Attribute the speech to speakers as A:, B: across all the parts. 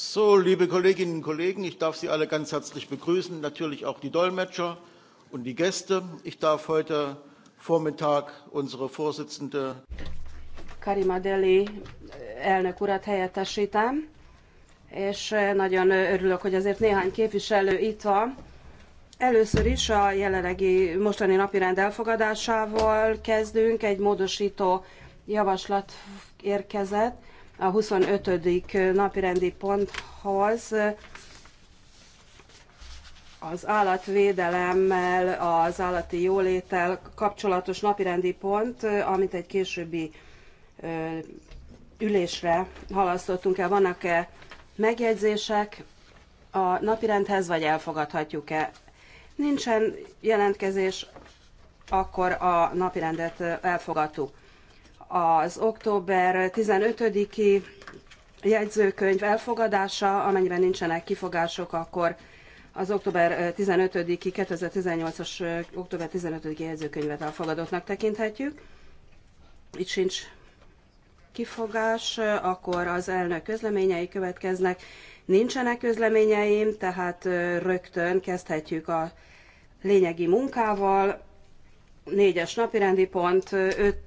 A: So, liebe Kolleginnen und Kollegen, ich darf Sie alle ganz herzlich begrüßen, natürlich auch die Dolmetscher und die Gäste. Ich darf heute Vormittag unsere Vorsitzende
B: Karima Deli elnök urat helyettesítem, és nagyon örülök, hogy azért néhány képviselő itt van. Először is a jelenlegi mostani rend elfogadásával kezdünk, egy módosító javaslat érkezett a 25. napirendi ponthoz az állatvédelemmel, az állati jólétel kapcsolatos napirendi pont, amit egy későbbi ülésre halasztottunk el. Vannak-e megjegyzések a napirendhez, vagy elfogadhatjuk-e? Nincsen jelentkezés, akkor a napirendet elfogadtuk az október 15-i jegyzőkönyv elfogadása, amennyiben nincsenek kifogások, akkor az október 15-i, 2018-as október 15-i jegyzőkönyvet elfogadottnak tekinthetjük. Itt sincs kifogás, akkor az elnök közleményei következnek. Nincsenek közleményeim, tehát rögtön kezdhetjük a lényegi munkával négyes napirendi pont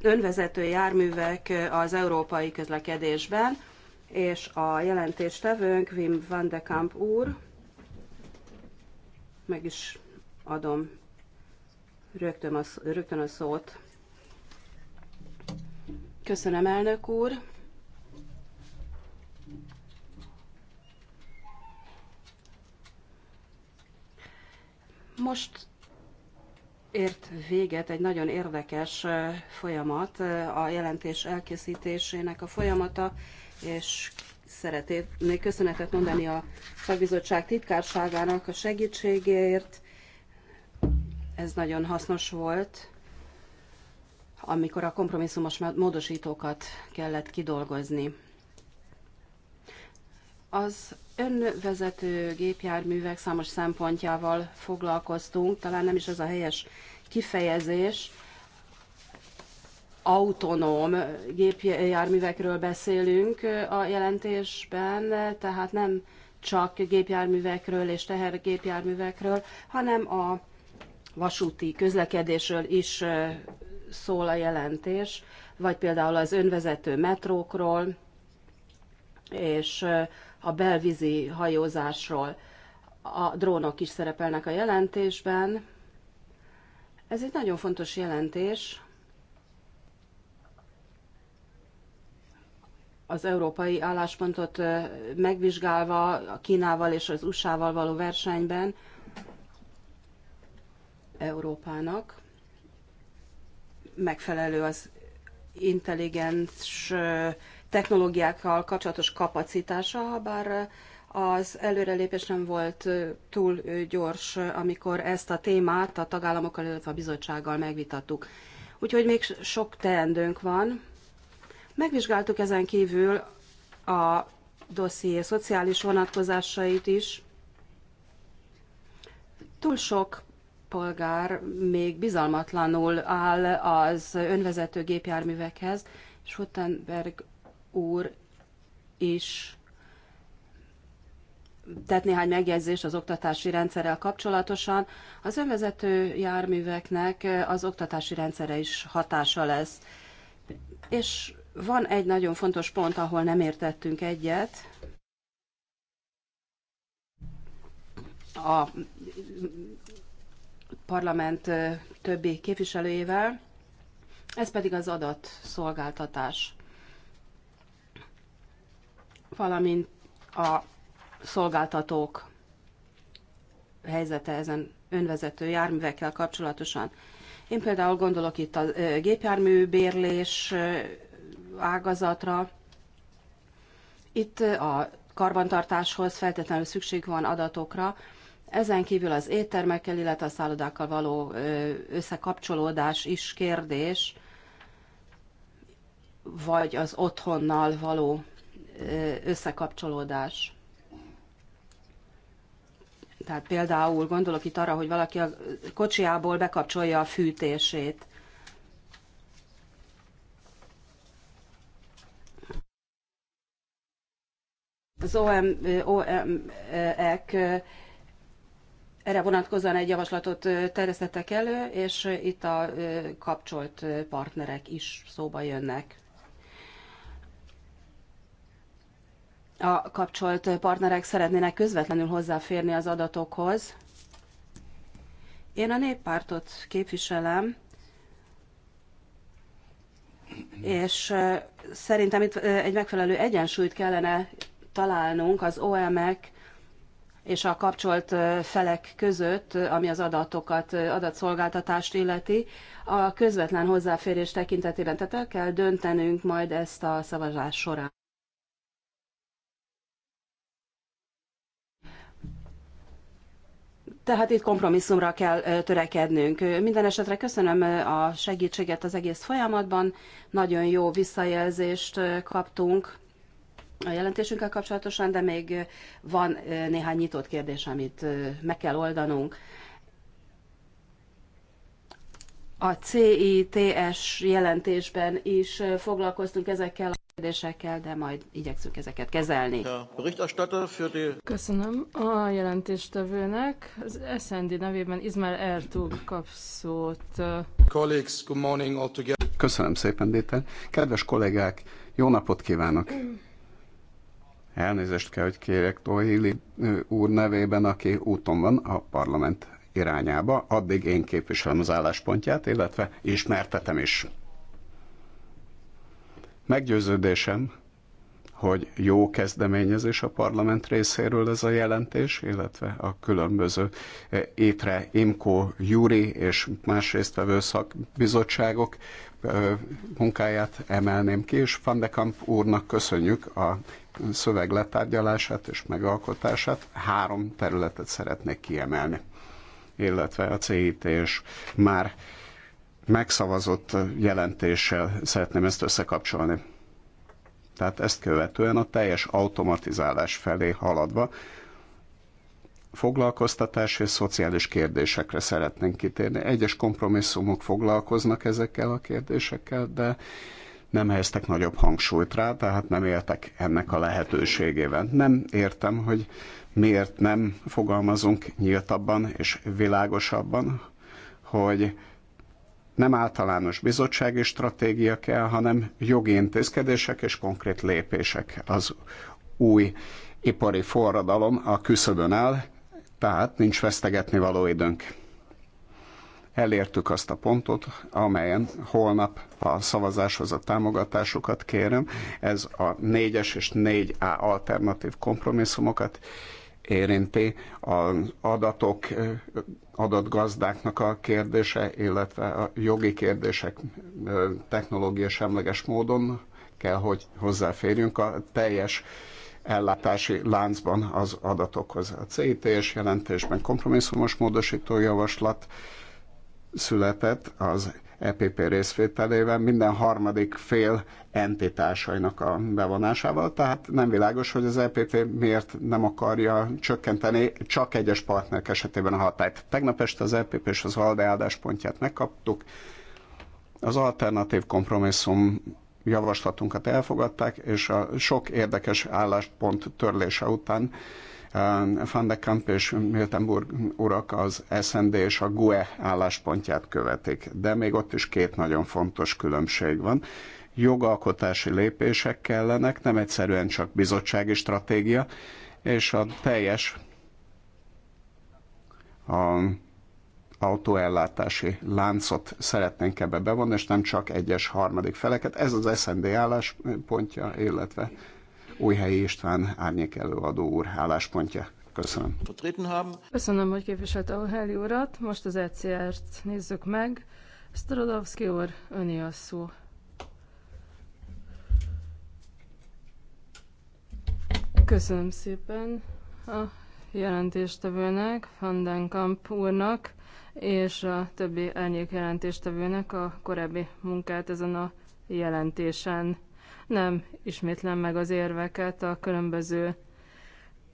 B: önvezető járművek az európai közlekedésben, és a jelentéstevőnk Wim van de Kamp úr, meg is adom rögtön a, rögtön a szót. Köszönöm, elnök úr. Most ért véget egy nagyon érdekes folyamat, a jelentés elkészítésének a folyamata, és szeretnék köszönetet mondani a szakbizottság titkárságának a segítségéért. Ez nagyon hasznos volt, amikor a kompromisszumos módosítókat kellett kidolgozni. Az önvezető gépjárművek számos szempontjával foglalkoztunk, talán nem is az a helyes kifejezés, autonóm gépjárművekről beszélünk a jelentésben, tehát nem csak gépjárművekről és tehergépjárművekről, hanem a vasúti közlekedésről is szól a jelentés, vagy például az önvezető metrókról, és a belvízi hajózásról. A drónok is szerepelnek a jelentésben. Ez egy nagyon fontos jelentés. Az európai álláspontot megvizsgálva a Kínával és az USA-val való versenyben Európának megfelelő az intelligens technológiákkal kapcsolatos kapacitása, bár az előrelépés nem volt túl gyors, amikor ezt a témát a tagállamokkal, illetve a bizottsággal megvitattuk. Úgyhogy még sok teendőnk van. Megvizsgáltuk ezen kívül a dosszié szociális vonatkozásait is. Túl sok polgár még bizalmatlanul áll az önvezető gépjárművekhez. Schuttenberg úr is tett néhány megjegyzést az oktatási rendszerrel kapcsolatosan. Az önvezető járműveknek az oktatási rendszere is hatása lesz. És van egy nagyon fontos pont, ahol nem értettünk egyet. A parlament többi képviselőjével, ez pedig az adatszolgáltatás valamint a szolgáltatók helyzete ezen önvezető járművekkel kapcsolatosan. Én például gondolok itt a gépjármű bérlés ágazatra. Itt a karbantartáshoz feltétlenül szükség van adatokra, ezen kívül az éttermekkel, illetve a szállodákkal való összekapcsolódás is kérdés, vagy az otthonnal való összekapcsolódás. Tehát például gondolok itt arra, hogy valaki a kocsiából bekapcsolja a fűtését. Az OM, ek erre vonatkozóan egy javaslatot terjesztettek elő, és itt a kapcsolt partnerek is szóba jönnek. a kapcsolt partnerek szeretnének közvetlenül hozzáférni az adatokhoz. Én a néppártot képviselem, és szerintem itt egy megfelelő egyensúlyt kellene találnunk az OM-ek és a kapcsolt felek között, ami az adatokat, adatszolgáltatást illeti, a közvetlen hozzáférés tekintetében. Tehát el kell döntenünk majd ezt a szavazás során. Tehát itt kompromisszumra kell törekednünk. Minden esetre köszönöm a segítséget az egész folyamatban. Nagyon jó visszajelzést kaptunk a jelentésünkkel kapcsolatosan, de még van néhány nyitott kérdés, amit meg kell oldanunk. A CITS jelentésben is foglalkoztunk ezekkel kérdésekkel, de majd
C: igyekszünk ezeket kezelni. Köszönöm a jelentéstevőnek. Az SND nevében Izmail Ertug kap szót.
A: Köszönöm szépen, Déter. Kedves kollégák, jó napot kívánok! Elnézést kell, hogy kérjek Tohili úr nevében, aki úton van a parlament irányába. Addig én képviselem az álláspontját, illetve ismertetem is. Meggyőződésem, hogy jó kezdeményezés a parlament részéről ez a jelentés, illetve a különböző eh, étre, IMKO, Júri és más résztvevő szakbizottságok eh, munkáját emelném ki, és Van de Kamp úrnak köszönjük a szöveg letárgyalását és megalkotását. Három területet szeretnék kiemelni, illetve a CIT és már megszavazott jelentéssel szeretném ezt összekapcsolni. Tehát ezt követően a teljes automatizálás felé haladva foglalkoztatás és szociális kérdésekre szeretnénk kitérni. Egyes kompromisszumok foglalkoznak ezekkel a kérdésekkel, de nem helyeztek nagyobb hangsúlyt rá, tehát nem éltek ennek a lehetőségével. Nem értem, hogy miért nem fogalmazunk nyíltabban és világosabban, hogy nem általános bizottsági stratégia kell, hanem jogi intézkedések és konkrét lépések. Az új ipari forradalom a küszöbön áll, tehát nincs vesztegetni való időnk. Elértük azt a pontot, amelyen holnap a szavazáshoz a támogatásukat kérem. Ez a 4-es és 4A alternatív kompromisszumokat érinti az adatok gazdáknak a kérdése, illetve a jogi kérdések technológia semleges módon kell, hogy hozzáférjünk a teljes ellátási láncban az adatokhoz. A CITS jelentésben kompromisszumos módosító javaslat született az EPP részvételével minden harmadik fél entitásainak a bevonásával, tehát nem világos, hogy az EPP miért nem akarja csökkenteni csak egyes partnerek esetében a hatályt. Tegnap este az EPP és az ALDE álláspontját megkaptuk, az alternatív kompromisszum javaslatunkat elfogadták, és a sok érdekes álláspont törlése után van de Kamp és Miltenburg urak az SND és a GUE álláspontját követik, de még ott is két nagyon fontos különbség van. Jogalkotási lépések kellenek, nem egyszerűen csak bizottsági stratégia, és a teljes a autóellátási láncot szeretnénk ebbe bevonni, és nem csak egyes harmadik feleket. Ez az SND álláspontja, illetve Újhelyi István árnyék előadó úr álláspontja. Köszönöm.
C: Köszönöm, hogy képviselte Heli urat. Most az ECR-t nézzük meg. Strodowski úr, öné a szó. Köszönöm szépen a jelentéstevőnek, Fandenkamp úrnak, és a többi elnyék jelentéstevőnek a korábbi munkát ezen a jelentésen. Nem ismétlem meg az érveket a különböző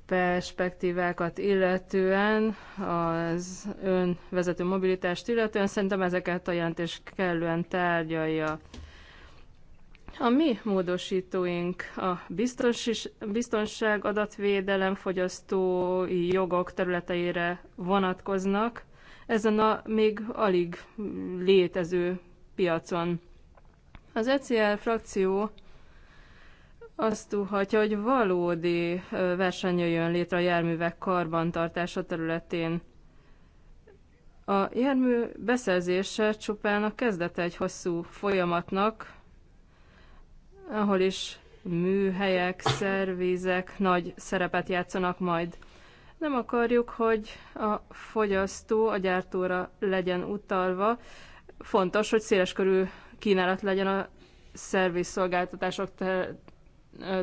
C: perspektívákat illetően, az önvezető mobilitást illetően, szerintem ezeket a jelentés kellően tárgyalja. A mi módosítóink a biztonság, adatvédelem, fogyasztói jogok területeire vonatkoznak, ezen a még alig létező piacon. Az ECL frakció azt tudhatja, hogy valódi verseny jön létre a járművek karbantartása területén. A jármű beszerzése csupán a kezdete egy hosszú folyamatnak, ahol is műhelyek, szervizek nagy szerepet játszanak majd. Nem akarjuk, hogy a fogyasztó a gyártóra legyen utalva. Fontos, hogy széleskörű kínálat legyen a szervizszolgáltatások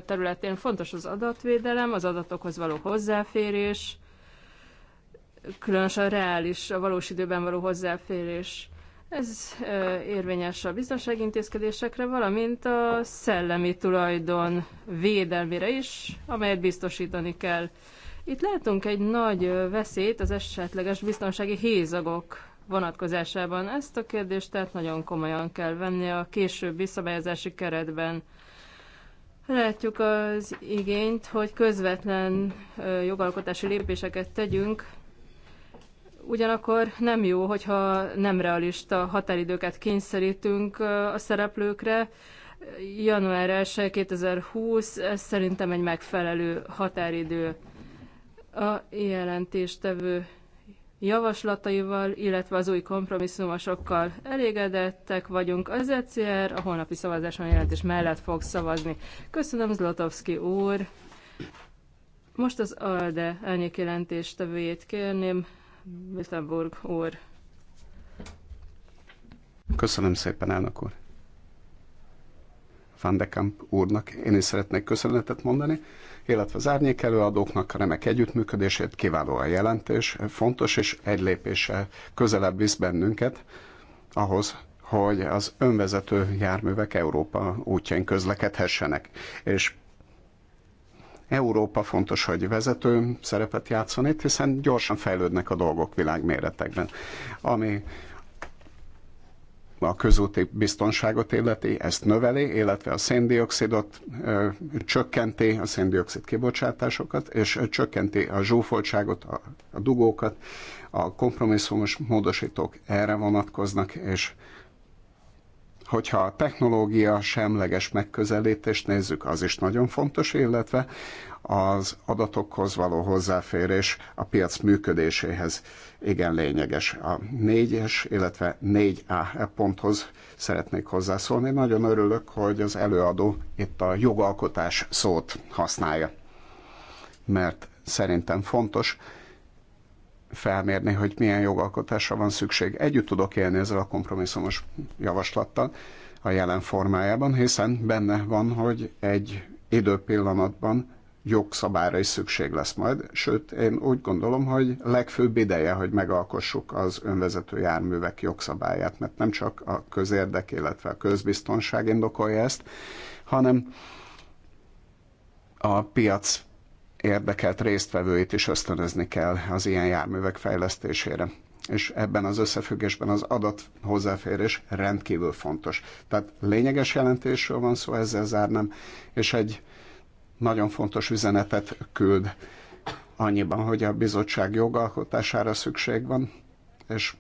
C: területén fontos az adatvédelem, az adatokhoz való hozzáférés, különösen a reális, a valós időben való hozzáférés. Ez érvényes a biztonsági intézkedésekre, valamint a szellemi tulajdon védelmére is, amelyet biztosítani kell. Itt látunk egy nagy veszélyt az esetleges biztonsági hézagok vonatkozásában. Ezt a kérdést tehát nagyon komolyan kell venni a későbbi szabályozási keretben. Látjuk az igényt, hogy közvetlen jogalkotási lépéseket tegyünk, ugyanakkor nem jó, hogyha nem realista határidőket kényszerítünk a szereplőkre. Január 1 2020, ez szerintem egy megfelelő határidő a jelentéstevő javaslataival, illetve az új kompromisszumosokkal elégedettek vagyunk. Az ECR a holnapi szavazáson jelentés mellett fog szavazni. Köszönöm, Zlotowski úr! Most az ALDE elnyék jelentéstevőjét kérném, Wittenburg úr.
A: Köszönöm szépen, elnök úr. Van de Kamp úrnak én is szeretnék köszönetet mondani illetve az árnyék előadóknak a remek együttműködését, kiváló a jelentés, fontos és egy lépéssel közelebb visz bennünket ahhoz, hogy az önvezető járművek Európa útján közlekedhessenek. És Európa fontos, hogy vezető szerepet játszon itt, hiszen gyorsan fejlődnek a dolgok világméretekben. Ami a közúti biztonságot illeti, ezt növeli, illetve a széndiokszidot ö, csökkenti, a széndiokszid kibocsátásokat, és csökkenti a zsúfoltságot, a, a dugókat. A kompromisszumos módosítók erre vonatkoznak, és hogyha a technológia semleges megközelítést nézzük, az is nagyon fontos, illetve az adatokhoz való hozzáférés a piac működéséhez igen lényeges. A 4-es, illetve 4A ponthoz szeretnék hozzászólni. Nagyon örülök, hogy az előadó itt a jogalkotás szót használja, mert szerintem fontos felmérni, hogy milyen jogalkotásra van szükség. Együtt tudok élni ezzel a kompromisszumos javaslattal a jelen formájában, hiszen benne van, hogy egy időpillanatban jogszabályra is szükség lesz majd, sőt, én úgy gondolom, hogy legfőbb ideje, hogy megalkossuk az önvezető járművek jogszabályát, mert nem csak a közérdek, illetve a közbiztonság indokolja ezt, hanem a piac érdekelt résztvevőit is ösztönözni kell az ilyen járművek fejlesztésére. És ebben az összefüggésben az adat hozzáférés rendkívül fontos. Tehát lényeges jelentésről van szó, ezzel zárnám, és egy nagyon fontos üzenetet küld annyiban, hogy a bizottság jogalkotására szükség van, és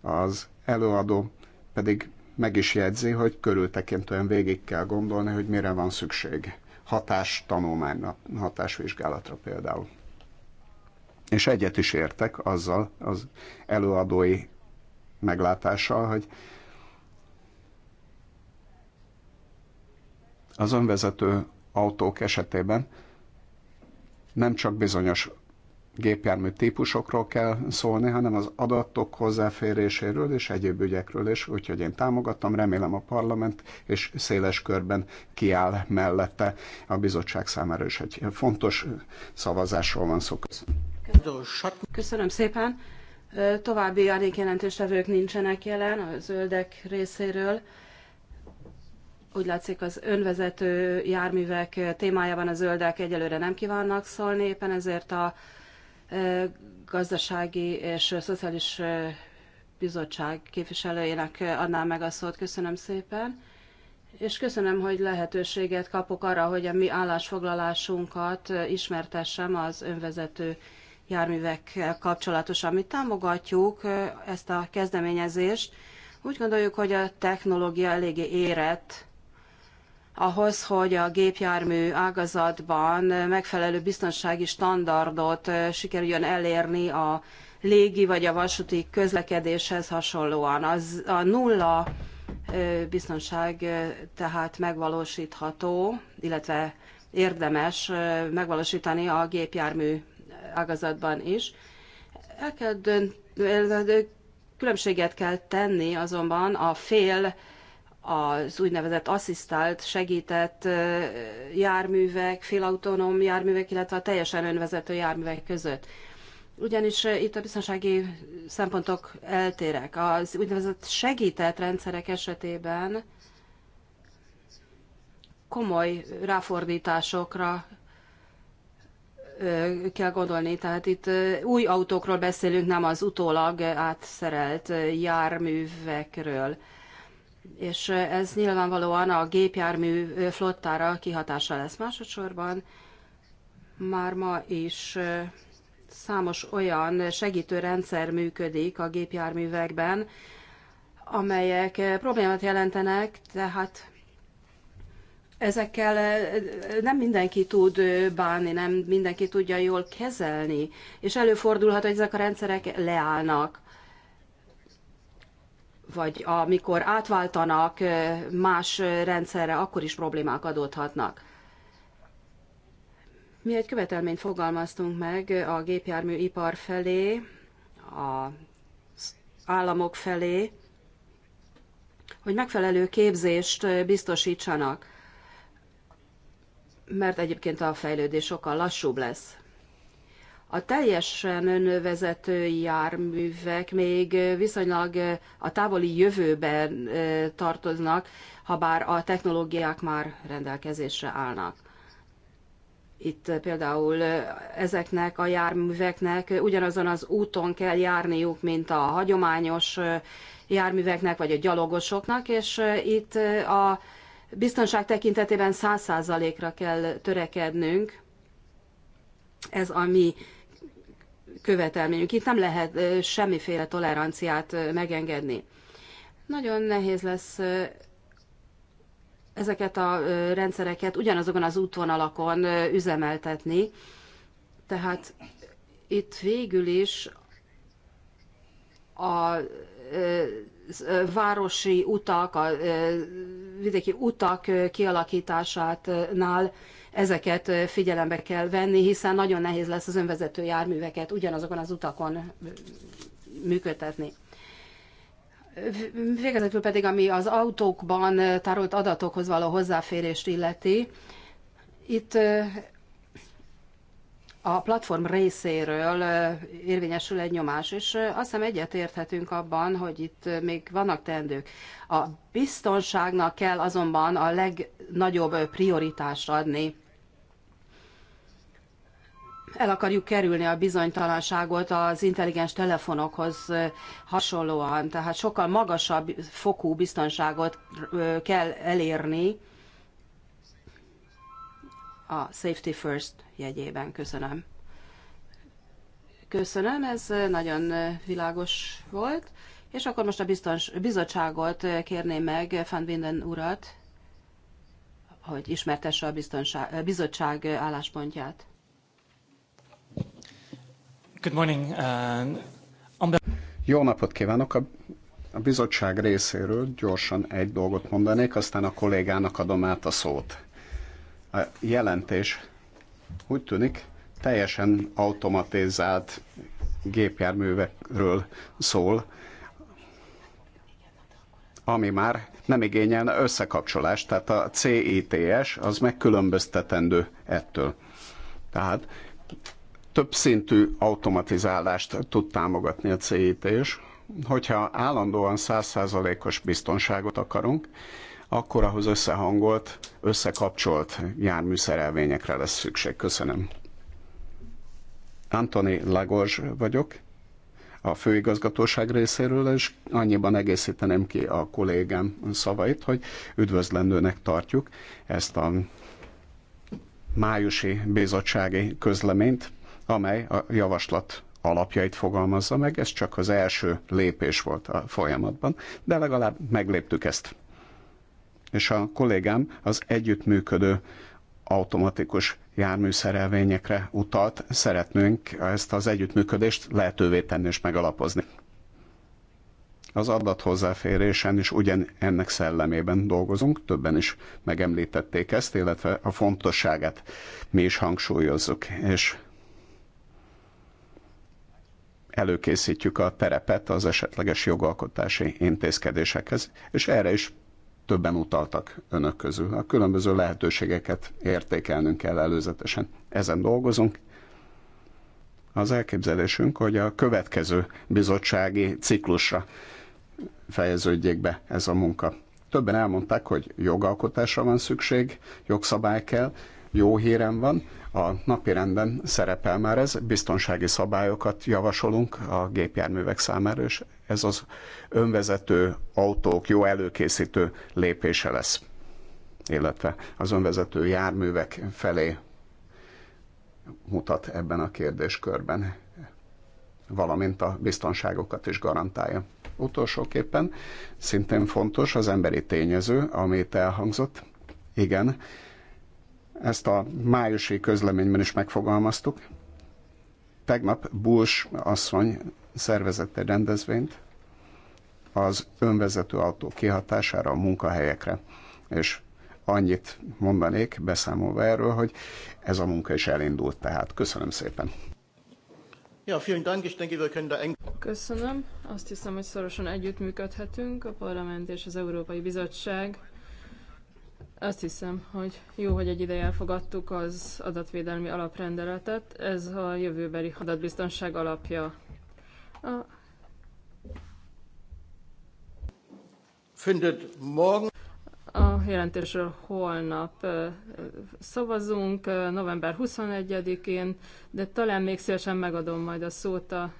A: az előadó pedig meg is jegyzi, hogy körültekintően végig kell gondolni, hogy mire van szükség. Hatás tanulmányra, hatásvizsgálatra például. És egyet is értek azzal az előadói meglátással, hogy az önvezető autók esetében nem csak bizonyos gépjármű típusokról kell szólni, hanem az adatok hozzáféréséről és egyéb ügyekről is, úgyhogy én támogattam, remélem a parlament és széles körben kiáll mellette a bizottság számára is egy fontos szavazásról van szó. Köszönöm,
B: Köszönöm szépen. További adékjelentéstevők nincsenek jelen a zöldek részéről. Úgy látszik, az önvezető járművek témájában a zöldek egyelőre nem kívánnak szólni, éppen ezért a e, gazdasági és szociális e, bizottság képviselőjének adnám meg a szót. Köszönöm szépen. És köszönöm, hogy lehetőséget kapok arra, hogy a mi állásfoglalásunkat ismertessem az önvezető járművekkel kapcsolatosan. Mi támogatjuk e, ezt a kezdeményezést. Úgy gondoljuk, hogy a technológia eléggé érett, ahhoz, hogy a gépjármű ágazatban megfelelő biztonsági standardot sikerüljön elérni a légi vagy a vasúti közlekedéshez hasonlóan. Az a nulla biztonság tehát megvalósítható, illetve érdemes megvalósítani a gépjármű ágazatban is. El kell dönt, különbséget kell tenni azonban a fél az úgynevezett asszisztált, segített járművek, félautonóm járművek, illetve a teljesen önvezető járművek között. Ugyanis itt a biztonsági szempontok eltérek. Az úgynevezett segített rendszerek esetében komoly ráfordításokra kell gondolni. Tehát itt új autókról beszélünk, nem az utólag átszerelt járművekről és ez nyilvánvalóan a gépjármű flottára kihatása lesz másodszorban. Már ma is számos olyan segítő rendszer működik a gépjárművekben, amelyek problémát jelentenek, tehát ezekkel nem mindenki tud bánni, nem mindenki tudja jól kezelni, és előfordulhat, hogy ezek a rendszerek leállnak vagy amikor átváltanak más rendszerre, akkor is problémák adódhatnak. Mi egy követelményt fogalmaztunk meg a gépjárműipar felé, az államok felé, hogy megfelelő képzést biztosítsanak, mert egyébként a fejlődés sokkal lassúbb lesz. A teljesen önvezető járművek még viszonylag eh, a távoli jövőben eh, tartoznak, ha bár a technológiák már rendelkezésre állnak. Itt eh, például ezeknek a járműveknek ugyanazon az úton kell járniuk, mint a hagyományos járműveknek vagy a gyalogosoknak, és itt a biztonság tekintetében 100%-ra kell törekednünk. Ez a mi követelményünk. Itt nem lehet semmiféle toleranciát megengedni. Nagyon nehéz lesz ezeket a rendszereket ugyanazokon az útvonalakon üzemeltetni. Tehát itt végül is a városi utak, a vidéki utak kialakításátnál ezeket figyelembe kell venni, hiszen nagyon nehéz lesz az önvezető járműveket ugyanazokon az utakon működtetni. Végezetül pedig, ami az autókban tárolt adatokhoz való hozzáférést illeti, itt a platform részéről érvényesül egy nyomás, és azt hiszem egyetérthetünk abban, hogy itt még vannak teendők. A biztonságnak kell azonban a legnagyobb prioritást adni el akarjuk kerülni a bizonytalanságot az intelligens telefonokhoz hasonlóan, tehát sokkal magasabb fokú biztonságot kell elérni a Safety First jegyében. Köszönöm. Köszönöm, ez nagyon világos volt. És akkor most a biztons, bizottságot kérném meg, Van Winden urat, hogy ismertesse a bizottság álláspontját.
C: Good morning.
A: Uh, Jó napot kívánok! A, a bizottság részéről gyorsan egy dolgot mondanék, aztán a kollégának adom át a szót. A jelentés úgy tűnik teljesen automatizált gépjárművekről szól, ami már nem igényelne összekapcsolást, tehát a CITS az megkülönböztetendő ettől. Tehát többszintű automatizálást tud támogatni a CIT is. Hogyha állandóan 100%-os biztonságot akarunk, akkor ahhoz összehangolt, összekapcsolt járműszerelvényekre lesz szükség. Köszönöm. Antoni Lagos vagyok, a főigazgatóság részéről, és annyiban egészíteném ki a kollégám szavait, hogy üdvözlendőnek tartjuk ezt a májusi bizottsági közleményt, amely a javaslat alapjait fogalmazza meg, ez csak az első lépés volt a folyamatban, de legalább megléptük ezt. És a kollégám az együttműködő automatikus járműszerelvényekre utalt, szeretnénk ezt az együttműködést lehetővé tenni és megalapozni. Az adathozzáférésen is ugyan ennek szellemében dolgozunk, többen is megemlítették ezt, illetve a fontosságát mi is hangsúlyozzuk, és előkészítjük a terepet az esetleges jogalkotási intézkedésekhez, és erre is többen utaltak önök közül. A különböző lehetőségeket értékelnünk kell előzetesen. Ezen dolgozunk. Az elképzelésünk, hogy a következő bizottsági ciklusra fejeződjék be ez a munka. Többen elmondták, hogy jogalkotásra van szükség, jogszabály kell, jó hírem van, a napirenden szerepel már ez, biztonsági szabályokat javasolunk a gépjárművek számára, és ez az önvezető autók jó előkészítő lépése lesz, illetve az önvezető járművek felé mutat ebben a kérdéskörben, valamint a biztonságokat is garantálja. Utolsóképpen szintén fontos az emberi tényező, amit elhangzott. Igen, ezt a májusi közleményben is megfogalmaztuk. Tegnap Bush asszony szervezett egy rendezvényt az önvezető autó kihatására a munkahelyekre, és annyit mondanék beszámolva erről, hogy ez a munka is elindult, tehát köszönöm szépen. Ja,
C: Köszönöm. Azt hiszem, hogy szorosan együttműködhetünk a parlament és az Európai Bizottság azt hiszem, hogy jó, hogy egy ideje elfogadtuk az adatvédelmi alaprendeletet. Ez a jövőbeli adatbiztonság alapja. A findet morgen a jelentésről holnap szavazunk, november 21-én, de talán még szívesen megadom majd a szót a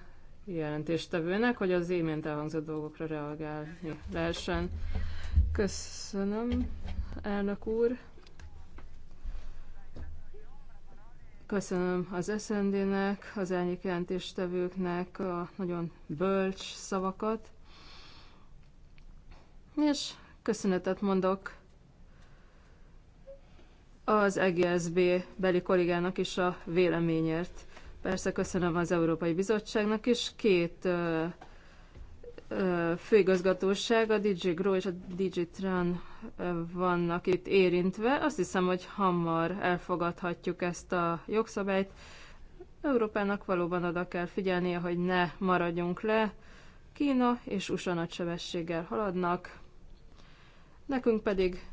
C: jelentéstevőnek, hogy az imént elhangzott dolgokra reagálni lehessen. Köszönöm elnök úr. Köszönöm az SND-nek, az elnyik jelentéstevőknek a nagyon bölcs szavakat, és köszönetet mondok az EGSB beli kollégának is a véleményért. Persze köszönöm az Európai Bizottságnak is. Két főigazgatóság, a DJ Grow és a DJ Tran vannak itt érintve. Azt hiszem, hogy hamar elfogadhatjuk ezt a jogszabályt. Európának valóban oda kell figyelnie, hogy ne maradjunk le. Kína és USA nagy sebességgel haladnak. Nekünk pedig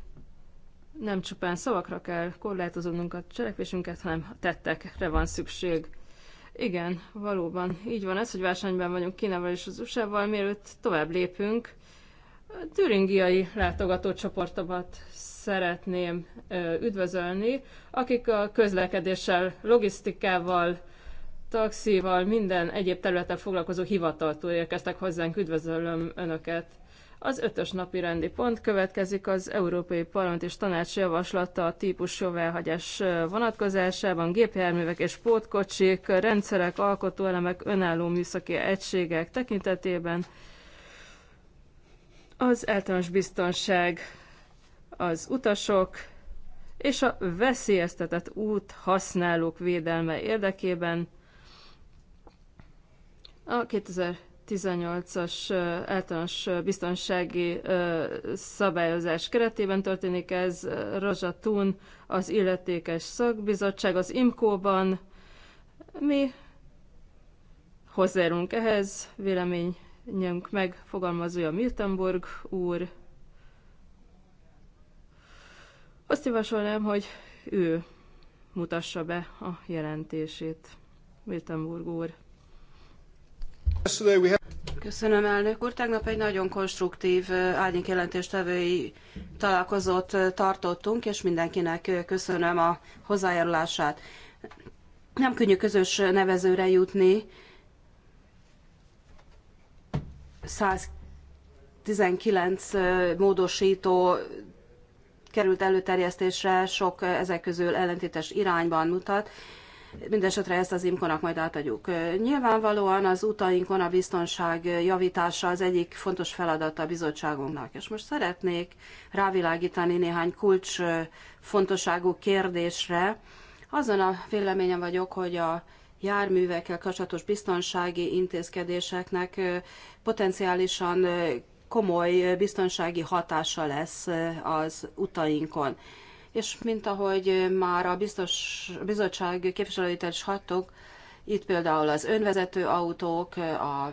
C: nem csupán szavakra kell korlátozódnunk a cselekvésünket, hanem tettekre van szükség. Igen, valóban így van ez, hogy versenyben vagyunk Kínával és az USA-val, mielőtt tovább lépünk. A türingiai látogatócsoportomat szeretném üdvözölni, akik a közlekedéssel, logisztikával, taxival, minden egyéb területen foglalkozó hivataltól érkeztek hozzánk. Üdvözöllöm Önöket! Az ötös napi rendi pont következik az Európai Parlament és Tanács javaslata a típus jóváhagyás vonatkozásában, gépjárművek és pótkocsik, rendszerek, alkotóelemek, önálló műszaki egységek tekintetében. Az általános biztonság az utasok és a veszélyeztetett út használók védelme érdekében a 2000 18-as általános biztonsági szabályozás keretében történik ez. Rozsa Thun, az illetékes szakbizottság az IMKO-ban. Mi hozzájárulunk ehhez, véleményünk megfogalmazója Miltenburg úr. Azt javasolnám, hogy ő mutassa be a jelentését. Miltenburg úr.
B: Köszönöm, elnök úr. Tegnap egy nagyon konstruktív árnyék jelentéstevői találkozót tartottunk, és mindenkinek köszönöm a hozzájárulását. Nem könnyű közös nevezőre jutni. 119 módosító került előterjesztésre, sok ezek közül ellentétes irányban mutat. Mindenesetre ezt az imkonak majd átadjuk. Nyilvánvalóan az utainkon a biztonság javítása az egyik fontos feladata a bizottságunknak, és most szeretnék rávilágítani néhány kulcs fontosságú kérdésre. Azon a véleményem vagyok, hogy a járművekkel kapcsolatos biztonsági intézkedéseknek potenciálisan komoly biztonsági hatása lesz az utainkon és mint ahogy már a biztos, bizottság képviselőit is hattuk itt például az önvezető autók, a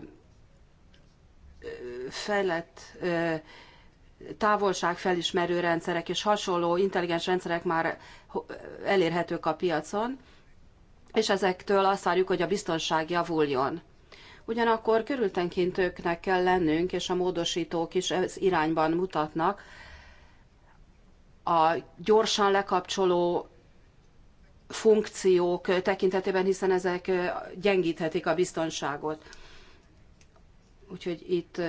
B: fejlett távolságfelismerő rendszerek és hasonló intelligens rendszerek már elérhetők a piacon, és ezektől azt várjuk, hogy a biztonság javuljon. Ugyanakkor körültenkintőknek kell lennünk, és a módosítók is ez irányban mutatnak, a gyorsan lekapcsoló funkciók tekintetében, hiszen ezek gyengíthetik a biztonságot. Úgyhogy itt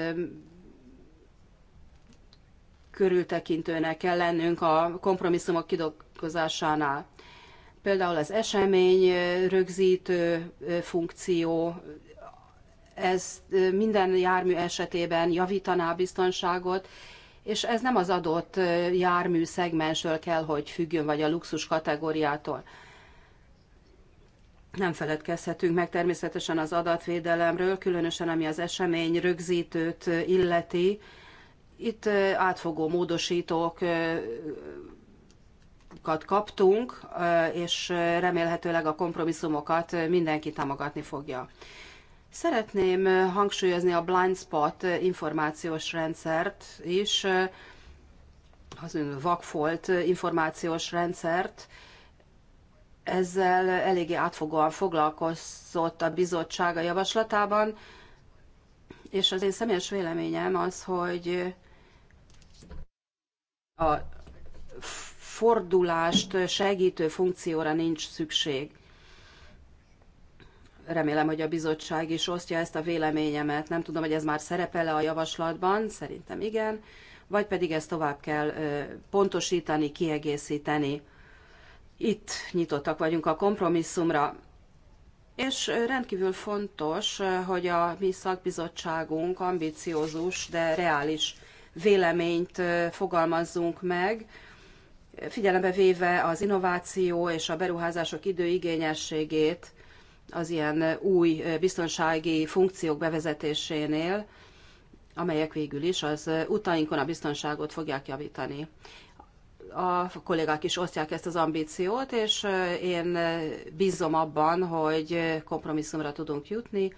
B: körültekintőnek kell lennünk a kompromisszumok kidolgozásánál. Például az esemény rögzítő funkció, ez minden jármű esetében javítaná a biztonságot, és ez nem az adott jármű szegmensről kell, hogy függjön, vagy a luxus kategóriától. Nem feledkezhetünk meg természetesen az adatvédelemről, különösen ami az esemény rögzítőt illeti. Itt átfogó módosítókat kaptunk, és remélhetőleg a kompromisszumokat mindenki támogatni fogja. Szeretném hangsúlyozni a blind spot információs rendszert is, az ön vakfolt információs rendszert. Ezzel eléggé átfogóan foglalkozott a bizottsága javaslatában, és az én személyes véleményem az, hogy a fordulást segítő funkcióra nincs szükség remélem, hogy a bizottság is osztja ezt a véleményemet. Nem tudom, hogy ez már szerepele a javaslatban, szerintem igen, vagy pedig ezt tovább kell pontosítani, kiegészíteni. Itt nyitottak vagyunk a kompromisszumra. És rendkívül fontos, hogy a mi szakbizottságunk ambiciózus, de reális véleményt fogalmazzunk meg, figyelembe véve az innováció és a beruházások időigényességét, az ilyen új biztonsági funkciók bevezetésénél, amelyek végül is az utainkon a biztonságot fogják javítani. A kollégák is osztják ezt az ambíciót, és én bízom abban, hogy kompromisszumra tudunk jutni,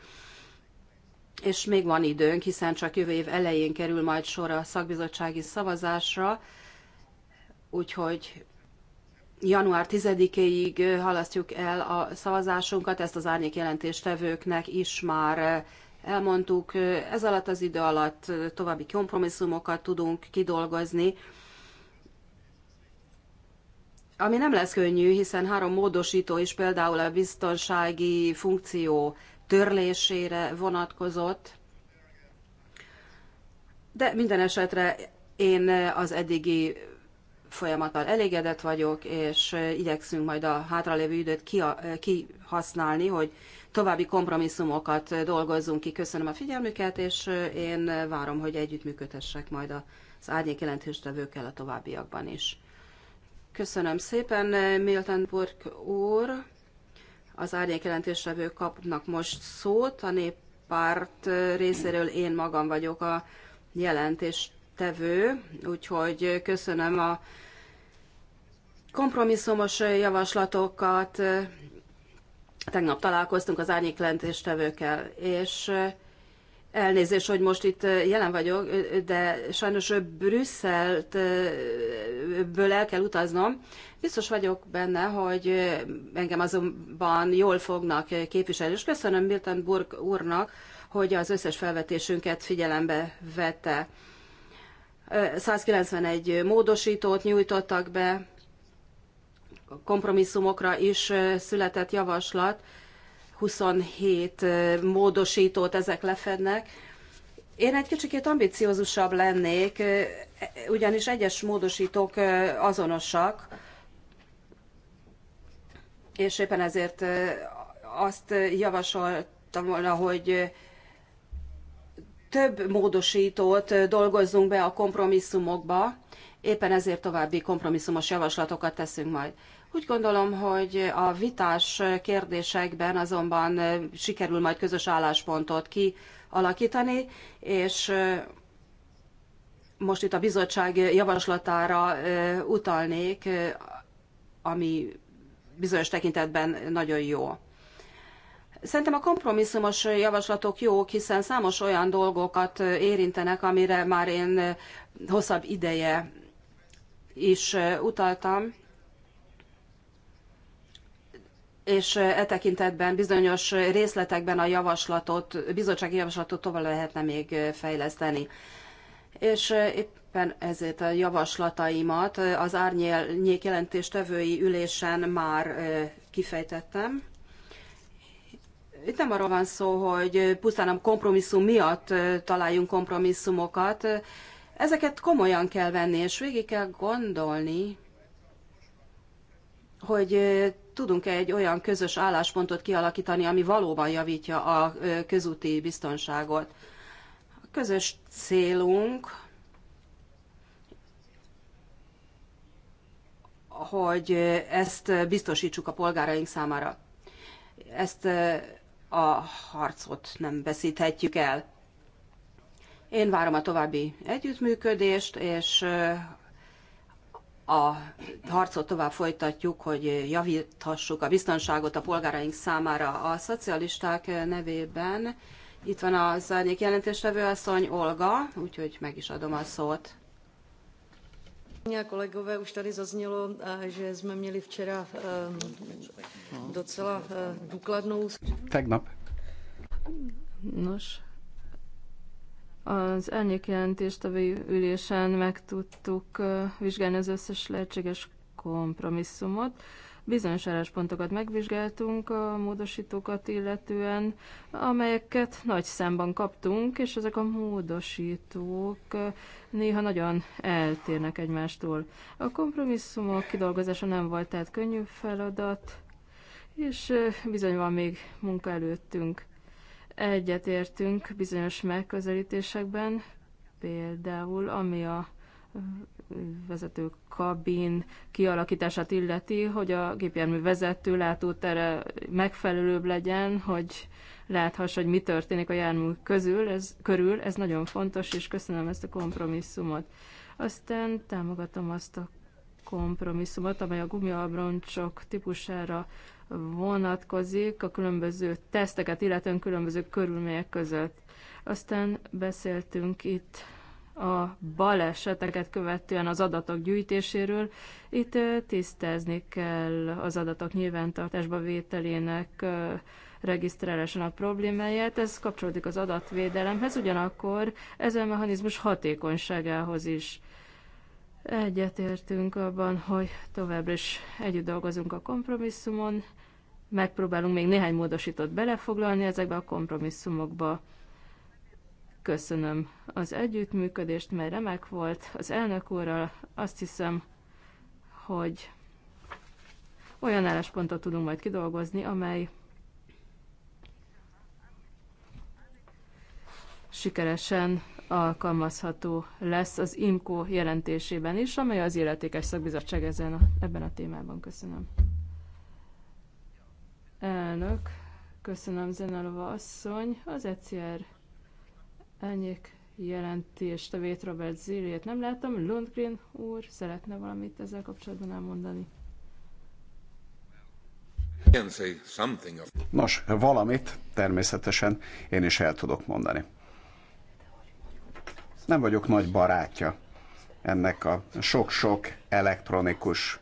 B: és még van időnk, hiszen csak jövő év elején kerül majd sor a szakbizottsági szavazásra, úgyhogy január 10 ig halasztjuk el a szavazásunkat, ezt az árnyék jelentéstevőknek is már elmondtuk. Ez alatt az idő alatt további kompromisszumokat tudunk kidolgozni, ami nem lesz könnyű, hiszen három módosító is például a biztonsági funkció törlésére vonatkozott. De minden esetre én az eddigi folyamattal elégedett vagyok, és igyekszünk majd a hátralévő időt kihasználni, hogy további kompromisszumokat dolgozzunk ki. Köszönöm a figyelmüket, és én várom, hogy együttműködhessek majd az árnyék jelentéstevőkkel a továbbiakban is. Köszönöm szépen, Miltenburg úr. Az árnyék jelentéstevők kapnak most szót. A néppárt részéről én magam vagyok a jelentéstevő, úgyhogy köszönöm a kompromisszumos javaslatokat. Tegnap találkoztunk az árnyéklentéstevőkkel, és elnézést, hogy most itt jelen vagyok, de sajnos Brüsszelből el kell utaznom. Biztos vagyok benne, hogy engem azonban jól fognak képviselni, és köszönöm Miltenburg úrnak, hogy az összes felvetésünket figyelembe vette. 191 módosítót nyújtottak be, kompromisszumokra is született javaslat, 27 módosítót ezek lefednek. Én egy kicsikét ambiciózusabb lennék, ugyanis egyes módosítók azonosak, és éppen ezért azt javasoltam volna, hogy több módosítót dolgozzunk be a kompromisszumokba, éppen ezért további kompromisszumos javaslatokat teszünk majd. Úgy gondolom, hogy a vitás kérdésekben azonban sikerül majd közös álláspontot kialakítani, és most itt a bizottság javaslatára utalnék, ami bizonyos tekintetben nagyon jó. Szerintem a kompromisszumos javaslatok jók, hiszen számos olyan dolgokat érintenek, amire már én hosszabb ideje is utaltam és e tekintetben bizonyos részletekben a javaslatot, bizottsági javaslatot tovább lehetne még fejleszteni. És éppen ezért a javaslataimat az árnyék tevői ülésen már kifejtettem. Itt nem arról van szó, hogy pusztán a kompromisszum miatt találjunk kompromisszumokat. Ezeket komolyan kell venni, és végig kell gondolni, hogy tudunk-e egy olyan közös álláspontot kialakítani, ami valóban javítja a közúti biztonságot. A közös célunk, hogy ezt biztosítsuk a polgáraink számára. Ezt a harcot nem veszíthetjük el. Én várom a további együttműködést, és a harcot tovább folytatjuk, hogy javíthassuk a biztonságot a polgáraink számára. A szocialisták nevében itt van az árnyék jelentéstevő asszony Olga, úgyhogy meg is adom a szót. Kolegyně kolegové, už tady zaznělo, eh, že jsme měli včera eh,
C: docela eh, důkladnou... Tegnap. Nos, az elnyékjelentéstevői ülésen meg tudtuk vizsgálni az összes lehetséges kompromisszumot. Bizonyos álláspontokat megvizsgáltunk a módosítókat illetően, amelyeket nagy számban kaptunk, és ezek a módosítók néha nagyon eltérnek egymástól. A kompromisszumok kidolgozása nem volt tehát könnyű feladat, és bizony van még munka előttünk. Egyetértünk bizonyos megközelítésekben, például ami a vezető kabin kialakítását illeti, hogy a gépjármű vezető látótere megfelelőbb legyen, hogy láthass, hogy mi történik a jármű közül, ez, körül, ez nagyon fontos, és köszönöm ezt a kompromisszumot. Aztán támogatom azt a kompromisszumot, amely a gumiabroncsok típusára vonatkozik a különböző teszteket, illetően különböző körülmények között. Aztán beszéltünk itt a baleseteket követően az adatok gyűjtéséről. Itt tisztázni kell az adatok nyilvántartásba vételének regisztrálásának problémáját. Ez kapcsolódik az adatvédelemhez, ugyanakkor ez a mechanizmus hatékonyságához is. Egyetértünk abban, hogy továbbra is együtt dolgozunk a kompromisszumon, megpróbálunk még néhány módosítót belefoglalni ezekbe a kompromisszumokba. Köszönöm az együttműködést, mert remek volt az elnök úrral. Azt hiszem, hogy olyan álláspontot tudunk majd kidolgozni, amely sikeresen alkalmazható lesz az IMCO jelentésében is, amely az illetékes szakbizottság ezen a, ebben a témában. Köszönöm. Elnök, köszönöm Zenalova asszony, az ECR elnyék jelentést, a Vét Robert Zillét nem látom. Lundgren úr szeretne valamit ezzel kapcsolatban elmondani.
A: Nos, valamit természetesen én is el tudok mondani. Nem vagyok nagy barátja ennek a sok-sok elektronikus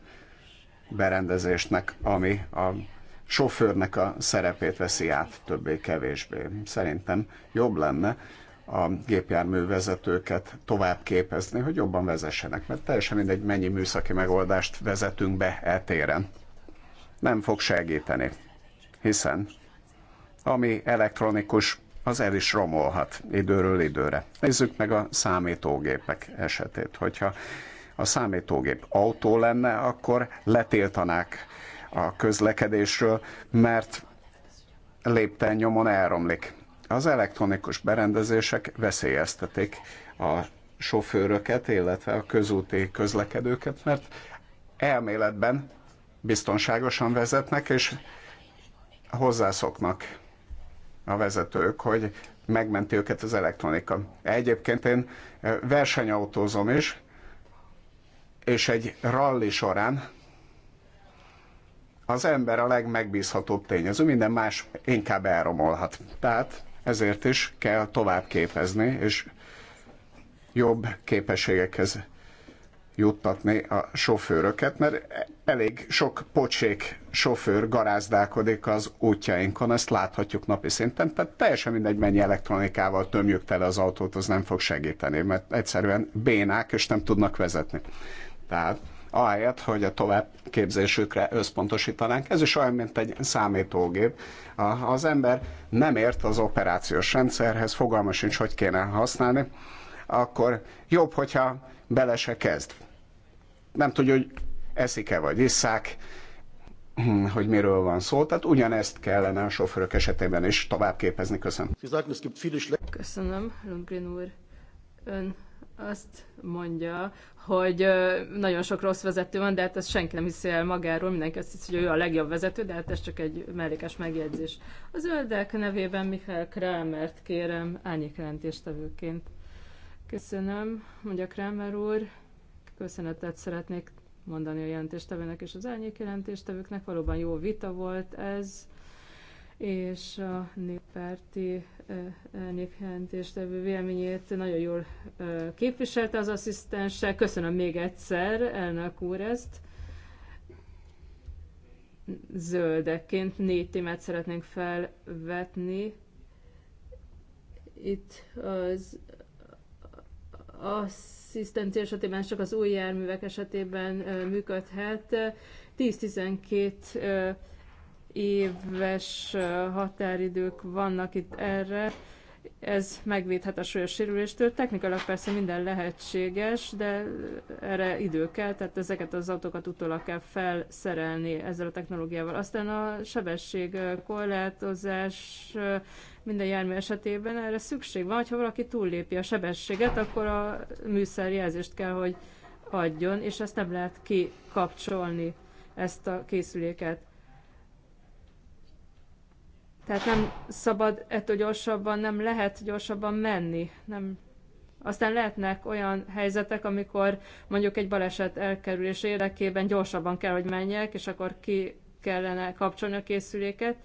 A: berendezésnek, ami a sofőrnek a szerepét veszi át többé-kevésbé. Szerintem jobb lenne a gépjárművezetőket tovább képezni, hogy jobban vezessenek, mert teljesen mindegy, mennyi műszaki megoldást vezetünk be eltéren. Nem fog segíteni, hiszen ami elektronikus az el is romolhat időről időre. Nézzük meg a számítógépek esetét. Hogyha a számítógép autó lenne, akkor letiltanák a közlekedésről, mert lépten nyomon elromlik. Az elektronikus berendezések veszélyeztetik a sofőröket, illetve a közúti közlekedőket, mert elméletben biztonságosan vezetnek, és hozzászoknak a vezetők, hogy megmenti őket az elektronika. Egyébként én eh, versenyautózom is, és egy ralli során az ember a legmegbízhatóbb tényező, minden más inkább elromolhat. Tehát ezért is kell tovább képezni, és jobb képességekhez juttatni a sofőröket, mert elég sok pocsék sofőr garázdálkodik az útjainkon, ezt láthatjuk napi szinten, tehát teljesen mindegy, mennyi elektronikával tömjük tele az autót, az nem fog segíteni, mert egyszerűen bénák és nem tudnak vezetni. Tehát ahelyett, hogy a továbbképzésükre összpontosítanánk. Ez is olyan, mint egy számítógép. Az ember nem ért az operációs rendszerhez, fogalma sincs, hogy kéne használni, akkor jobb, hogyha bele se kezd nem tudja, hogy eszik-e vagy visszák, hm, hogy miről van szó. Tehát ugyanezt kellene a sofőrök esetében is tovább képezni. Köszönöm.
C: Köszönöm, Lundgren úr. Ön azt mondja, hogy nagyon sok rossz vezető van, de hát ezt senki nem hiszi el magáról, mindenki azt hiszi, hogy ő a legjobb vezető, de hát ez csak egy mellékes megjegyzés. A zöldek nevében Michael Krámert kérem jelentéstevőként. Köszönöm, mondja Krámer úr köszönetet szeretnék mondani a jelentéstevőnek és az elnyék jelentéstevőknek. Valóban jó vita volt ez, és a néppárti elnyék jelentéstevő véleményét nagyon jól képviselte az asszisztense. Köszönöm még egyszer, elnök úr, ezt zöldekként négy témát szeretnénk felvetni. Itt az, az asszisztencia esetében csak az új járművek esetében működhet. 10-12 éves határidők vannak itt erre ez megvédhet a súlyos sérüléstől. Technikailag persze minden lehetséges, de erre idő kell, tehát ezeket az autókat utólag kell felszerelni ezzel a technológiával. Aztán a sebesség korlátozás minden jármű esetében erre szükség van, ha valaki túllépi a sebességet, akkor a műszerjelzést kell, hogy adjon, és ezt nem lehet kikapcsolni, ezt a készüléket. Tehát nem szabad ettől gyorsabban, nem lehet gyorsabban menni. Nem. Aztán lehetnek olyan helyzetek, amikor mondjuk egy baleset elkerülés érdekében gyorsabban kell, hogy menjek, és akkor ki kellene kapcsolni a készüléket.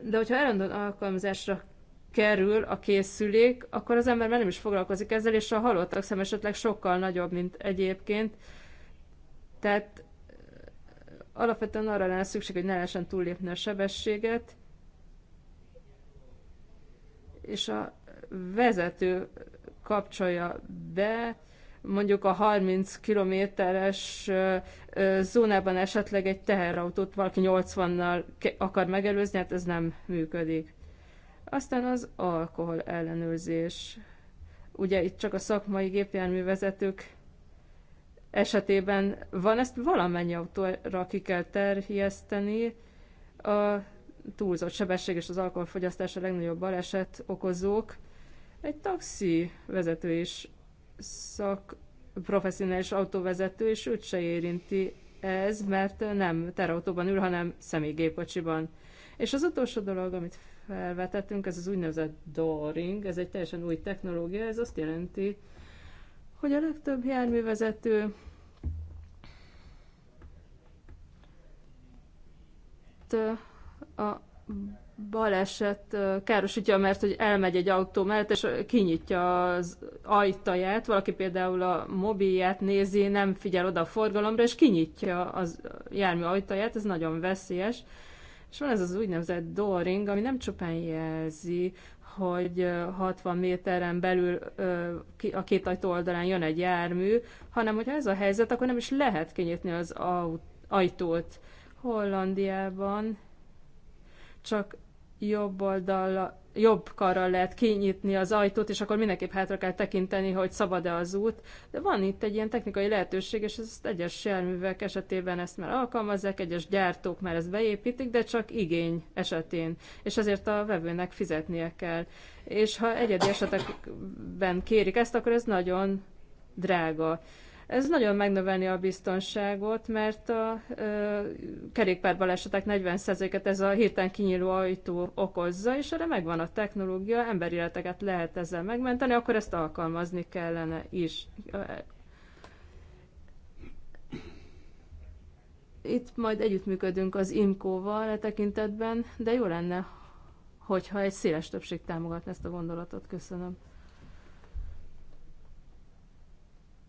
C: De hogyha állandóan alkalmazásra kerül a készülék, akkor az ember már nem is foglalkozik ezzel, és a halottak szem esetleg sokkal nagyobb, mint egyébként. Tehát Alapvetően arra lenne szükség, hogy ne lehessen túllépni a sebességet, és a vezető kapcsolja be, mondjuk a 30 kilométeres zónában esetleg egy teherautót valaki 80-nal akar megelőzni, hát ez nem működik. Aztán az alkohol ellenőrzés. Ugye itt csak a szakmai gépjárművezetők esetében van, ezt valamennyi autóra ki kell terjeszteni. A túlzott sebesség és az alkoholfogyasztás a legnagyobb baleset okozók. Egy taxi vezető is szak professzionális autóvezető, és őt se érinti ez, mert nem terautóban ül, hanem személygépkocsiban. És az utolsó dolog, amit felvetettünk, ez az úgynevezett dooring, ez egy teljesen új technológia, ez azt jelenti, hogy a legtöbb járművezető a baleset károsítja, mert hogy elmegy egy autó mellett, és kinyitja az ajtaját, valaki például a mobilját nézi, nem figyel oda a forgalomra, és kinyitja az jármű ajtaját, ez nagyon veszélyes. És van ez az úgynevezett dooring, ami nem csupán jelzi, hogy 60 méteren belül a két ajtó oldalán jön egy jármű, hanem hogyha ez a helyzet, akkor nem is lehet kinyitni az ajtót. Hollandiában csak jobb oldal jobb karral lehet kinyitni az ajtót, és akkor mindenképp hátra kell tekinteni, hogy szabad-e az út. De van itt egy ilyen technikai lehetőség, és ezt egyes járművek esetében ezt már alkalmazzák, egyes gyártók már ezt beépítik, de csak igény esetén, és ezért a vevőnek fizetnie kell. És ha egyedi esetekben kérik ezt, akkor ez nagyon drága. Ez nagyon megnövelni a biztonságot, mert a ö, kerékpárbalesetek 40%-et ez a héten kinyíló ajtó okozza, és erre megvan a technológia, emberéleteket lehet ezzel megmenteni, akkor ezt alkalmazni kellene is. Itt majd együttműködünk az IMCO-val e tekintetben, de jó lenne, hogyha egy széles többség támogatna ezt a gondolatot. Köszönöm.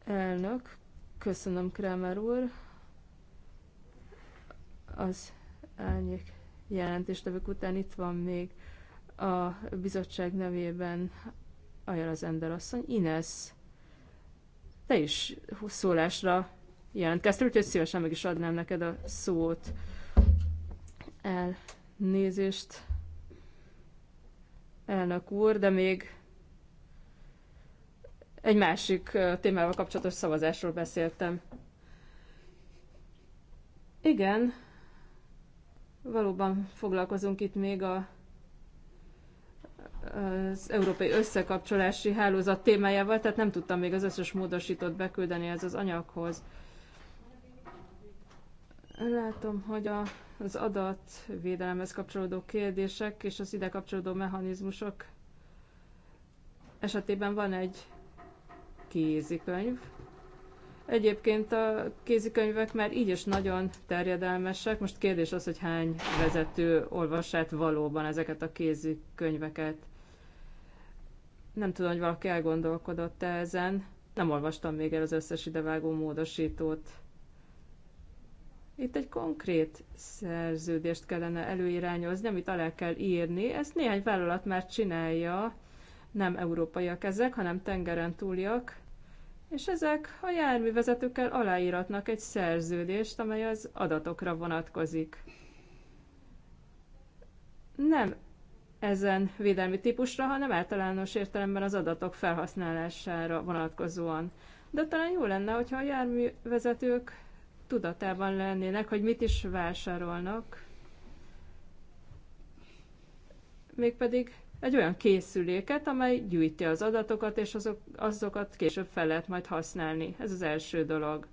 C: Elnök, köszönöm Kramer úr. Az elnyék jelentéstevők után itt van még a bizottság nevében az ember asszony. Ines, te is szólásra jelentkeztél, úgyhogy szívesen meg is adnám neked a szót. Elnézést, elnök úr, de még egy másik témával kapcsolatos szavazásról beszéltem. Igen, valóban foglalkozunk itt még a, az európai összekapcsolási hálózat témájával, tehát nem tudtam még az összes módosítót beküldeni ez az anyaghoz. Látom, hogy a, az adatvédelemhez kapcsolódó kérdések és az ide kapcsolódó mechanizmusok esetében van egy kézikönyv. Egyébként a kézikönyvek már így is nagyon terjedelmesek. Most kérdés az, hogy hány vezető olvasát valóban ezeket a kézikönyveket. Nem tudom, hogy valaki elgondolkodott -e ezen. Nem olvastam még el az összes idevágó módosítót. Itt egy konkrét szerződést kellene előirányozni, amit alá kell írni. Ezt néhány vállalat már csinálja, nem európaiak ezek, hanem tengeren túliak és ezek a járművezetőkkel aláíratnak egy szerződést, amely az adatokra vonatkozik. Nem ezen védelmi típusra, hanem általános értelemben az adatok felhasználására vonatkozóan. De talán jó lenne, hogyha a járművezetők tudatában lennének, hogy mit is vásárolnak, mégpedig egy olyan készüléket, amely gyűjti az adatokat, és azok, azokat később fel lehet majd használni. Ez az első dolog.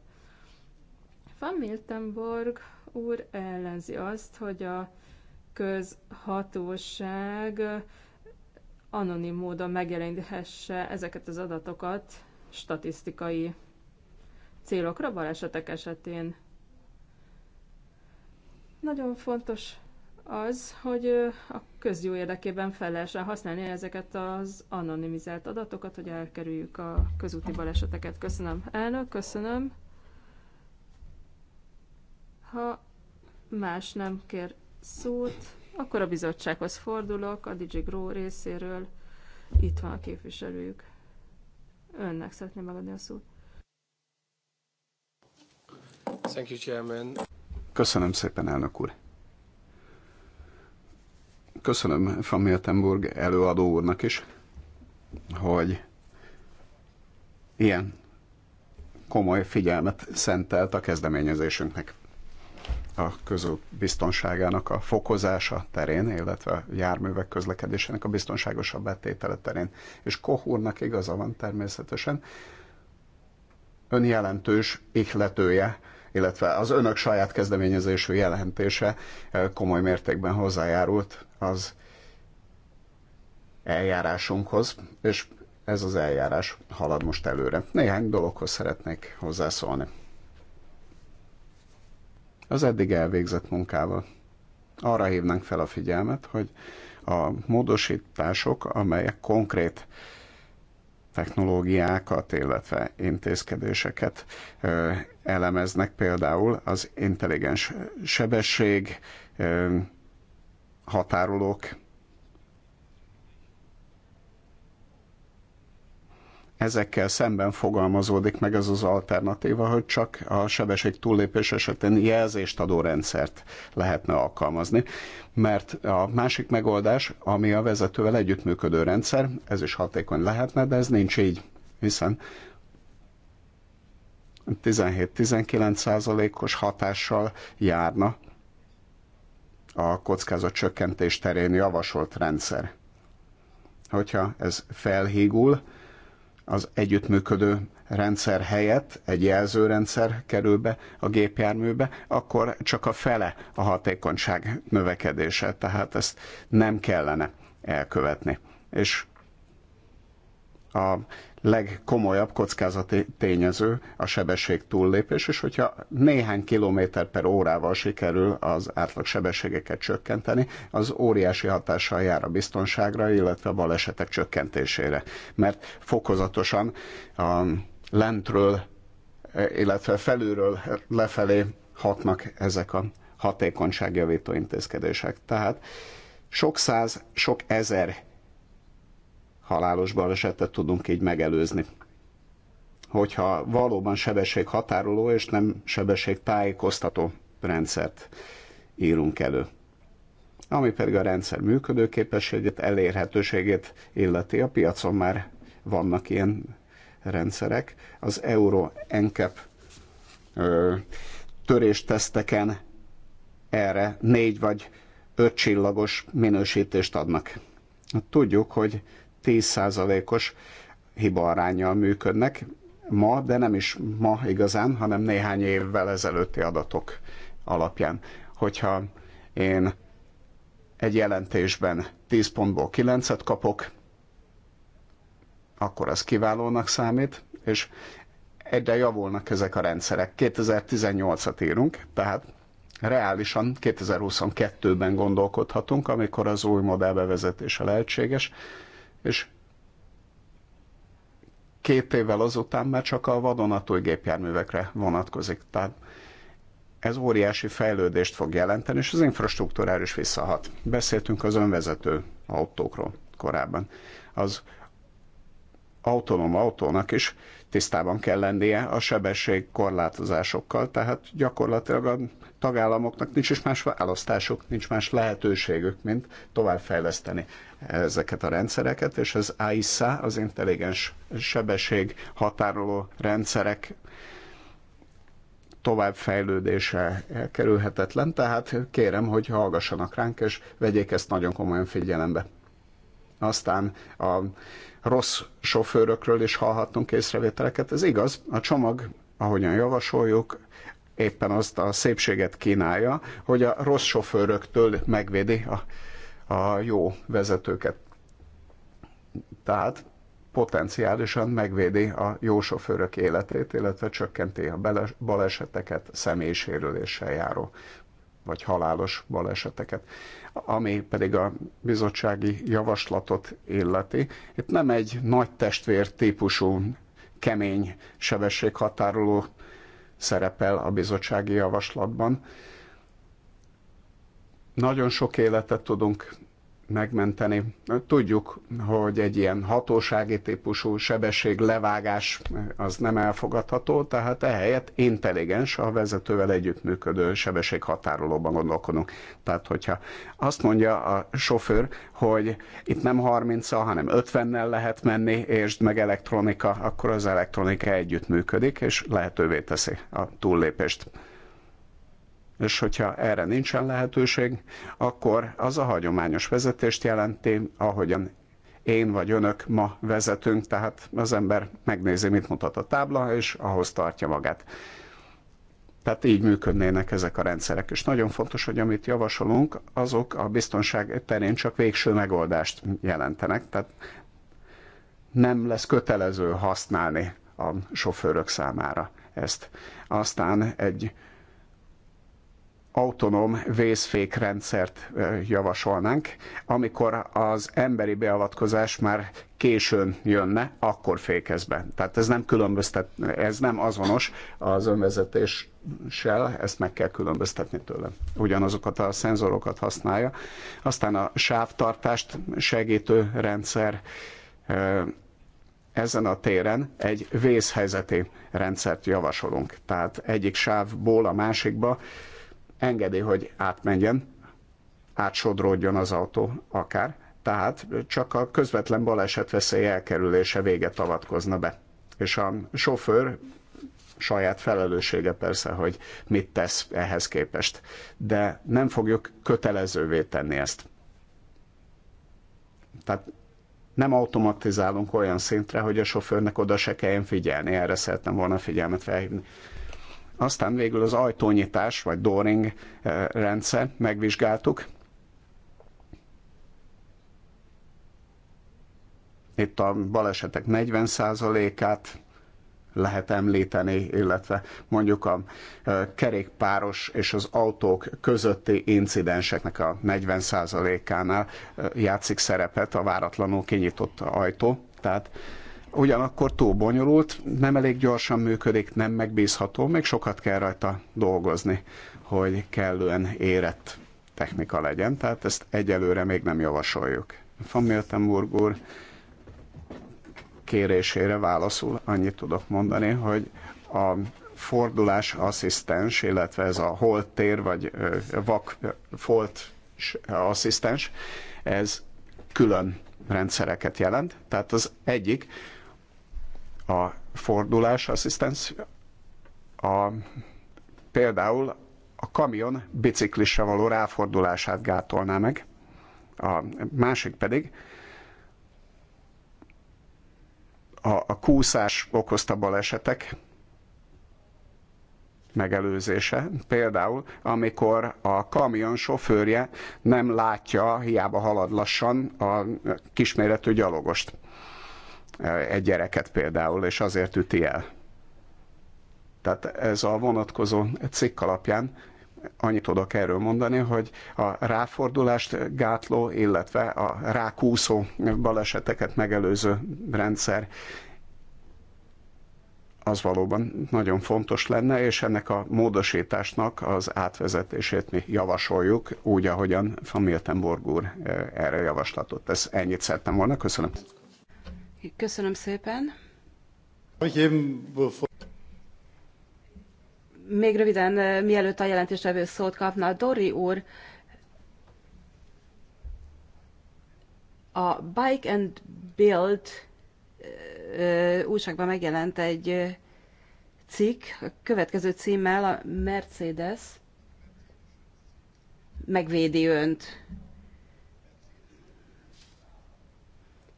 C: Van Miltenborg úr ellenzi azt, hogy a közhatóság anonim módon megjelenthesse ezeket az adatokat statisztikai célokra balesetek esetén. Nagyon fontos az, hogy a közjó érdekében fel lehessen használni ezeket az anonimizált adatokat, hogy elkerüljük a közúti baleseteket. Köszönöm, elnök, köszönöm. Ha más nem kér szót, akkor a bizottsághoz fordulok, a DJ Gró részéről. Itt van a képviselőjük. Önnek szeretném megadni a szót.
A: Thank you, Chairman. Köszönöm szépen, elnök úr. Köszönöm Van Miltenburg előadó úrnak is, hogy ilyen komoly figyelmet szentelt a kezdeményezésünknek a közül biztonságának a fokozása terén, illetve a járművek közlekedésének a biztonságosabb betétele terén. És Kohúrnak igaza van természetesen, önjelentős ihletője, illetve az önök saját kezdeményezésű jelentése eh, komoly mértékben hozzájárult az eljárásunkhoz, és ez az eljárás halad most előre. Néhány dologhoz szeretnék hozzászólni. Az eddig elvégzett munkával arra hívnánk fel a figyelmet, hogy a módosítások, amelyek konkrét technológiákat, illetve intézkedéseket elemeznek, például az intelligens sebesség határolók. Ezekkel szemben fogalmazódik meg ez az alternatíva, hogy csak a sebesség túllépés esetén jelzést adó rendszert lehetne alkalmazni, mert a másik megoldás, ami a vezetővel együttműködő rendszer, ez is hatékony lehetne, de ez nincs így, hiszen 17-19 százalékos hatással járna a kockázatcsökkentés terén javasolt rendszer. Hogyha ez felhígul, az együttműködő rendszer helyett egy jelzőrendszer kerül be a gépjárműbe, akkor csak a fele a hatékonyság növekedése, tehát ezt nem kellene elkövetni. És a legkomolyabb kockázati tényező a sebesség túllépés, és hogyha néhány kilométer per órával sikerül az átlag sebességeket csökkenteni, az óriási hatással jár a biztonságra, illetve a balesetek csökkentésére. Mert fokozatosan a lentről, illetve felülről lefelé hatnak ezek a hatékonyságjavító intézkedések. Tehát sok száz, sok ezer halálos balesetet tudunk így megelőzni. Hogyha valóban sebességhatároló és nem sebességtájékoztató rendszert írunk elő. Ami pedig a rendszer működőképességét, elérhetőségét illeti, a piacon már vannak ilyen rendszerek. Az Euro NCAP törésteszteken erre négy vagy öt csillagos minősítést adnak. Tudjuk, hogy 10%-os hibaarányjal működnek. Ma, de nem is ma igazán, hanem néhány évvel ezelőtti adatok alapján. Hogyha én egy jelentésben 10 pontból 9-et kapok, akkor az kiválónak számít, és egyre javulnak ezek a rendszerek. 2018-at írunk, tehát reálisan 2022-ben gondolkodhatunk, amikor az új modell bevezetése lehetséges, és két évvel azután már csak a vadonatúj gépjárművekre vonatkozik. Tehát ez óriási fejlődést fog jelenteni, és az infrastruktúrára is visszahat. Beszéltünk az önvezető autókról korábban. Az autonóm autónak is tisztában kell lennie a sebesség korlátozásokkal, tehát gyakorlatilag a tagállamoknak nincs is más választásuk, nincs más lehetőségük, mint továbbfejleszteni ezeket a rendszereket, és az AISA, az intelligens sebesség határoló rendszerek továbbfejlődése kerülhetetlen, tehát kérem, hogy hallgassanak ránk, és vegyék ezt nagyon komolyan figyelembe. Aztán a rossz sofőrökről is hallhattunk észrevételeket. Ez igaz, a csomag, ahogyan javasoljuk, éppen azt a szépséget kínálja, hogy a rossz sofőröktől megvédi a, a jó vezetőket. Tehát potenciálisan megvédi a jó sofőrök életét, illetve csökkenti a baleseteket, személyisérüléssel járó vagy halálos baleseteket. Ami pedig a bizottsági javaslatot illeti, itt nem egy nagy testvér típusú kemény sebességhatároló szerepel a bizottsági javaslatban. Nagyon sok életet tudunk megmenteni. Tudjuk, hogy egy ilyen hatósági típusú sebességlevágás az nem elfogadható, tehát ehelyett intelligens a vezetővel együttműködő sebességhatárolóban gondolkodunk. Tehát, hogyha azt mondja a sofőr, hogy itt nem 30 hanem 50-nel lehet menni, és meg elektronika, akkor az elektronika együttműködik, és lehetővé teszi a túllépést és hogyha erre nincsen lehetőség, akkor az a hagyományos vezetést jelenti, ahogyan én vagy önök ma vezetünk, tehát az ember megnézi, mit mutat a tábla, és ahhoz tartja magát. Tehát így működnének ezek a rendszerek. És nagyon fontos, hogy amit javasolunk, azok a biztonság terén csak végső megoldást jelentenek. Tehát nem lesz kötelező használni a sofőrök számára ezt. Aztán egy autonóm vészfékrendszert javasolnánk. Amikor az emberi beavatkozás már későn jönne, akkor fékez be. Tehát ez nem különböztet, ez nem azonos az önvezetéssel, ezt meg kell különböztetni tőle. Ugyanazokat a szenzorokat használja. Aztán a sávtartást segítő rendszer ezen a téren egy vészhelyzeti rendszert javasolunk. Tehát egyik sávból a másikba engedi, hogy átmenjen, átsodródjon az autó akár, tehát csak a közvetlen baleset veszély elkerülése véget avatkozna be. És a sofőr saját felelőssége persze, hogy mit tesz ehhez képest. De nem fogjuk kötelezővé tenni ezt. Tehát nem automatizálunk olyan szintre, hogy a sofőrnek oda se kelljen figyelni, erre szeretném volna figyelmet felhívni. Aztán végül az ajtónyitás, vagy Doring eh, rendszer megvizsgáltuk. Itt a balesetek 40%-át lehet említeni, illetve mondjuk a eh, kerékpáros és az autók közötti incidenseknek a 40%-ánál eh, játszik szerepet a váratlanul kinyitott ajtó. Tehát ugyanakkor túl bonyolult, nem elég gyorsan működik, nem megbízható, még sokat kell rajta dolgozni, hogy kellően érett technika legyen, tehát ezt egyelőre még nem javasoljuk. Van Miltenburg úr kérésére válaszul, annyit tudok mondani, hogy a fordulás asszisztens, illetve ez a holtér vagy vak folt asszisztens, ez külön rendszereket jelent. Tehát az egyik a fordulás asszisztencia, a, például a kamion biciklisre való ráfordulását gátolná meg, a másik pedig a, a kúszás okozta balesetek megelőzése. Például, amikor a kamion sofőrje nem látja, hiába halad lassan a kisméretű gyalogost egy gyereket például, és azért üti el. Tehát ez a vonatkozó cikk alapján annyit tudok erről mondani, hogy a ráfordulást gátló, illetve a rákúszó baleseteket megelőző rendszer az valóban nagyon fontos lenne, és ennek a módosításnak az átvezetését mi javasoljuk, úgy, ahogyan Familtenborg úr eh, erre javaslatot tesz. Ennyit szerettem volna, köszönöm.
B: Köszönöm szépen. Még röviden, eh, mielőtt a jelentéstevő szót kapna, Dori úr, a Bike and Build eh, újságban megjelent egy eh, cikk, a következő címmel a Mercedes megvédi önt.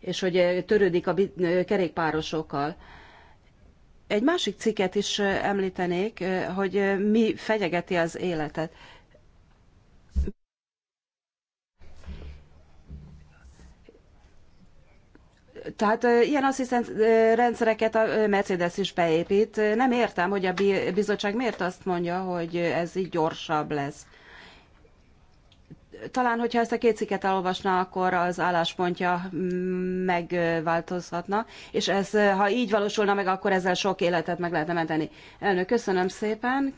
B: és hogy eh, törődik a eh, kerékpárosokkal. Egy másik cikket is eh, említenék, hogy mi fenyegeti az életet. Tehát ilyen asszisztent rendszereket a Mercedes is beépít. Nem értem, hogy a bizottság miért azt mondja, hogy ez így gyorsabb lesz talán, hogyha ezt a két cikket elolvasná, akkor az álláspontja megváltozhatna, és ez, ha így valósulna meg, akkor ezzel sok életet meg lehetne menteni. Elnök, köszönöm szépen.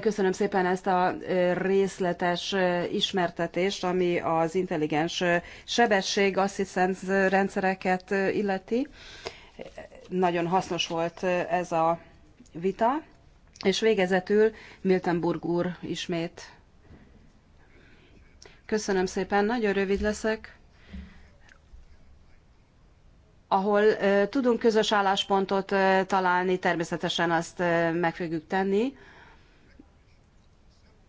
B: Köszönöm szépen ezt a részletes ismertetést, ami az intelligens sebesség asszisztens rendszereket illeti. Nagyon hasznos volt ez a vita. És végezetül Miltenburg úr ismét Köszönöm szépen, nagyon rövid leszek. Ahol tudunk közös álláspontot találni, természetesen azt meg fogjuk tenni.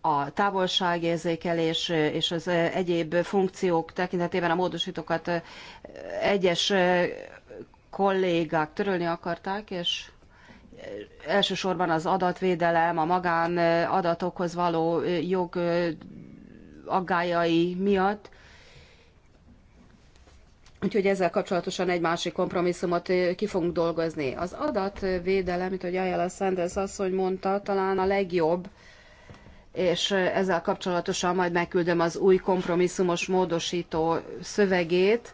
B: A távolságérzékelés és az egyéb funkciók tekintetében a módosítókat egyes kollégák törölni akarták, és elsősorban az adatvédelem, a magánadatokhoz való jog aggájai miatt. Úgyhogy ezzel kapcsolatosan egy másik kompromisszumot ki fogunk dolgozni. Az adatvédelem, mint hogy Ayala Sanders asszony mondta, talán a legjobb, és ezzel kapcsolatosan majd megküldöm az új kompromisszumos módosító szövegét.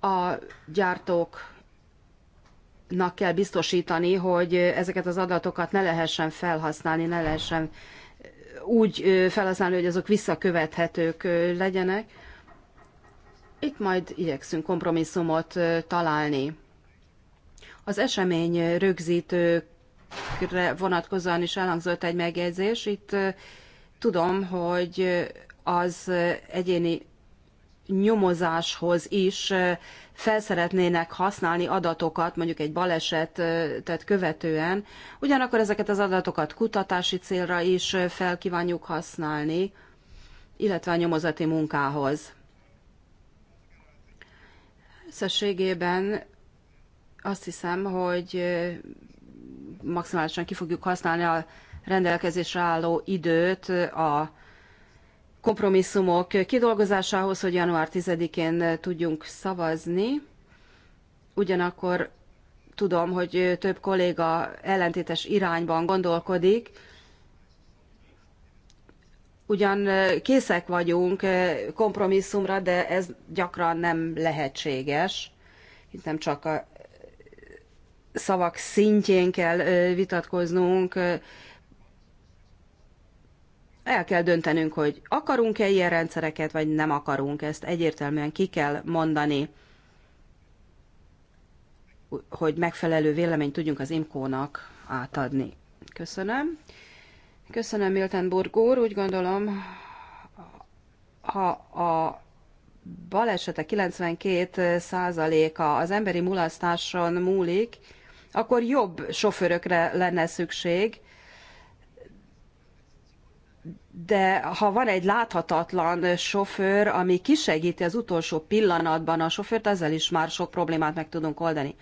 B: A gyártóknak kell biztosítani, hogy ezeket az adatokat ne lehessen felhasználni, ne lehessen úgy felhasználni, hogy azok visszakövethetők legyenek. Itt majd igyekszünk kompromisszumot találni. Az esemény rögzítőkre vonatkozóan is elhangzott egy megjegyzés. Itt tudom, hogy az egyéni nyomozáshoz is szeretnének használni adatokat, mondjuk egy balesetet követően, ugyanakkor ezeket az adatokat kutatási célra is kívánjuk használni, illetve a nyomozati munkához. Összességében azt hiszem, hogy maximálisan ki fogjuk használni a rendelkezésre álló időt a kompromisszumok kidolgozásához, hogy január 10-én tudjunk szavazni. Ugyanakkor tudom, hogy több kolléga ellentétes irányban gondolkodik. Ugyan készek vagyunk kompromisszumra, de ez gyakran nem lehetséges. Itt nem csak a szavak szintjén kell vitatkoznunk, el kell döntenünk, hogy akarunk-e ilyen rendszereket, vagy nem akarunk. Ezt egyértelműen ki kell mondani, hogy megfelelő véleményt tudjunk az IMKÓ-nak átadni. Köszönöm. Köszönöm, Miltenburg úr. Úgy gondolom, ha a balesete 92%-a az emberi mulasztáson múlik, akkor jobb sofőrökre lenne szükség, de ha van egy láthatatlan sofőr, ami kisegíti az utolsó pillanatban a sofőrt, ezzel is már sok problémát meg tudunk oldani.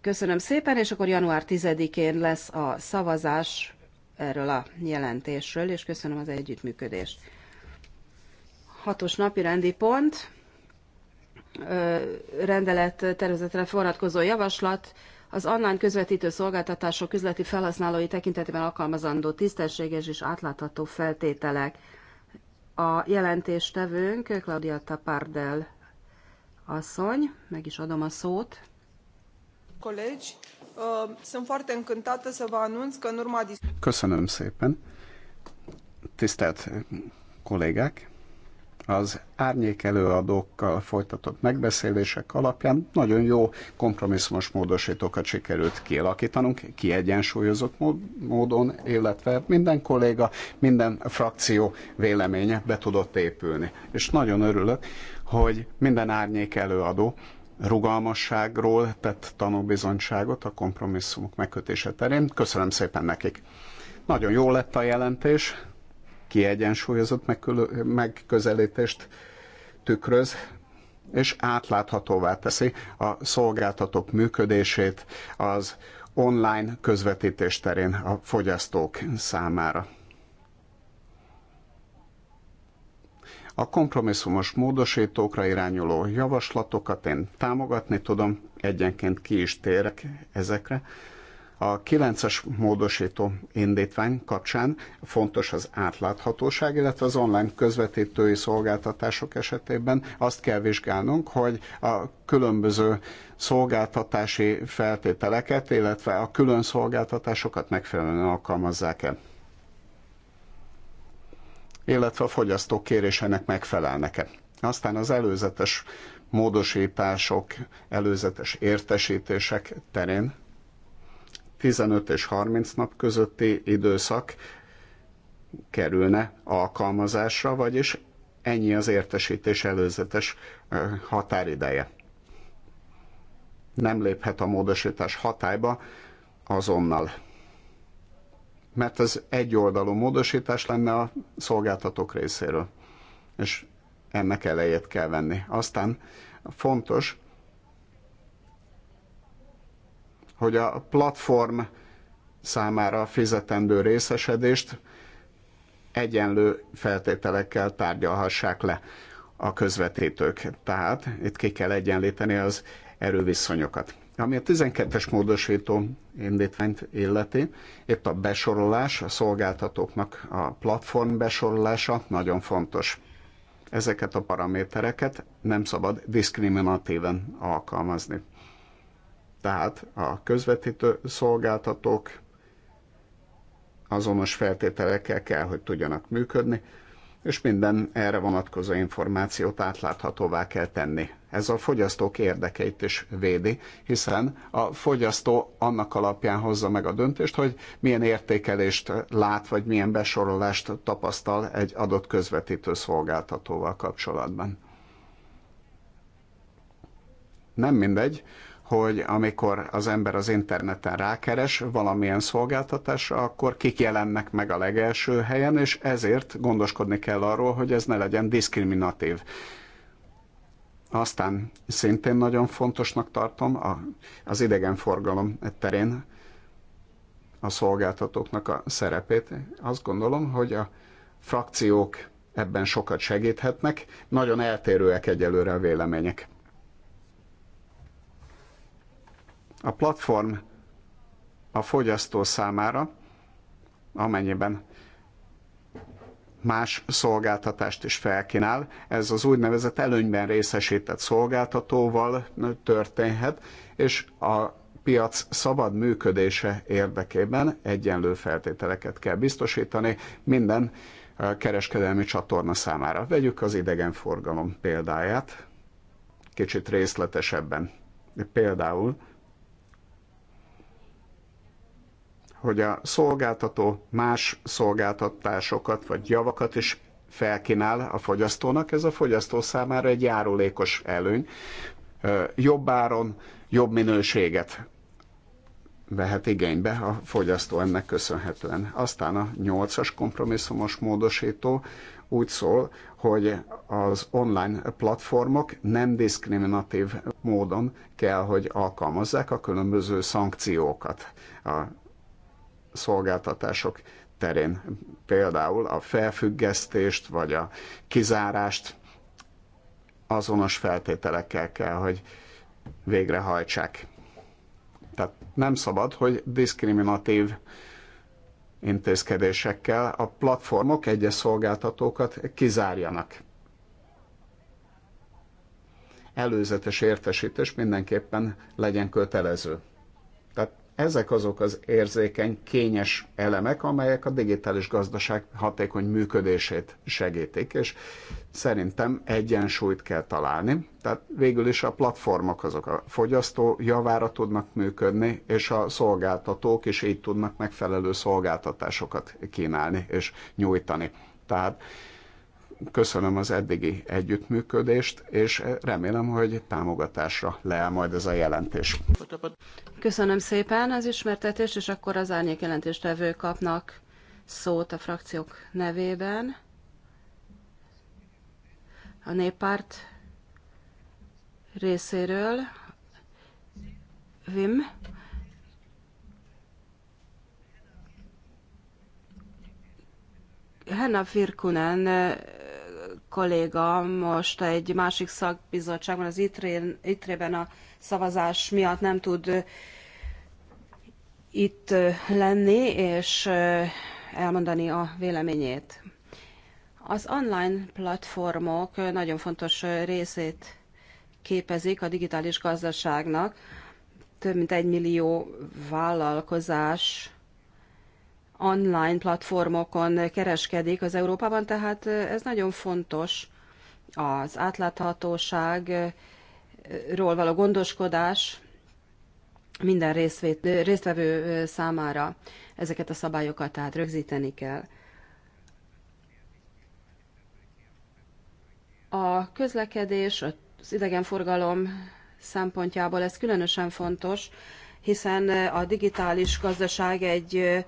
B: Köszönöm szépen, és akkor január 10-én lesz a szavazás erről a jelentésről, és köszönöm az együttműködést. Hatos napi rendi pont, rendelet tervezetre vonatkozó javaslat, az online közvetítő szolgáltatások üzleti felhasználói tekintetében alkalmazandó tisztességes és átlátható feltételek. A jelentéstevőnk Claudia Tapardel asszony, meg is adom a szót.
A: Köszönöm szépen. Tisztelt kollégák, az árnyék előadókkal folytatott megbeszélések alapján nagyon jó kompromisszumos módosítókat sikerült kialakítanunk, kiegyensúlyozott módon, illetve minden kolléga, minden frakció véleménye be tudott épülni. És nagyon örülök, hogy minden árnyék előadó rugalmasságról tett tanúbizonyságot a kompromisszumok megkötése terén. Köszönöm szépen nekik! Nagyon jó lett a jelentés, kiegyensúlyozott megközelítést tükröz, és átláthatóvá teszi a szolgáltatók működését az online közvetítés terén a fogyasztók számára. A kompromisszumos módosítókra irányuló javaslatokat én támogatni tudom, egyenként ki is térek ezekre. A 9-es módosító indítvány kapcsán fontos az átláthatóság, illetve az online közvetítői szolgáltatások esetében azt kell vizsgálnunk, hogy a különböző szolgáltatási feltételeket, illetve a külön szolgáltatásokat megfelelően alkalmazzák-e illetve a fogyasztók kérésének megfelelnek-e. Aztán az előzetes módosítások, előzetes értesítések terén 15 és 30 nap közötti időszak kerülne alkalmazásra, vagyis ennyi az értesítés előzetes határideje. Nem léphet a módosítás hatályba azonnal. Mert ez egyoldalú módosítás lenne a szolgáltatók részéről, és ennek elejét kell venni. Aztán fontos, hogy a platform számára fizetendő részesedést egyenlő feltételekkel tárgyalhassák le a közvetítők. Tehát itt ki kell egyenlíteni az erőviszonyokat. Ami a 12-es módosító indítványt illeti, itt a besorolás, a szolgáltatóknak a platform besorolása nagyon fontos. Ezeket a paramétereket nem szabad diszkriminatíven alkalmazni. Tehát a közvetítő szolgáltatók azonos feltételekkel kell, hogy tudjanak működni, és minden erre vonatkozó információt átláthatóvá kell tenni. Ez a fogyasztók érdekeit is védi, hiszen a fogyasztó annak alapján hozza meg a döntést, hogy milyen értékelést lát, vagy milyen besorolást tapasztal egy adott közvetítő szolgáltatóval kapcsolatban. Nem mindegy, hogy amikor az ember az interneten rákeres valamilyen szolgáltatásra, akkor kik jelennek meg a legelső helyen, és ezért gondoskodni kell arról, hogy ez ne legyen diszkriminatív. Aztán szintén nagyon fontosnak tartom a, az idegenforgalom terén a szolgáltatóknak a szerepét. Azt gondolom, hogy a frakciók ebben sokat segíthetnek. Nagyon eltérőek egyelőre a vélemények. A platform a fogyasztó számára, amennyiben más szolgáltatást is felkínál. Ez az úgynevezett előnyben részesített szolgáltatóval történhet, és a piac szabad működése érdekében egyenlő feltételeket kell biztosítani minden kereskedelmi csatorna számára. Vegyük az idegenforgalom példáját kicsit részletesebben. Például hogy a szolgáltató más szolgáltatásokat vagy javakat is felkínál a fogyasztónak, ez a fogyasztó számára egy járulékos előny. Jobb áron, jobb minőséget vehet igénybe a fogyasztó ennek köszönhetően. Aztán a nyolcas kompromisszumos módosító úgy szól, hogy az online platformok nem diszkriminatív módon kell, hogy alkalmazzák a különböző szankciókat a szolgáltatások terén, például a felfüggesztést vagy a kizárást azonos feltételekkel kell, hogy végrehajtsák. Tehát nem szabad, hogy diszkriminatív intézkedésekkel a platformok egyes szolgáltatókat kizárjanak. Előzetes értesítés mindenképpen legyen kötelező. Ezek azok az érzékeny, kényes elemek, amelyek a digitális gazdaság hatékony működését segítik, és szerintem egyensúlyt kell találni. Tehát végül is a platformok azok a fogyasztó javára tudnak működni, és a szolgáltatók is így tudnak megfelelő szolgáltatásokat kínálni és nyújtani. Tehát köszönöm az eddigi együttműködést, és remélem, hogy támogatásra leáll majd ez a jelentés.
B: Köszönöm szépen az ismertetést, és akkor az árnyék jelentéstevő kapnak szót a frakciók nevében. A néppárt részéről Vim. Henna Firkunen kolléga most egy másik szakbizottságban, az itre ben ITRE a szavazás miatt nem tud itt lenni, és elmondani a véleményét. Az online platformok nagyon fontos részét képezik a digitális gazdaságnak. Több mint egy millió vállalkozás online platformokon kereskedik az Európában, tehát ez nagyon fontos az átláthatóságról való gondoskodás minden részvét, résztvevő számára ezeket a szabályokat tehát rögzíteni kell. A közlekedés, az idegenforgalom szempontjából ez különösen fontos, hiszen a digitális gazdaság egy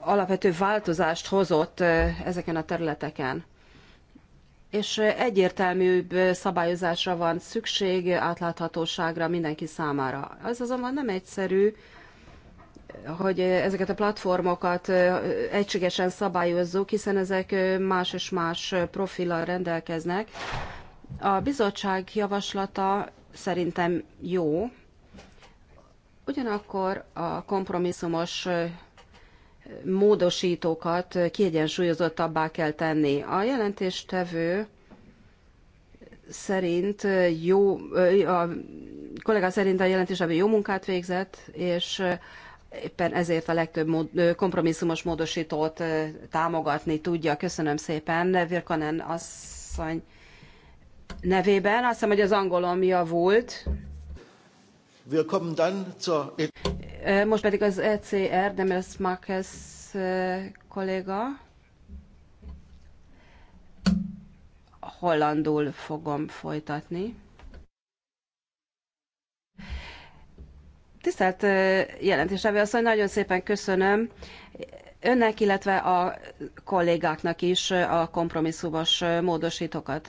B: alapvető változást hozott ezeken a területeken. És egyértelműbb szabályozásra van szükség, átláthatóságra mindenki számára. Az azonban nem egyszerű, hogy ezeket a platformokat egységesen szabályozzuk, hiszen ezek más és más profillal rendelkeznek. A bizottság javaslata szerintem jó, ugyanakkor a kompromisszumos módosítókat kiegyensúlyozottabbá kell tenni. A jelentéstevő szerint jó, a kollega szerint a jelentéstevő jó munkát végzett, és éppen ezért a legtöbb mód, kompromisszumos módosítót támogatni tudja. Köszönöm szépen. Virkanen asszony nevében. Azt hiszem, hogy az angolom javult.
A: Wir kommen dann zur...
B: E- most pedig az ECR, Demers Marquez kolléga. Hollandul fogom folytatni. Tisztelt jelentéstevő asszony, nagyon szépen köszönöm önnek, illetve a kollégáknak is a kompromisszumos módosítókat.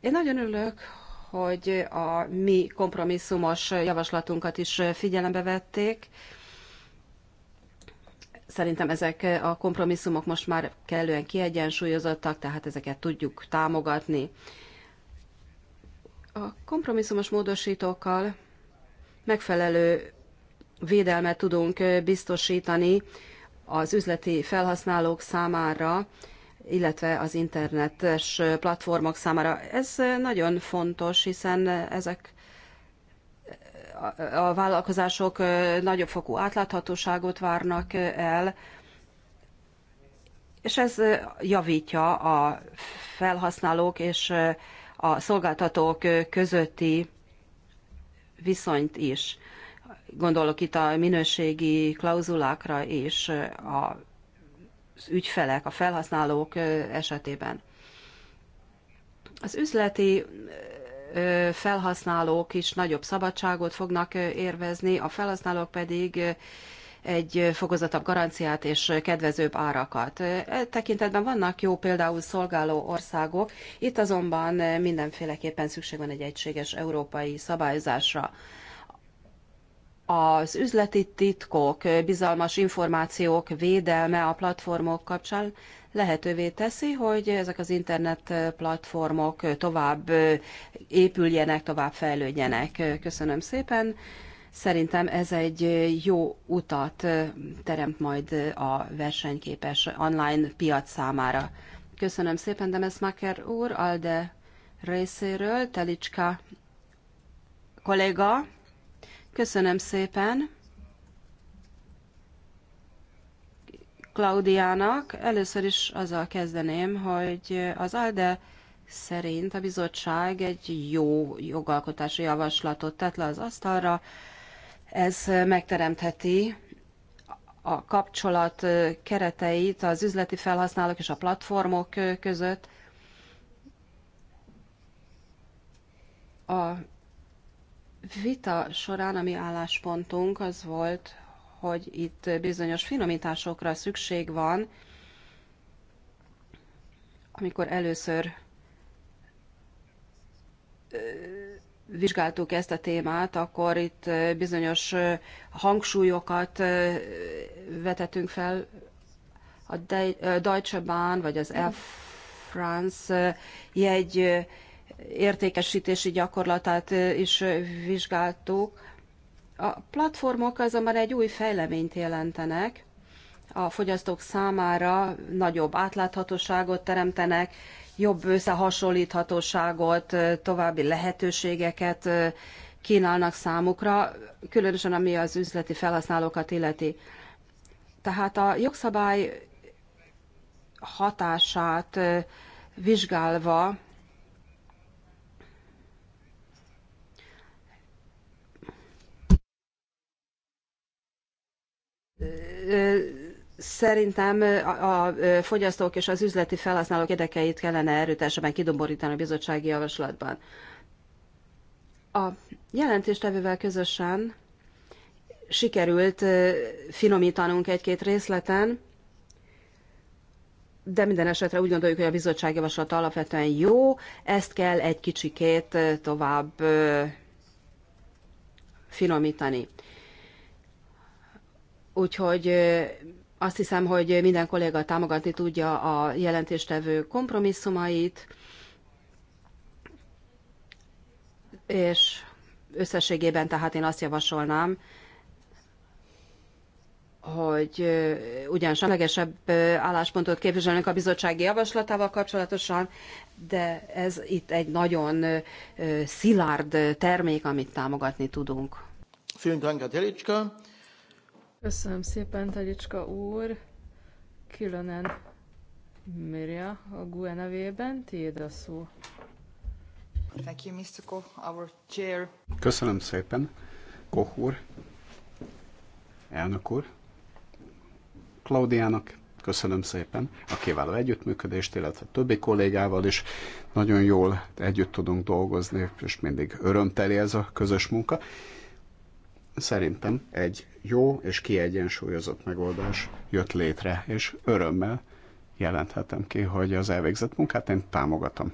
B: Én nagyon örülök, hogy a mi kompromisszumos javaslatunkat is figyelembe vették. Szerintem ezek a kompromisszumok most már kellően kiegyensúlyozottak, tehát ezeket tudjuk támogatni. A kompromisszumos módosítókkal megfelelő védelmet tudunk biztosítani az üzleti felhasználók számára, illetve az internetes platformok számára. Ez nagyon fontos, hiszen ezek a vállalkozások nagyobb fokú átláthatóságot várnak el, és ez javítja a felhasználók és a szolgáltatók közötti viszonyt is. Gondolok itt a minőségi klauzulákra és a az ügyfelek, a felhasználók esetében. Az üzleti felhasználók is nagyobb szabadságot fognak érvezni, a felhasználók pedig egy fokozatabb garanciát és kedvezőbb árakat. E tekintetben vannak jó például szolgáló országok, itt azonban mindenféleképpen szükség van egy egységes európai szabályozásra az üzleti titkok, bizalmas információk védelme a platformok kapcsán lehetővé teszi, hogy ezek az internet platformok tovább épüljenek, tovább fejlődjenek. Köszönöm szépen. Szerintem ez egy jó utat teremt majd a versenyképes online piac számára. Köszönöm szépen, Maker úr, Alde részéről, Telicska kolléga. Köszönöm szépen Klaudiának. Először is azzal kezdeném, hogy az ALDE szerint a bizottság egy jó jogalkotási javaslatot tett le az asztalra. Ez megteremtheti a kapcsolat kereteit az üzleti felhasználók és a platformok között. A vita során a mi álláspontunk az volt, hogy itt bizonyos finomításokra szükség van, amikor először vizsgáltuk ezt a témát, akkor itt bizonyos hangsúlyokat vetettünk fel a Deutsche Bahn vagy az Air France jegy értékesítési gyakorlatát is vizsgáltuk. A platformok azonban egy új fejleményt jelentenek, a fogyasztók számára nagyobb átláthatóságot teremtenek, jobb összehasonlíthatóságot, további lehetőségeket kínálnak számukra, különösen ami az üzleti felhasználókat illeti. Tehát a jogszabály hatását vizsgálva Szerintem a fogyasztók és az üzleti felhasználók érdekeit kellene erőteljesen kidomborítani a bizottsági javaslatban. A jelentéstevővel közösen sikerült finomítanunk egy-két részleten, de minden esetre úgy gondoljuk, hogy a bizottsági javaslat alapvetően jó, ezt kell egy kicsikét tovább finomítani. Úgyhogy azt hiszem, hogy minden kolléga támogatni tudja a jelentéstevő kompromisszumait, és összességében tehát én azt javasolnám, hogy ugyan semlegesebb álláspontot képviselünk a bizottsági javaslatával kapcsolatosan, de ez itt egy nagyon szilárd termék, amit támogatni tudunk. Vielen Dank,
C: Köszönöm szépen, Talicska úr. Különen Mirja a GUE nevében, tiéd a szó. Thank you, Mr. Koch, our chair.
A: Köszönöm szépen, Koch úr, elnök úr, Klaudiának köszönöm szépen a kiváló együttműködést, illetve a többi kollégával is nagyon jól együtt tudunk dolgozni, és mindig örömteli ez a közös munka szerintem egy jó és kiegyensúlyozott megoldás jött létre, és örömmel jelenthetem ki, hogy az elvégzett munkát én támogatom.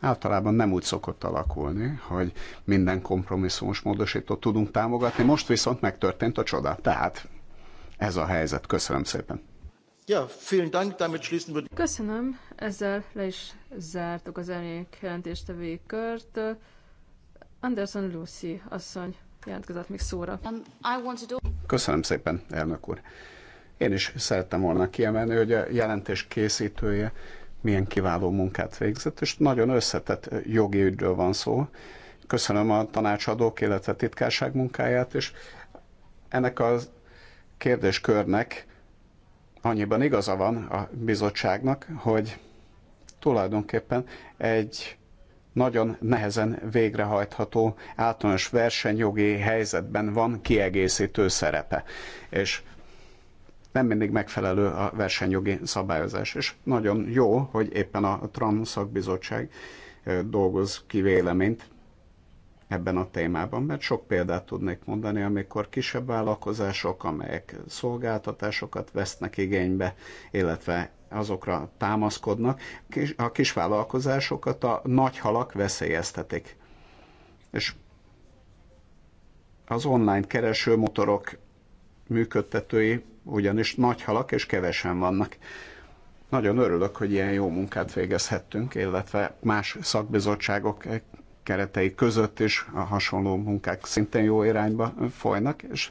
A: Általában nem úgy szokott alakulni, hogy minden kompromisszumos módosítót tudunk támogatni, most viszont megtörtént a csoda. Tehát ez a helyzet. Köszönöm szépen.
C: Ja, vielen Dank, damit schließen wir... Köszönöm, ezzel le is zártuk az elnyék jelentéstevői kört. Anderson Lucy asszony jelentkezett még szóra. Um,
A: Köszönöm szépen, elnök úr. Én is szerettem volna kiemelni, hogy a jelentés készítője milyen kiváló munkát végzett, és nagyon összetett jogi ügyről van szó. Köszönöm a tanácsadók, illetve titkárság munkáját, és ennek a kérdéskörnek annyiban igaza van a bizottságnak, hogy tulajdonképpen egy nagyon nehezen végrehajtható általános versenyjogi helyzetben van kiegészítő szerepe. És nem mindig megfelelő a versenyjogi szabályozás. És nagyon jó, hogy éppen a TRAN szakbizottság dolgoz ki véleményt ebben a témában, mert sok példát tudnék mondani, amikor kisebb vállalkozások, amelyek szolgáltatásokat vesznek igénybe, illetve azokra támaszkodnak, a kisvállalkozásokat a nagy halak veszélyeztetik. És az online keresőmotorok működtetői ugyanis nagy halak és kevesen vannak. Nagyon örülök, hogy ilyen jó munkát végezhettünk, illetve más szakbizottságok keretei között is a hasonló munkák szintén jó irányba folynak, és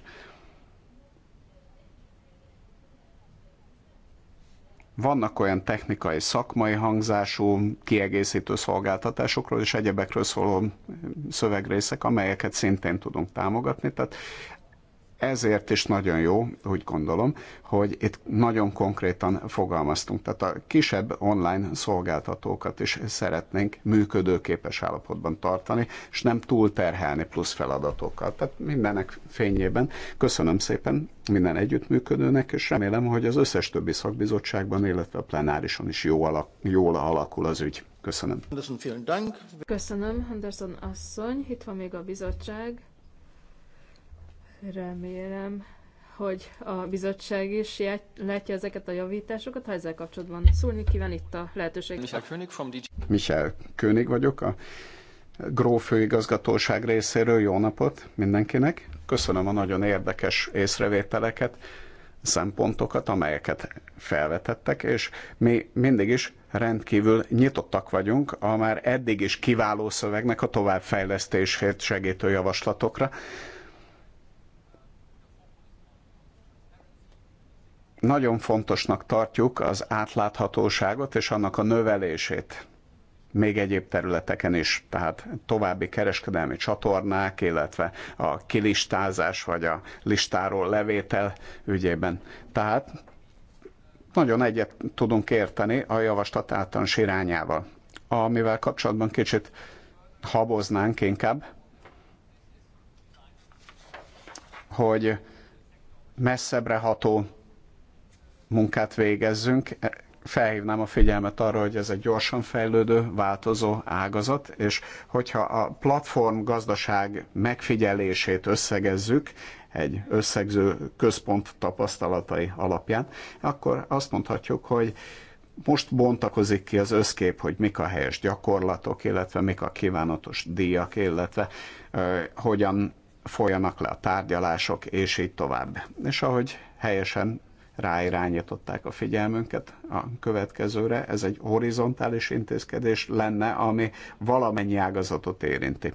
A: Vannak olyan technikai, szakmai hangzású, kiegészítő szolgáltatásokról és egyebekről szóló szövegrészek, amelyeket szintén tudunk támogatni, tehát ezért is nagyon jó, úgy gondolom, hogy itt nagyon konkrétan fogalmaztunk. Tehát a kisebb online szolgáltatókat is szeretnénk működőképes állapotban tartani, és nem túlterhelni plusz feladatokkal. Tehát mindenek fényében köszönöm szépen minden együttműködőnek, és remélem, hogy az összes többi szakbizottságban, illetve a plenárison is jó alak, jól alakul az ügy. Köszönöm.
C: Köszönöm, Henderson asszony. Itt van még a bizottság. Remélem, hogy a bizottság is látja ezeket a javításokat, ha ezzel kapcsolatban szólni kíván itt a lehetőség. Michel König, from DJ.
A: Michel König vagyok, a Gróf főigazgatóság részéről. Jó napot mindenkinek! Köszönöm a nagyon érdekes észrevételeket, szempontokat, amelyeket felvetettek, és mi mindig is rendkívül nyitottak vagyunk a már eddig is kiváló szövegnek a továbbfejlesztésért segítő javaslatokra. Nagyon fontosnak tartjuk az átláthatóságot és annak a növelését még egyéb területeken is, tehát további kereskedelmi csatornák, illetve a kilistázás vagy a listáról levétel ügyében. Tehát nagyon egyet tudunk érteni a javaslat általános irányával, amivel kapcsolatban kicsit haboznánk inkább, hogy messzebbre ható munkát végezzünk. Felhívnám a figyelmet arra, hogy ez egy gyorsan fejlődő, változó ágazat, és hogyha a platform gazdaság megfigyelését összegezzük, egy összegző központ tapasztalatai alapján, akkor azt mondhatjuk, hogy most bontakozik ki az összkép, hogy mik a helyes gyakorlatok, illetve mik a kívánatos díjak, illetve uh, hogyan folyanak le a tárgyalások, és így tovább. És ahogy helyesen ráirányították a figyelmünket a következőre. Ez egy horizontális intézkedés lenne, ami valamennyi ágazatot érinti.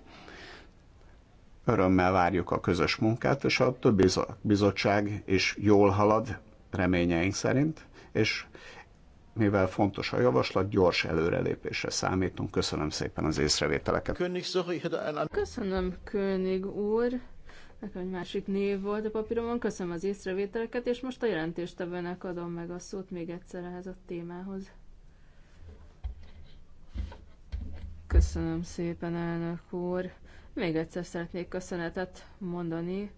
A: Örömmel várjuk a közös munkát, és a többi bizottság is jól halad, reményeink szerint, és mivel fontos a javaslat, gyors előrelépésre számítunk. Köszönöm szépen az észrevételeket.
C: Köszönöm, König úr. Nekem egy másik név volt a papíromon. Köszönöm az észrevételeket, és most a jelentéstevőnek adom meg a szót még egyszer ehhez a témához. Köszönöm szépen, elnök úr. Még egyszer szeretnék köszönetet mondani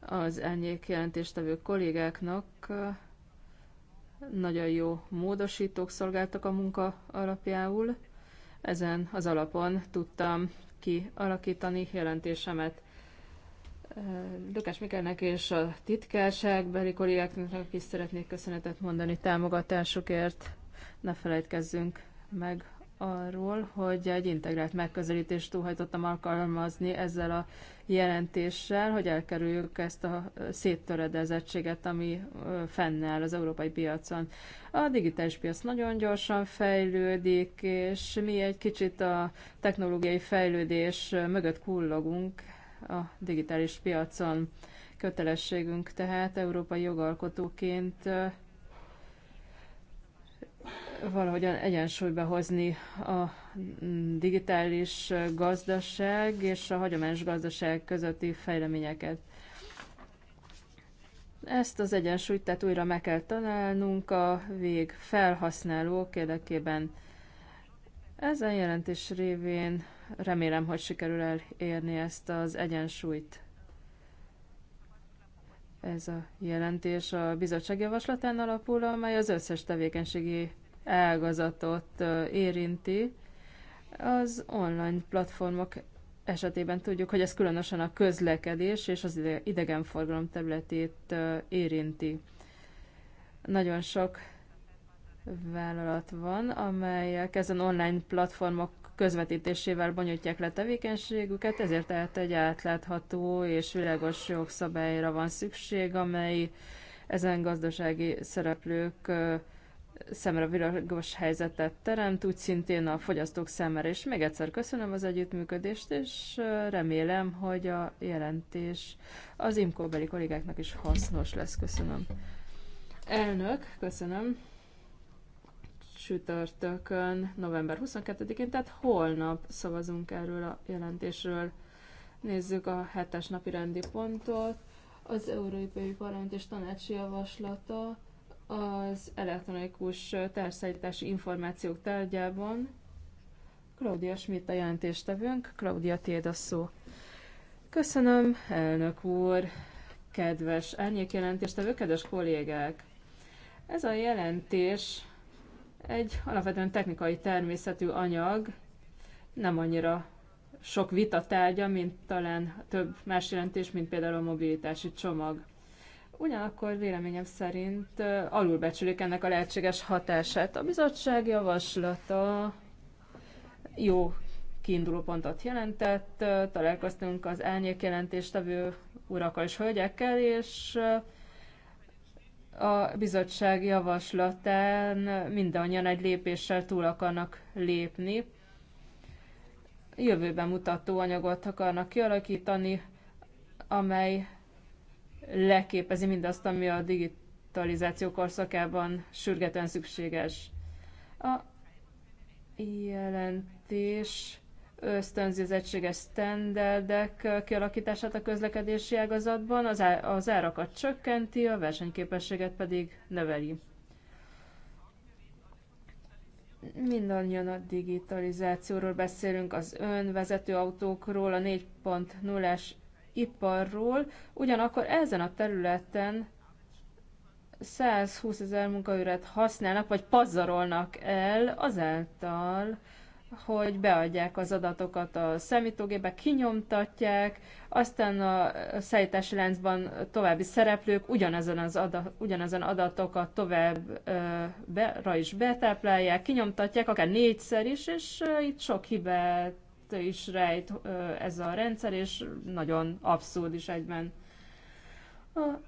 C: az elnyék jelentéstevő kollégáknak. Nagyon jó módosítók szolgáltak a munka alapjául. Ezen az alapon tudtam kialakítani jelentésemet. Lukás Mikelnek és a titkárság beri Koriáknak is szeretnék köszönetet mondani támogatásukért. Ne felejtkezzünk meg arról, hogy egy integrált megközelítést túlhajtottam alkalmazni ezzel a jelentéssel, hogy elkerüljük ezt a széttöredezettséget, ami fennáll az európai piacon. A digitális piac nagyon gyorsan fejlődik, és mi egy kicsit a technológiai fejlődés mögött kullogunk, a digitális piacon. Kötelességünk tehát európai jogalkotóként valahogyan egyensúlyba hozni a digitális gazdaság és a hagyományos gazdaság közötti fejleményeket. Ezt az egyensúlyt tehát újra meg kell találnunk a vég felhasználók érdekében. Ezen jelentés révén Remélem, hogy sikerül elérni ezt az egyensúlyt. Ez a jelentés a bizottság javaslatán alapul, amely az összes tevékenységi ágazatot érinti. Az online platformok esetében tudjuk, hogy ez különösen a közlekedés és az idegenforgalom területét érinti. Nagyon sok vállalat van, amelyek ezen online platformok közvetítésével bonyolítják le tevékenységüket, ezért tehát egy átlátható és világos jogszabályra van szükség, amely ezen gazdasági szereplők szemre világos helyzetet teremt, úgy szintén a fogyasztók szemre. És még egyszer köszönöm az együttműködést, és remélem, hogy a jelentés az imkóbeli kollégáknak is hasznos lesz. Köszönöm. Elnök, köszönöm sütörtökön, november 22-én, tehát holnap szavazunk erről a jelentésről. Nézzük a hetes napi rendi pontot. Az Európai Parlament és Tanácsi Javaslata az elektronikus terszállítási információk tárgyában. Claudia Schmidt a jelentéstevőnk. Claudia, tiéd a szó. Köszönöm, elnök úr, kedves jelentéstevő, kedves kollégák! Ez a jelentés egy alapvetően technikai természetű anyag, nem annyira sok vita tárgya, mint talán több más jelentés, mint például a mobilitási csomag. Ugyanakkor véleményem szerint alulbecsülik ennek a lehetséges hatását. A bizottság javaslata jó pontot jelentett, találkoztunk az elnyék jelentéstevő urakkal és hölgyekkel, és a bizottság javaslatán mindannyian egy lépéssel túl akarnak lépni. Jövőben mutató anyagot akarnak kialakítani, amely leképezi mindazt, ami a digitalizáció korszakában sürgetően szükséges. A jelentés ösztönzi az egységes standardek kialakítását a közlekedési ágazatban, az, á, az árakat csökkenti, a versenyképességet pedig növeli. Mindannyian a digitalizációról beszélünk, az önvezető autókról, a 4.0-es iparról, ugyanakkor ezen a területen 120 ezer munkaüret használnak, vagy pazarolnak el azáltal, hogy beadják az adatokat a számítógébe, kinyomtatják, aztán a szállítási láncban további szereplők ugyanezen, az adat, ugyanezen adatokat tovább be, is betáplálják, kinyomtatják, akár négyszer is, és itt sok hibát is rejt ez a rendszer, és nagyon abszurd is egyben.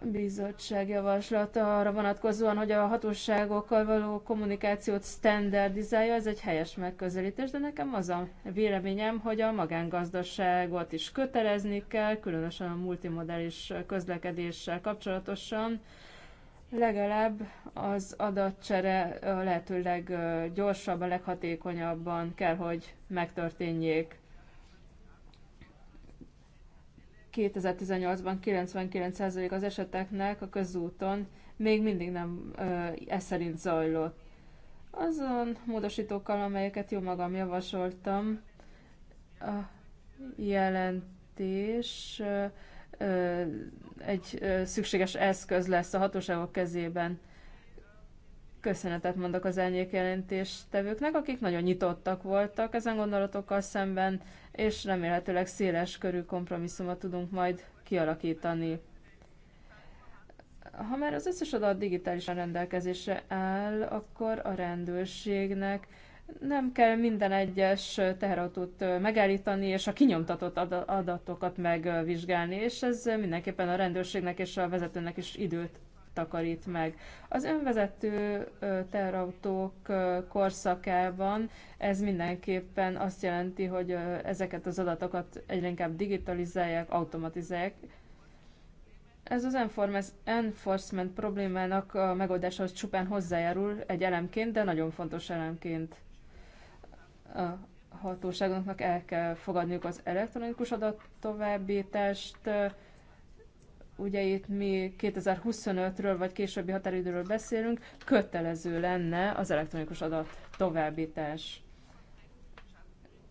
C: A bizottság javaslata arra vonatkozóan, hogy a hatóságokkal való kommunikációt standardizálja, ez egy helyes megközelítés, de nekem az a véleményem, hogy a magángazdaságot is kötelezni kell, különösen a multimodális közlekedéssel kapcsolatosan, legalább az adatcsere a lehető leggyorsabban, leghatékonyabban kell, hogy megtörténjék. 2018-ban 99% az eseteknek a közúton még mindig nem ö, ez szerint zajlott. Azon módosítókkal, amelyeket jó magam javasoltam, a jelentés egy szükséges eszköz lesz a hatóságok kezében köszönetet mondok az jelentéstevőknek, akik nagyon nyitottak voltak ezen gondolatokkal szemben, és remélhetőleg széles körű kompromisszumot tudunk majd kialakítani. Ha már az összes adat digitálisan rendelkezésre áll, akkor a rendőrségnek nem kell minden egyes teherautót megállítani, és a kinyomtatott adatokat megvizsgálni, és ez mindenképpen a rendőrségnek és a vezetőnek is időt takarít meg. Az önvezető terautók korszakában ez mindenképpen azt jelenti, hogy ezeket az adatokat egyre inkább digitalizálják, automatizálják, ez az enforcement problémának a megoldáshoz csupán hozzájárul egy elemként, de nagyon fontos elemként. A hatóságoknak el kell fogadniuk az elektronikus adat továbbítást ugye itt mi 2025-ről vagy későbbi határidőről beszélünk, kötelező lenne az elektronikus adat továbbítás.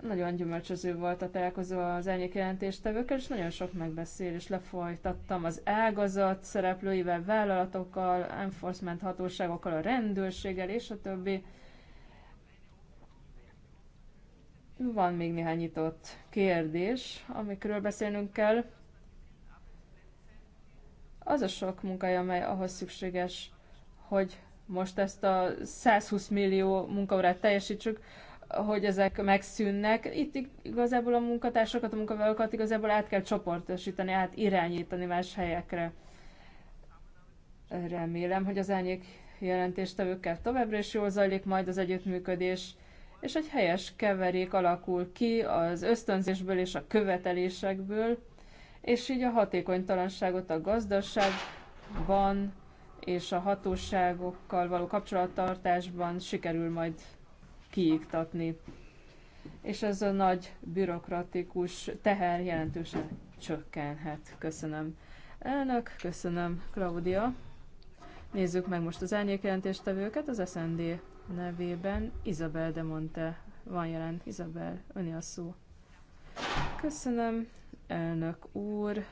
C: Nagyon gyümölcsöző volt a találkozó az jelentéstevőkkel, és nagyon sok megbeszélés lefolytattam az ágazat szereplőivel, vállalatokkal, enforcement hatóságokkal, a rendőrséggel és a többi. Van még néhány nyitott kérdés, amikről beszélnünk kell az a sok munkája, amely ahhoz szükséges, hogy most ezt a 120 millió munkaórát teljesítsük, hogy ezek megszűnnek. Itt igazából a munkatársakat, a munkavállalókat igazából át kell csoportosítani, át irányítani más helyekre. Remélem, hogy az elnyék jelentéstevőkkel továbbra is jól zajlik majd az együttműködés, és egy helyes keverék alakul ki az ösztönzésből és a követelésekből, és így a hatékonytalanságot a gazdaságban és a hatóságokkal való kapcsolattartásban sikerül majd kiiktatni. És ez a nagy bürokratikus teher jelentősen csökkenhet. Köszönöm. Elnök, köszönöm, Claudia. Nézzük meg most az elnyékjelentéstevőket az SND nevében. Izabel de Monte van jelent. Izabel, öni a szó. Köszönöm, elnök úr.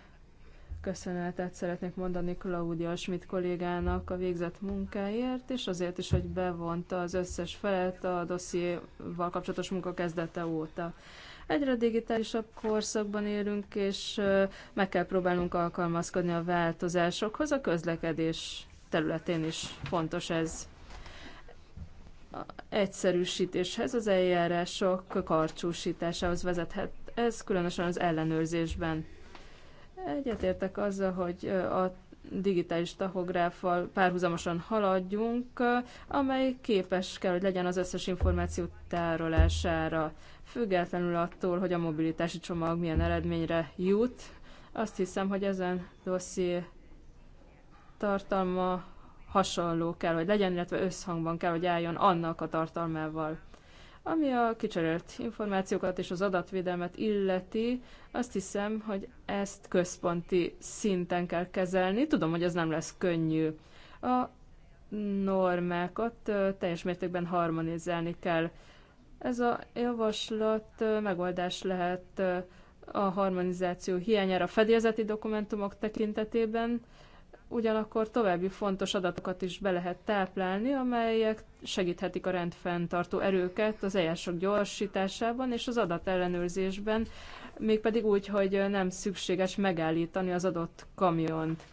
C: Köszönetet szeretnék mondani Claudia Schmidt kollégának a végzett munkáért, és azért is, hogy bevonta az összes felet a dossziéval kapcsolatos munka kezdete óta. Egyre digitálisabb korszakban élünk, és meg kell próbálnunk alkalmazkodni a változásokhoz. A közlekedés területén is fontos ez egyszerűsítéshez, az eljárások karcsúsításához vezethet ez különösen az ellenőrzésben. Egyetértek azzal, hogy a digitális tahográffal párhuzamosan haladjunk, amely képes kell, hogy legyen az összes információ tárolására, függetlenül attól, hogy a mobilitási csomag milyen eredményre jut. Azt hiszem, hogy ezen dosszié tartalma hasonló kell, hogy legyen, illetve összhangban kell, hogy álljon annak a tartalmával, ami a kicserélt információkat és az adatvédelmet illeti, azt hiszem, hogy ezt központi szinten kell kezelni. Tudom, hogy ez nem lesz könnyű. A normákat teljes mértékben harmonizálni kell. Ez a javaslat megoldás lehet a harmonizáció hiányára fedélzeti dokumentumok tekintetében, ugyanakkor további fontos adatokat is be lehet táplálni, amelyek segíthetik a rendfenntartó erőket az eljárások gyorsításában és az adatellenőrzésben, mégpedig úgy, hogy nem szükséges megállítani az adott kamiont.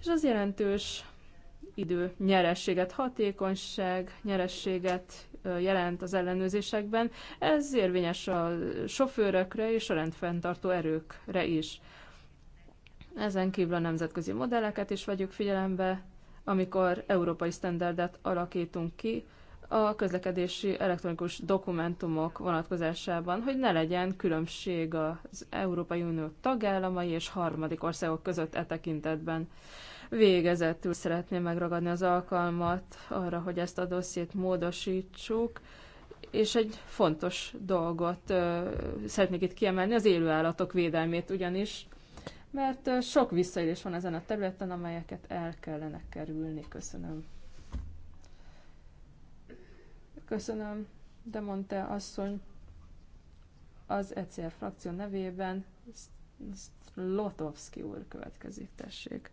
C: És az jelentős idő nyerességet, hatékonyság nyerességet jelent az ellenőrzésekben. Ez érvényes a sofőrökre és a rendfenntartó erőkre is. Ezen kívül a nemzetközi modelleket is vegyük figyelembe, amikor európai standardet alakítunk ki a közlekedési elektronikus dokumentumok vonatkozásában, hogy ne legyen különbség az Európai Unió tagállamai és harmadik országok között e tekintetben. Végezetül szeretném megragadni az alkalmat arra, hogy ezt a dossziét módosítsuk, és egy fontos dolgot ö, szeretnék itt kiemelni, az élőállatok védelmét ugyanis mert sok visszaélés van ezen a területen, amelyeket el kellene kerülni. Köszönöm. Köszönöm, de mondta asszony az ECR frakció nevében Lotovski úr következik, tessék.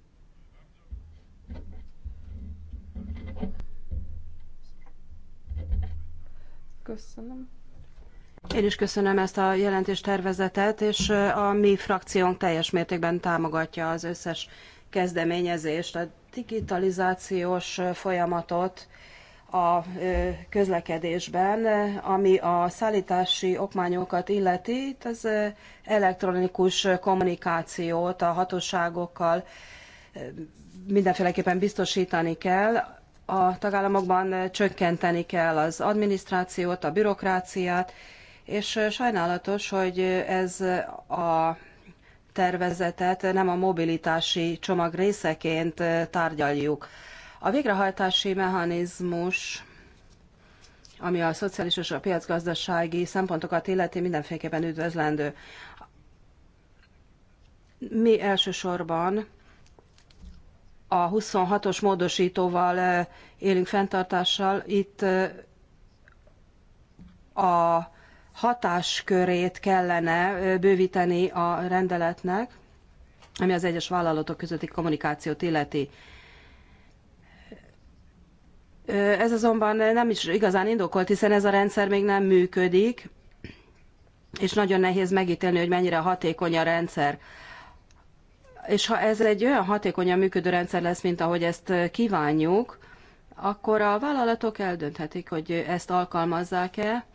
C: Köszönöm.
B: Én is köszönöm ezt a jelentéstervezetet, és a mi frakciónk teljes mértékben támogatja az összes kezdeményezést, a digitalizációs folyamatot a közlekedésben, ami a szállítási okmányokat illeti, itt az elektronikus kommunikációt a hatóságokkal mindenféleképpen biztosítani kell, a tagállamokban csökkenteni kell az adminisztrációt, a bürokráciát, és sajnálatos, hogy ez a tervezetet nem a mobilitási csomag részeként tárgyaljuk. A végrehajtási mechanizmus ami a szociális és a piacgazdasági szempontokat illeti, mindenféleképpen üdvözlendő. Mi elsősorban a 26-os módosítóval élünk fenntartással. Itt a hatáskörét kellene bővíteni a rendeletnek, ami az egyes vállalatok közötti kommunikációt illeti. Ez azonban nem is igazán indokolt, hiszen ez a rendszer még nem működik, és nagyon nehéz megítélni, hogy mennyire hatékony a rendszer. És ha ez egy olyan hatékonyan működő rendszer lesz, mint ahogy ezt kívánjuk, akkor a vállalatok eldönthetik, hogy ezt alkalmazzák-e,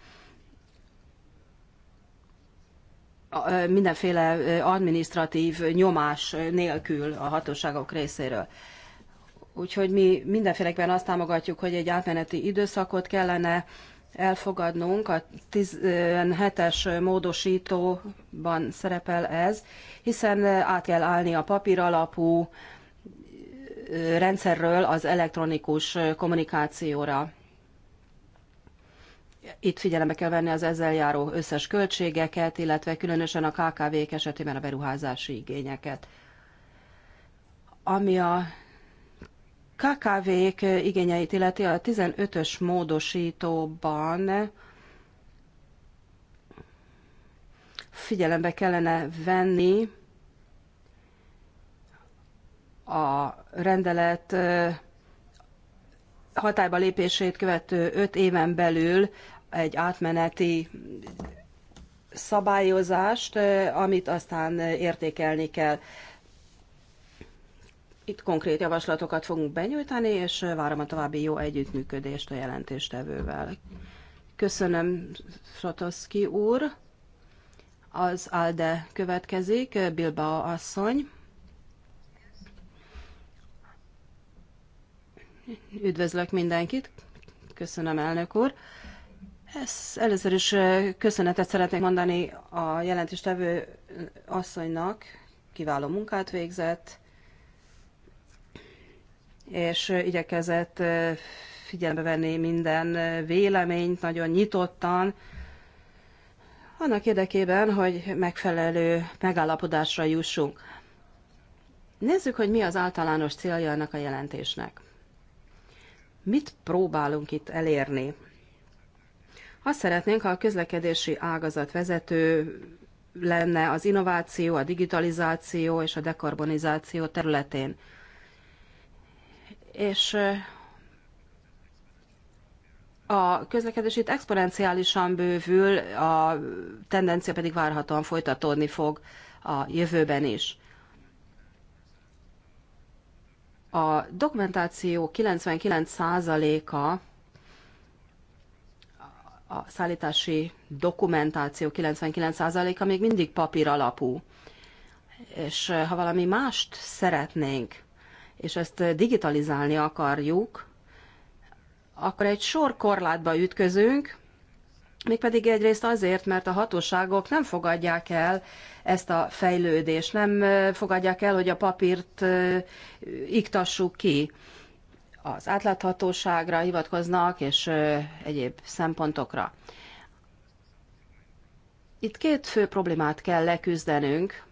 B: mindenféle administratív nyomás nélkül a hatóságok részéről. Úgyhogy mi mindenféleképpen azt támogatjuk, hogy egy átmeneti időszakot kellene elfogadnunk, a 17-es módosítóban szerepel ez, hiszen át kell állni a papíralapú rendszerről az elektronikus kommunikációra. Itt figyelembe kell venni az ezzel járó összes költségeket, illetve különösen a KKV-k esetében a beruházási igényeket. Ami a KKV-k igényeit illeti a 15-ös módosítóban figyelembe kellene venni a rendelet hatályba lépését követő öt éven belül egy átmeneti szabályozást, amit aztán értékelni kell. Itt konkrét javaslatokat fogunk benyújtani, és várom a további jó együttműködést a jelentéstevővel. Köszönöm, Satoszki úr. Az ALDE következik, Bilbao asszony. Üdvözlök mindenkit. Köszönöm, elnök úr. Ez, először is köszönetet szeretnék mondani a jelentéstevő asszonynak. Kiváló munkát végzett, és igyekezett figyelembe venni minden véleményt nagyon nyitottan, annak érdekében, hogy megfelelő megállapodásra jussunk. Nézzük, hogy mi az általános célja ennek a jelentésnek. Mit próbálunk itt elérni? Azt szeretnénk, ha a közlekedési ágazat vezető lenne az innováció, a digitalizáció és a dekarbonizáció területén. És a közlekedés itt exponenciálisan bővül, a tendencia pedig várhatóan folytatódni fog a jövőben is. A dokumentáció 99%-a a szállítási dokumentáció 99%-a még mindig papír alapú. És eh, ha valami mást szeretnénk, és ezt eh, digitalizálni akarjuk, akkor egy sor korlátba ütközünk, Mégpedig egyrészt azért, mert a hatóságok nem fogadják el ezt a fejlődést, nem fogadják el, hogy a papírt iktassuk ki. Az átláthatóságra hivatkoznak, és egyéb szempontokra. Itt két fő problémát kell leküzdenünk.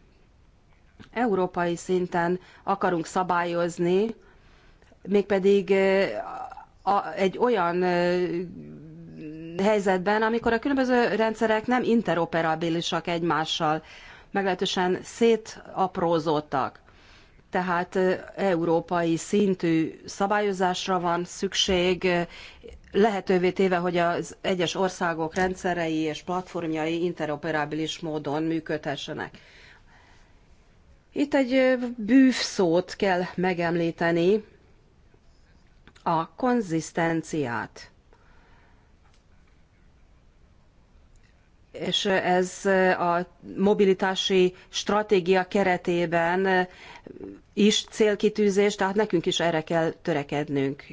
B: Európai szinten akarunk szabályozni, mégpedig egy olyan helyzetben, amikor a különböző rendszerek nem interoperabilisak egymással, meglehetősen szétaprózódtak. Tehát európai szintű szabályozásra van szükség, lehetővé téve, hogy az egyes országok rendszerei és platformjai interoperabilis módon működhessenek. Itt egy bűvszót kell megemlíteni, a konzisztenciát. és ez a mobilitási stratégia keretében is célkitűzés, tehát nekünk is erre kell törekednünk.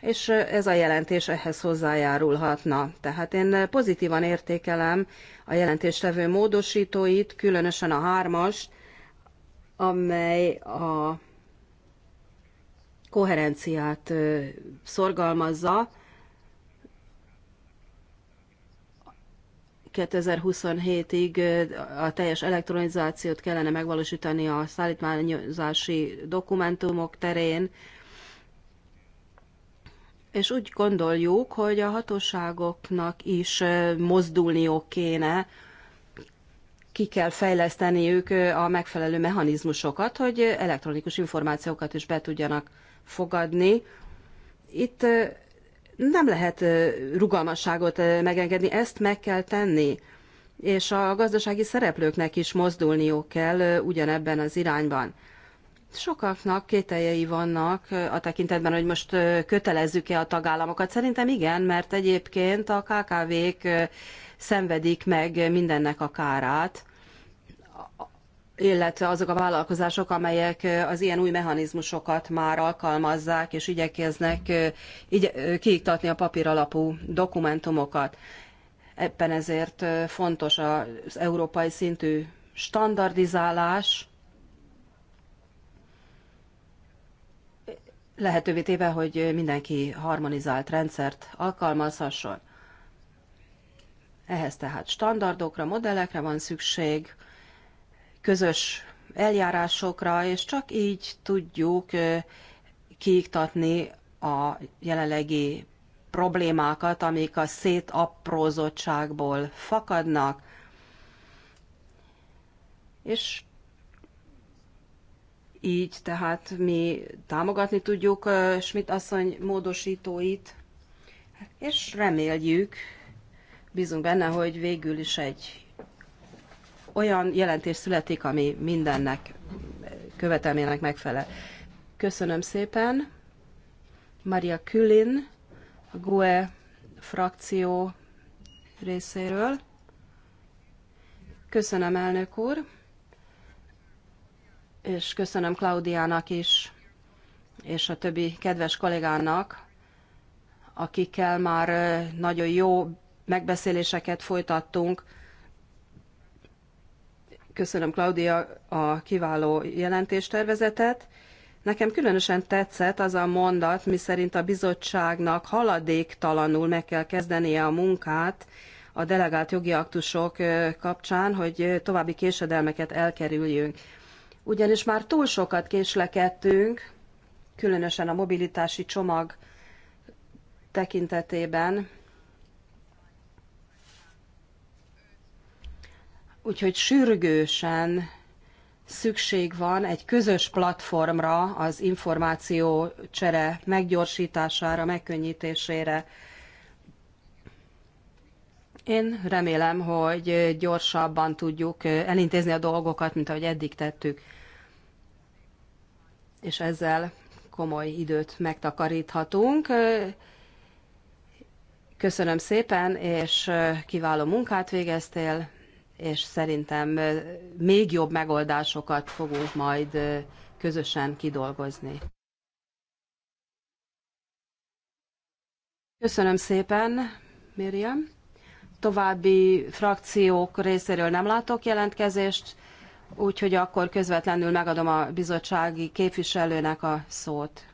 B: És ez a jelentés ehhez hozzájárulhatna. Tehát én pozitívan értékelem a jelentéstevő módosítóit, különösen a hármast, amely a koherenciát szorgalmazza, 2027-ig a teljes elektronizációt kellene megvalósítani a szállítmányozási dokumentumok terén, és úgy gondoljuk, hogy a hatóságoknak is mozdulniuk kéne, ki kell fejleszteniük a megfelelő mechanizmusokat, hogy elektronikus információkat is be tudjanak fogadni. Itt nem lehet rugalmasságot megengedni, ezt meg kell tenni. És a gazdasági szereplőknek is mozdulniuk kell ugyanebben az irányban. Sokaknak kételjei vannak a tekintetben, hogy most kötelezzük-e a tagállamokat. Szerintem igen, mert egyébként a KKV-k szenvedik meg mindennek a kárát illetve azok a vállalkozások, amelyek eh, az ilyen új mechanizmusokat már alkalmazzák és igyekeznek eh, eh, kiiktatni a papíralapú dokumentumokat. Ebben ezért fontos az európai szintű standardizálás, lehetővé téve, hogy mindenki harmonizált rendszert alkalmazhasson. Ehhez tehát standardokra, modellekre van szükség, közös eljárásokra, és csak így tudjuk kiiktatni a jelenlegi problémákat, amik a szétaprózottságból fakadnak, és így tehát mi támogatni tudjuk Schmidt asszony módosítóit, és reméljük, bízunk benne, hogy végül is egy olyan jelentés születik, ami mindennek követelménynek megfelel. Köszönöm szépen. Maria Külin, a GUE frakció részéről. Köszönöm, elnök úr, és köszönöm Klaudiának is, és a többi kedves kollégának, akikkel már nagyon jó megbeszéléseket folytattunk Köszönöm, Claudia, a kiváló jelentéstervezetet. Nekem különösen tetszett az a mondat, miszerint a bizottságnak haladéktalanul meg kell kezdenie a munkát a delegált jogi aktusok kapcsán, hogy további késedelmeket elkerüljünk. Ugyanis már túl sokat késlekedtünk, különösen a mobilitási csomag tekintetében, Úgyhogy sürgősen szükség van egy közös platformra az információ csere meggyorsítására, megkönnyítésére. Én remélem, hogy gyorsabban tudjuk elintézni a dolgokat, mint ahogy eddig tettük, és ezzel komoly időt megtakaríthatunk. Köszönöm szépen, és kiváló munkát végeztél és szerintem még jobb megoldásokat fogunk majd közösen kidolgozni. Köszönöm szépen, Miriam. További frakciók részéről nem látok jelentkezést, úgyhogy akkor közvetlenül megadom a bizottsági képviselőnek a szót.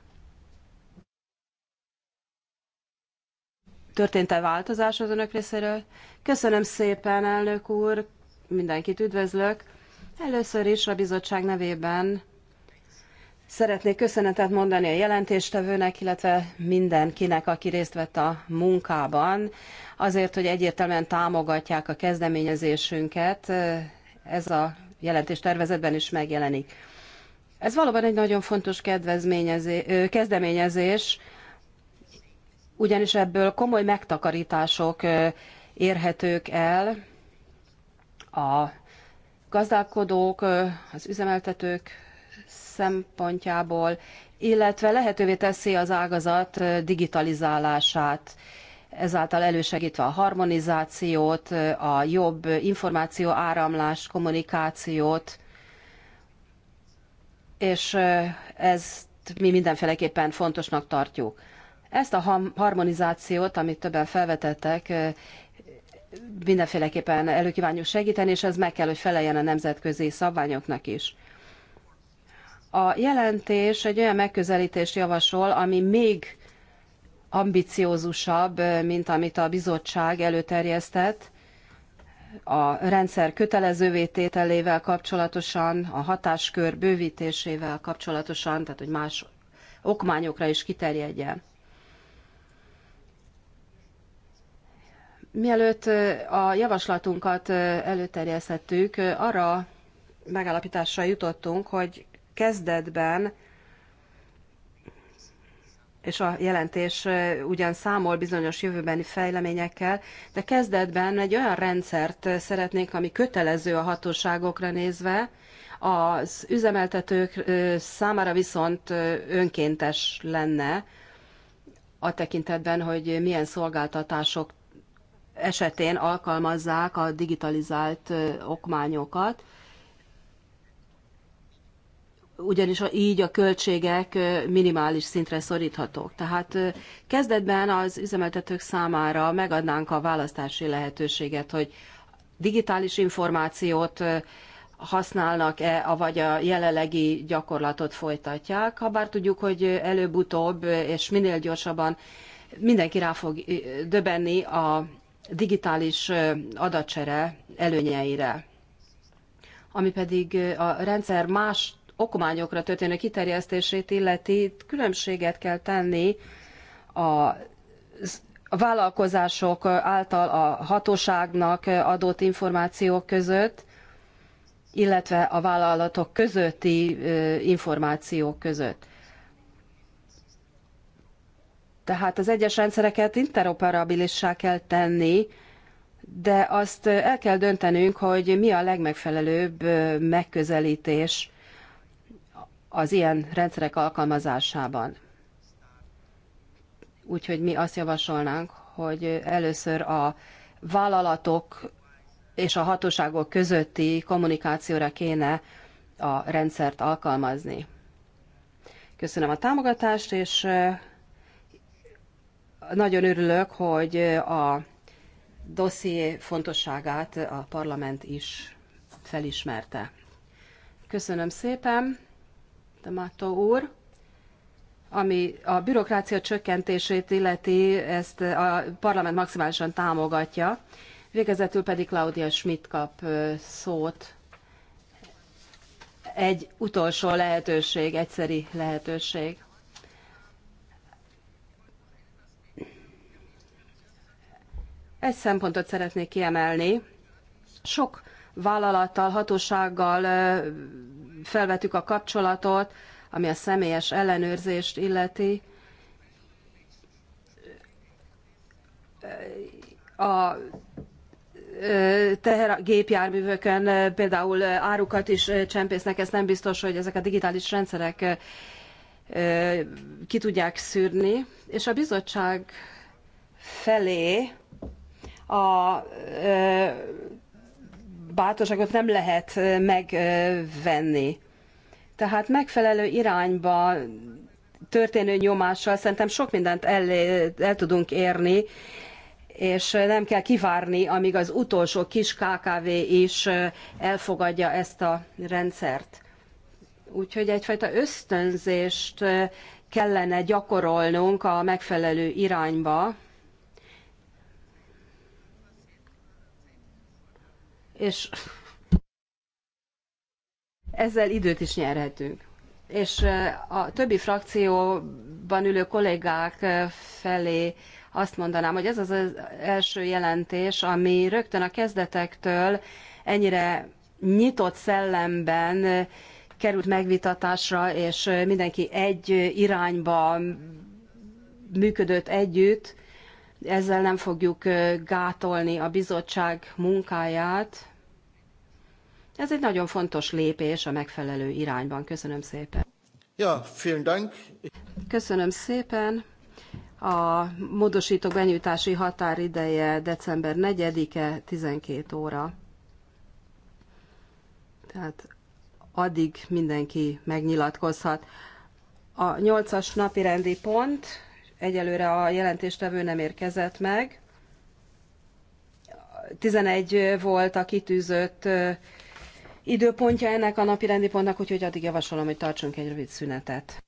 B: Történt-e változás az önök részéről? Köszönöm szépen, elnök úr, mindenkit üdvözlök. Először is a bizottság nevében szeretnék köszönetet mondani a jelentéstevőnek, illetve mindenkinek, aki részt vett a munkában, azért, hogy egyértelműen támogatják a kezdeményezésünket. Ez a jelentés tervezetben is megjelenik. Ez valóban egy nagyon fontos kezdeményezés, ugyanis ebből komoly megtakarítások érhetők el, a gazdálkodók, az üzemeltetők szempontjából, illetve lehetővé teszi az ágazat digitalizálását, ezáltal elősegítve a harmonizációt, a jobb információ áramlás, kommunikációt, és ezt mi mindenféleképpen fontosnak tartjuk. Ezt a harmonizációt, amit többen felvetettek, mindenféleképpen előkívánjuk segíteni, és ez meg kell, hogy feleljen a nemzetközi szabványoknak is. A jelentés egy olyan megközelítést javasol, ami még ambiciózusabb, mint amit a bizottság előterjesztett a rendszer kötelezővé tételével kapcsolatosan, a hatáskör bővítésével kapcsolatosan, tehát hogy más okmányokra is kiterjedjen. Mielőtt a javaslatunkat előterjesztettük, arra megállapításra jutottunk, hogy kezdetben, és a jelentés ugyan számol bizonyos jövőbeni fejleményekkel, de kezdetben egy olyan rendszert szeretnénk, ami kötelező a hatóságokra nézve, az üzemeltetők számára viszont önkéntes lenne a tekintetben, hogy milyen szolgáltatások esetén alkalmazzák a digitalizált okmányokat, ugyanis így a költségek minimális szintre szoríthatók. Tehát kezdetben az üzemeltetők számára megadnánk a választási lehetőséget, hogy digitális információt használnak-e, vagy a jelenlegi gyakorlatot folytatják, ha bár tudjuk, hogy előbb-utóbb és minél gyorsabban mindenki rá fog döbenni a digitális adatsere előnyeire. Ami pedig a rendszer más okományokra történő kiterjesztését illeti, különbséget kell tenni a a vállalkozások által a hatóságnak adott információk között, illetve a vállalatok közötti információk között. Tehát az egyes rendszereket interoperabilissá kell tenni, de azt el kell döntenünk, hogy mi a legmegfelelőbb megközelítés az ilyen rendszerek alkalmazásában. Úgyhogy mi azt javasolnánk, hogy először a vállalatok és a hatóságok közötti kommunikációra kéne a rendszert alkalmazni. Köszönöm a támogatást, és nagyon örülök, hogy a dosszié fontosságát a parlament is felismerte. Köszönöm szépen, Damato úr. Ami a bürokrácia csökkentését illeti, ezt a parlament maximálisan támogatja. Végezetül pedig Claudia Schmidt kap szót. Egy utolsó lehetőség, egyszeri lehetőség. Egy szempontot szeretnék kiemelni. Sok vállalattal, hatósággal felvettük a kapcsolatot, ami a személyes ellenőrzést illeti. A gépjárművöken például árukat is csempésznek, ez nem biztos, hogy ezek a digitális rendszerek ki tudják szűrni, és a bizottság felé a bátorságot nem lehet megvenni. Tehát megfelelő irányba történő nyomással szerintem sok mindent el, el tudunk érni, és nem kell kivárni, amíg az utolsó kis KKV is elfogadja ezt a rendszert. Úgyhogy egyfajta ösztönzést kellene gyakorolnunk a megfelelő irányba, és ezzel időt is nyerhetünk. És a többi frakcióban ülő kollégák felé azt mondanám, hogy ez az, az első jelentés, ami rögtön a kezdetektől ennyire nyitott szellemben került megvitatásra, és mindenki egy irányba működött együtt, ezzel nem fogjuk gátolni a bizottság munkáját. Ez egy nagyon fontos lépés a megfelelő irányban. Köszönöm szépen.
C: Ja, vielen Dank.
B: Köszönöm szépen. A módosító benyújtási határideje december 4-e 12 óra. Tehát addig mindenki megnyilatkozhat. A nyolcas napi rendi pont Egyelőre a jelentéstevő nem érkezett meg. 11 volt a kitűzött időpontja ennek a napi rendi pontnak, úgyhogy addig javasolom, hogy tartsunk egy rövid szünetet.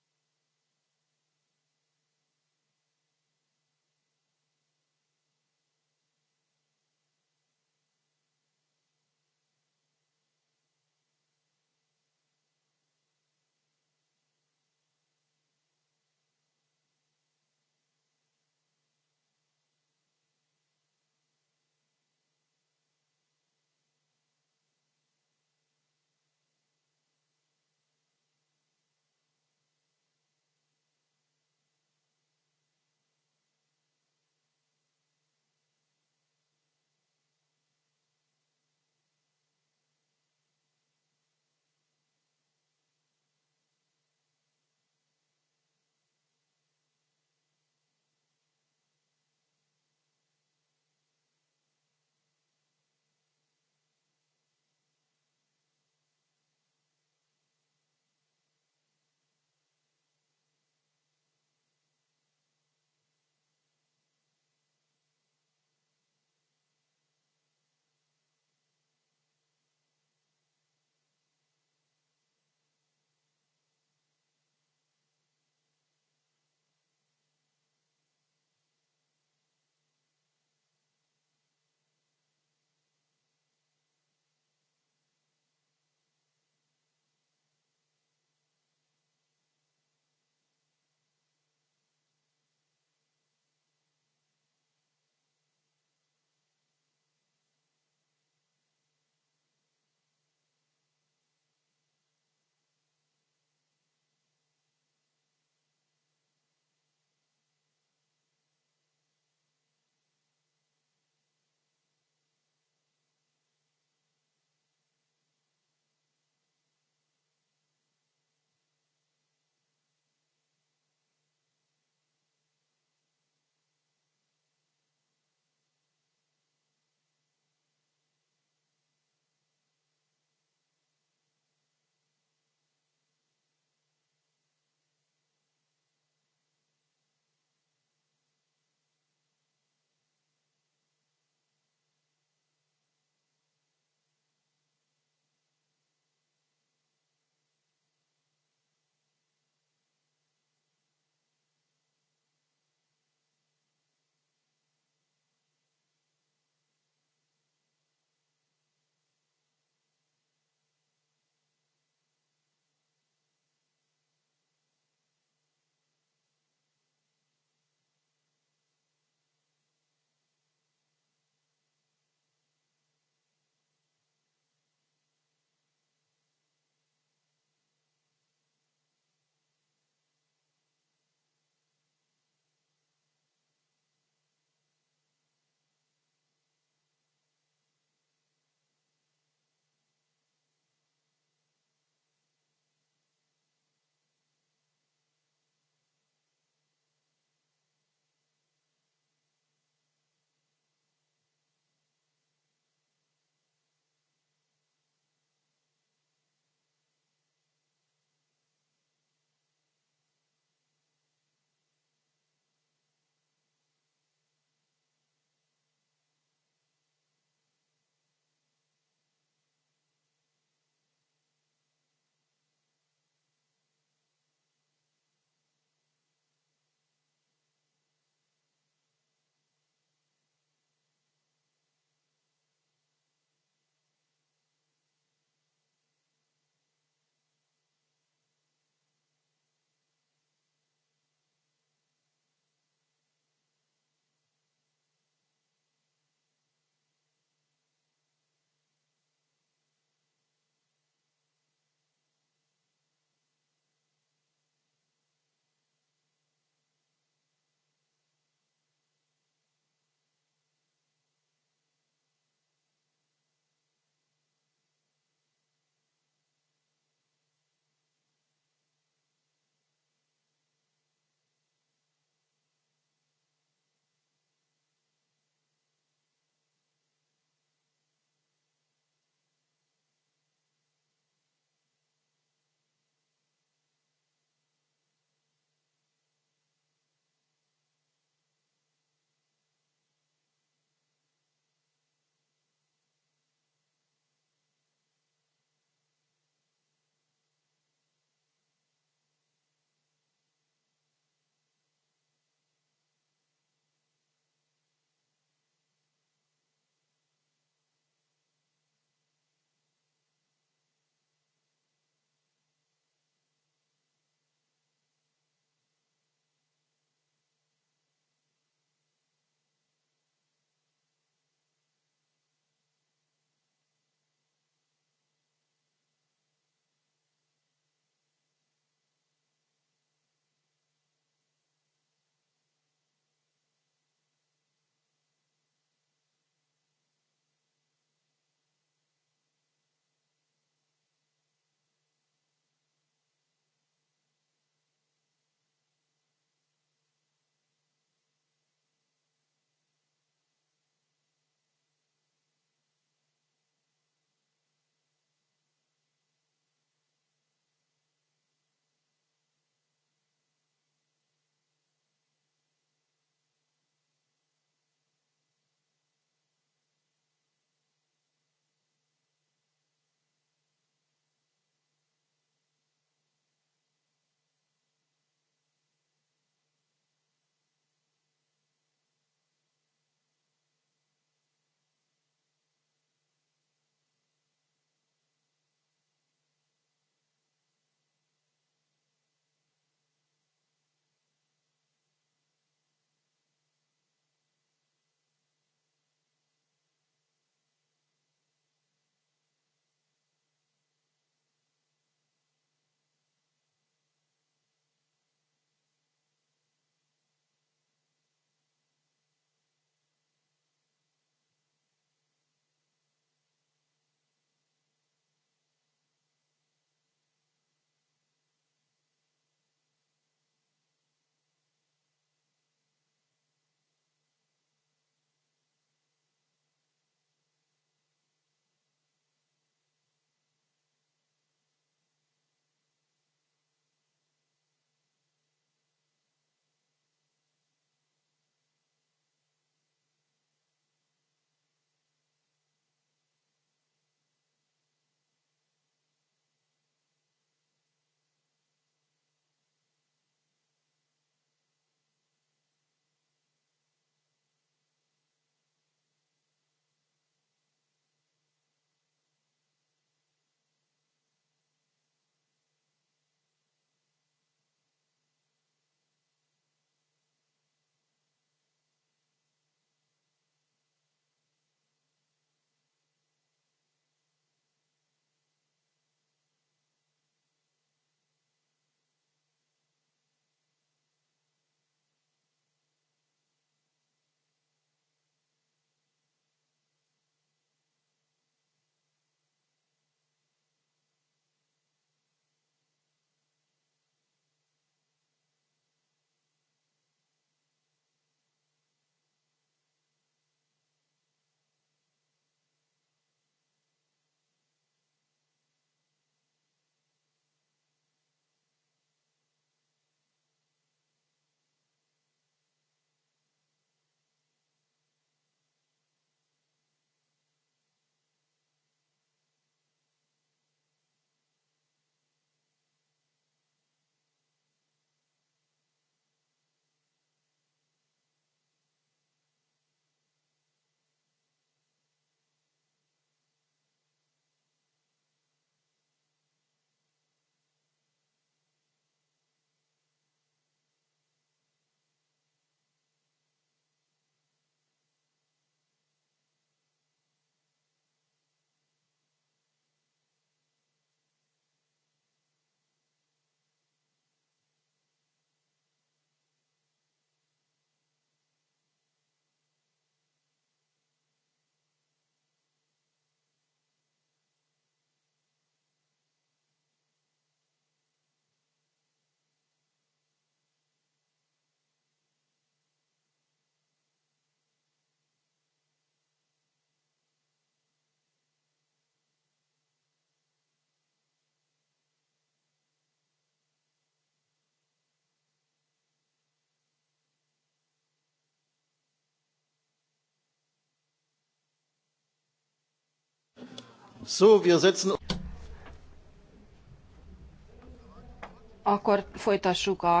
B: Akkor folytassuk a,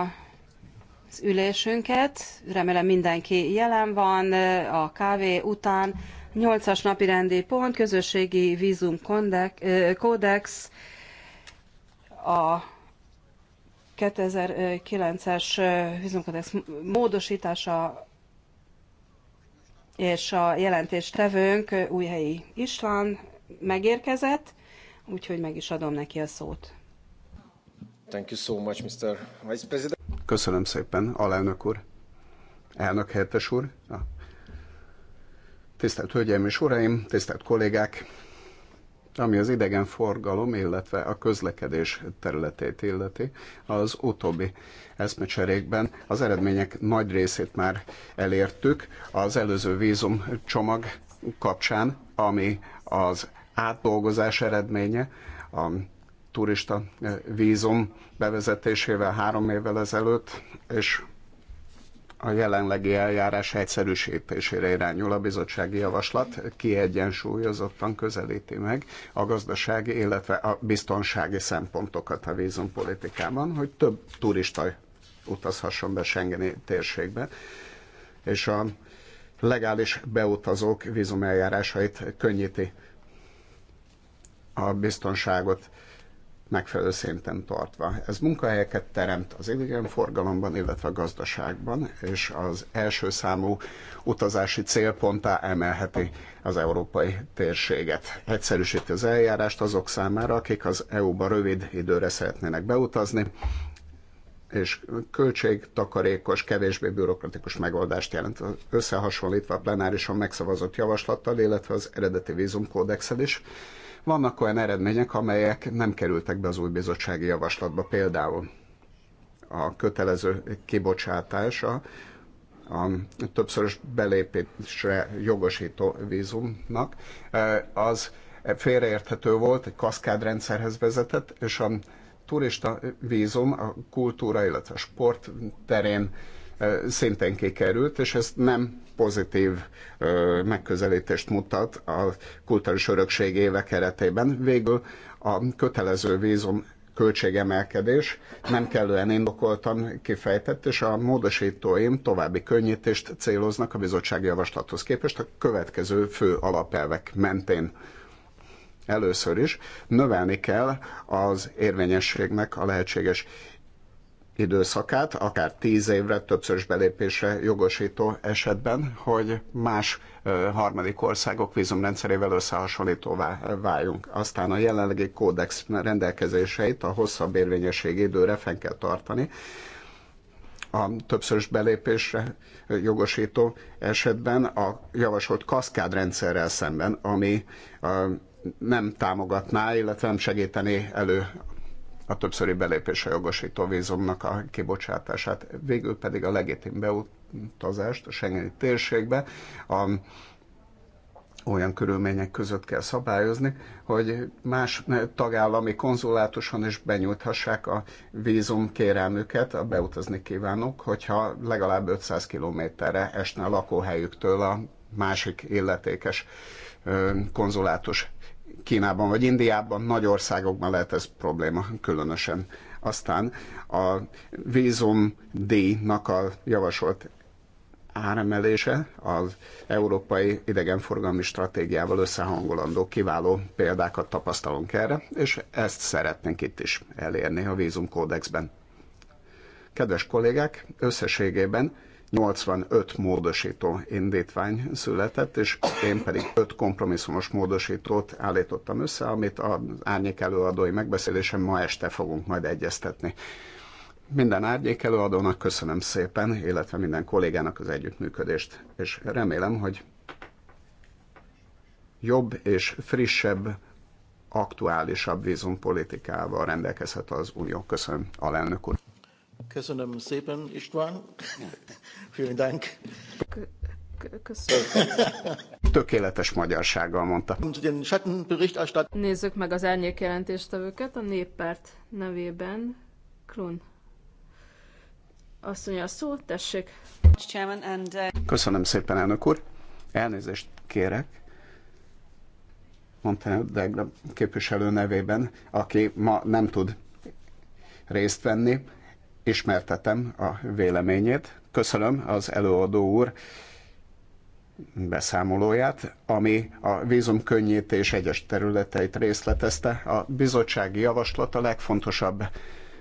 B: az ülésünket. Remélem mindenki jelen van a kávé után. Nyolcas napi rendi pont, közösségi vízum kódex, a 2009-es vízumkódex módosítása és a jelentéstevőnk Újhelyi István megérkezett, úgyhogy meg is adom neki a szót.
A: Thank you so much, Mr. Vice President. Köszönöm szépen, alelnök úr, elnök helyettes úr, a tisztelt hölgyeim és uraim, tisztelt kollégák, ami az idegenforgalom, illetve a közlekedés területét illeti, az utóbbi eszmecserékben az eredmények nagy részét már elértük. Az előző vízum csomag kapcsán, ami az átdolgozás eredménye a turista eh, vízum bevezetésével három évvel ezelőtt, és a jelenlegi eljárás egyszerűsítésére irányul a bizottsági javaslat, kiegyensúlyozottan közelíti meg a gazdasági, illetve a biztonsági szempontokat a vízumpolitikában, hogy több turista utazhasson be Schengeni térségbe, és a legális beutazók vízumeljárásait könnyíti a biztonságot megfelelő szinten tartva. Ez munkahelyeket teremt az idegenforgalomban, illetve a gazdaságban, és az első számú utazási célponttá emelheti az európai térséget. Egyszerűsíti az eljárást azok számára, akik az EU-ba rövid időre szeretnének beutazni, és költségtakarékos, kevésbé bürokratikus megoldást jelent összehasonlítva a plenárison megszavazott javaslattal, illetve az eredeti vízumkódexel is vannak olyan eredmények, amelyek nem kerültek be az új bizottsági javaslatba, például a kötelező kibocsátása a többszörös belépésre jogosító vízumnak, e, az félreérthető volt, egy kaszkádrendszerhez vezetett, és a turista vízum a kultúra, illetve a sport terén szintén kikerült, és ez nem pozitív megközelítést mutat a kulturális örökség éve keretében. Végül a kötelező vízum költségemelkedés nem kellően indokoltan kifejtett, és a módosítóim további könnyítést céloznak a bizottsági javaslathoz képest a következő fő alapelvek mentén. Először is növelni kell az érvényességnek a lehetséges időszakát, akár tíz évre többszörös belépésre jogosító esetben, hogy más harmadik országok vízumrendszerével összehasonlítóvá váljunk. Aztán a jelenlegi kódex rendelkezéseit a hosszabb érvényesség időre fenn kell tartani, a többszörös belépésre jogosító esetben a javasolt kaszkádrendszerrel szemben, ami nem támogatná, illetve nem segítené elő a többszöri belépése jogosító vízumnak a kibocsátását, végül pedig a legitim beutazást a Schengeni térségbe a, olyan körülmények között kell szabályozni, hogy más tagállami konzulátuson is benyújthassák a vízum kérelmüket, a beutazni kívánok, hogyha legalább 500 kilométerre esne a lakóhelyüktől a másik illetékes konzulátus Kínában vagy Indiában, nagy országokban lehet ez probléma különösen. Aztán a vízum díjnak a javasolt áremelése az európai idegenforgalmi stratégiával összehangolandó kiváló példákat tapasztalunk erre, és ezt szeretnénk itt is elérni a vízumkódexben. Kedves kollégák, összességében 85 módosító indítvány született, és én pedig 5 kompromisszumos módosítót állítottam össze, amit az árnyék előadói megbeszélésen ma este fogunk majd egyeztetni. Minden árnyék előadónak köszönöm szépen, illetve minden kollégának az együttműködést, és remélem, hogy jobb és frissebb, aktuálisabb vízumpolitikával rendelkezhet az Unió. Köszönöm, alelnök úr. Köszönöm szépen, István. Vielen Dank.
C: Köszönöm.
A: Tökéletes magyarsággal mondta.
C: Nézzük meg az árnyék jelentéstevőket a néppárt nevében. Klun. Azt mondja a szó, tessék. Uh-
A: köszönöm szépen, elnök úr. Elnézést kérek. Montenegro Degra képviselő nevében, aki ma nem tud részt venni ismertetem a véleményét. Köszönöm az előadó úr beszámolóját, ami a vízumkönnyítés egyes területeit részletezte. A bizottsági javaslat a legfontosabb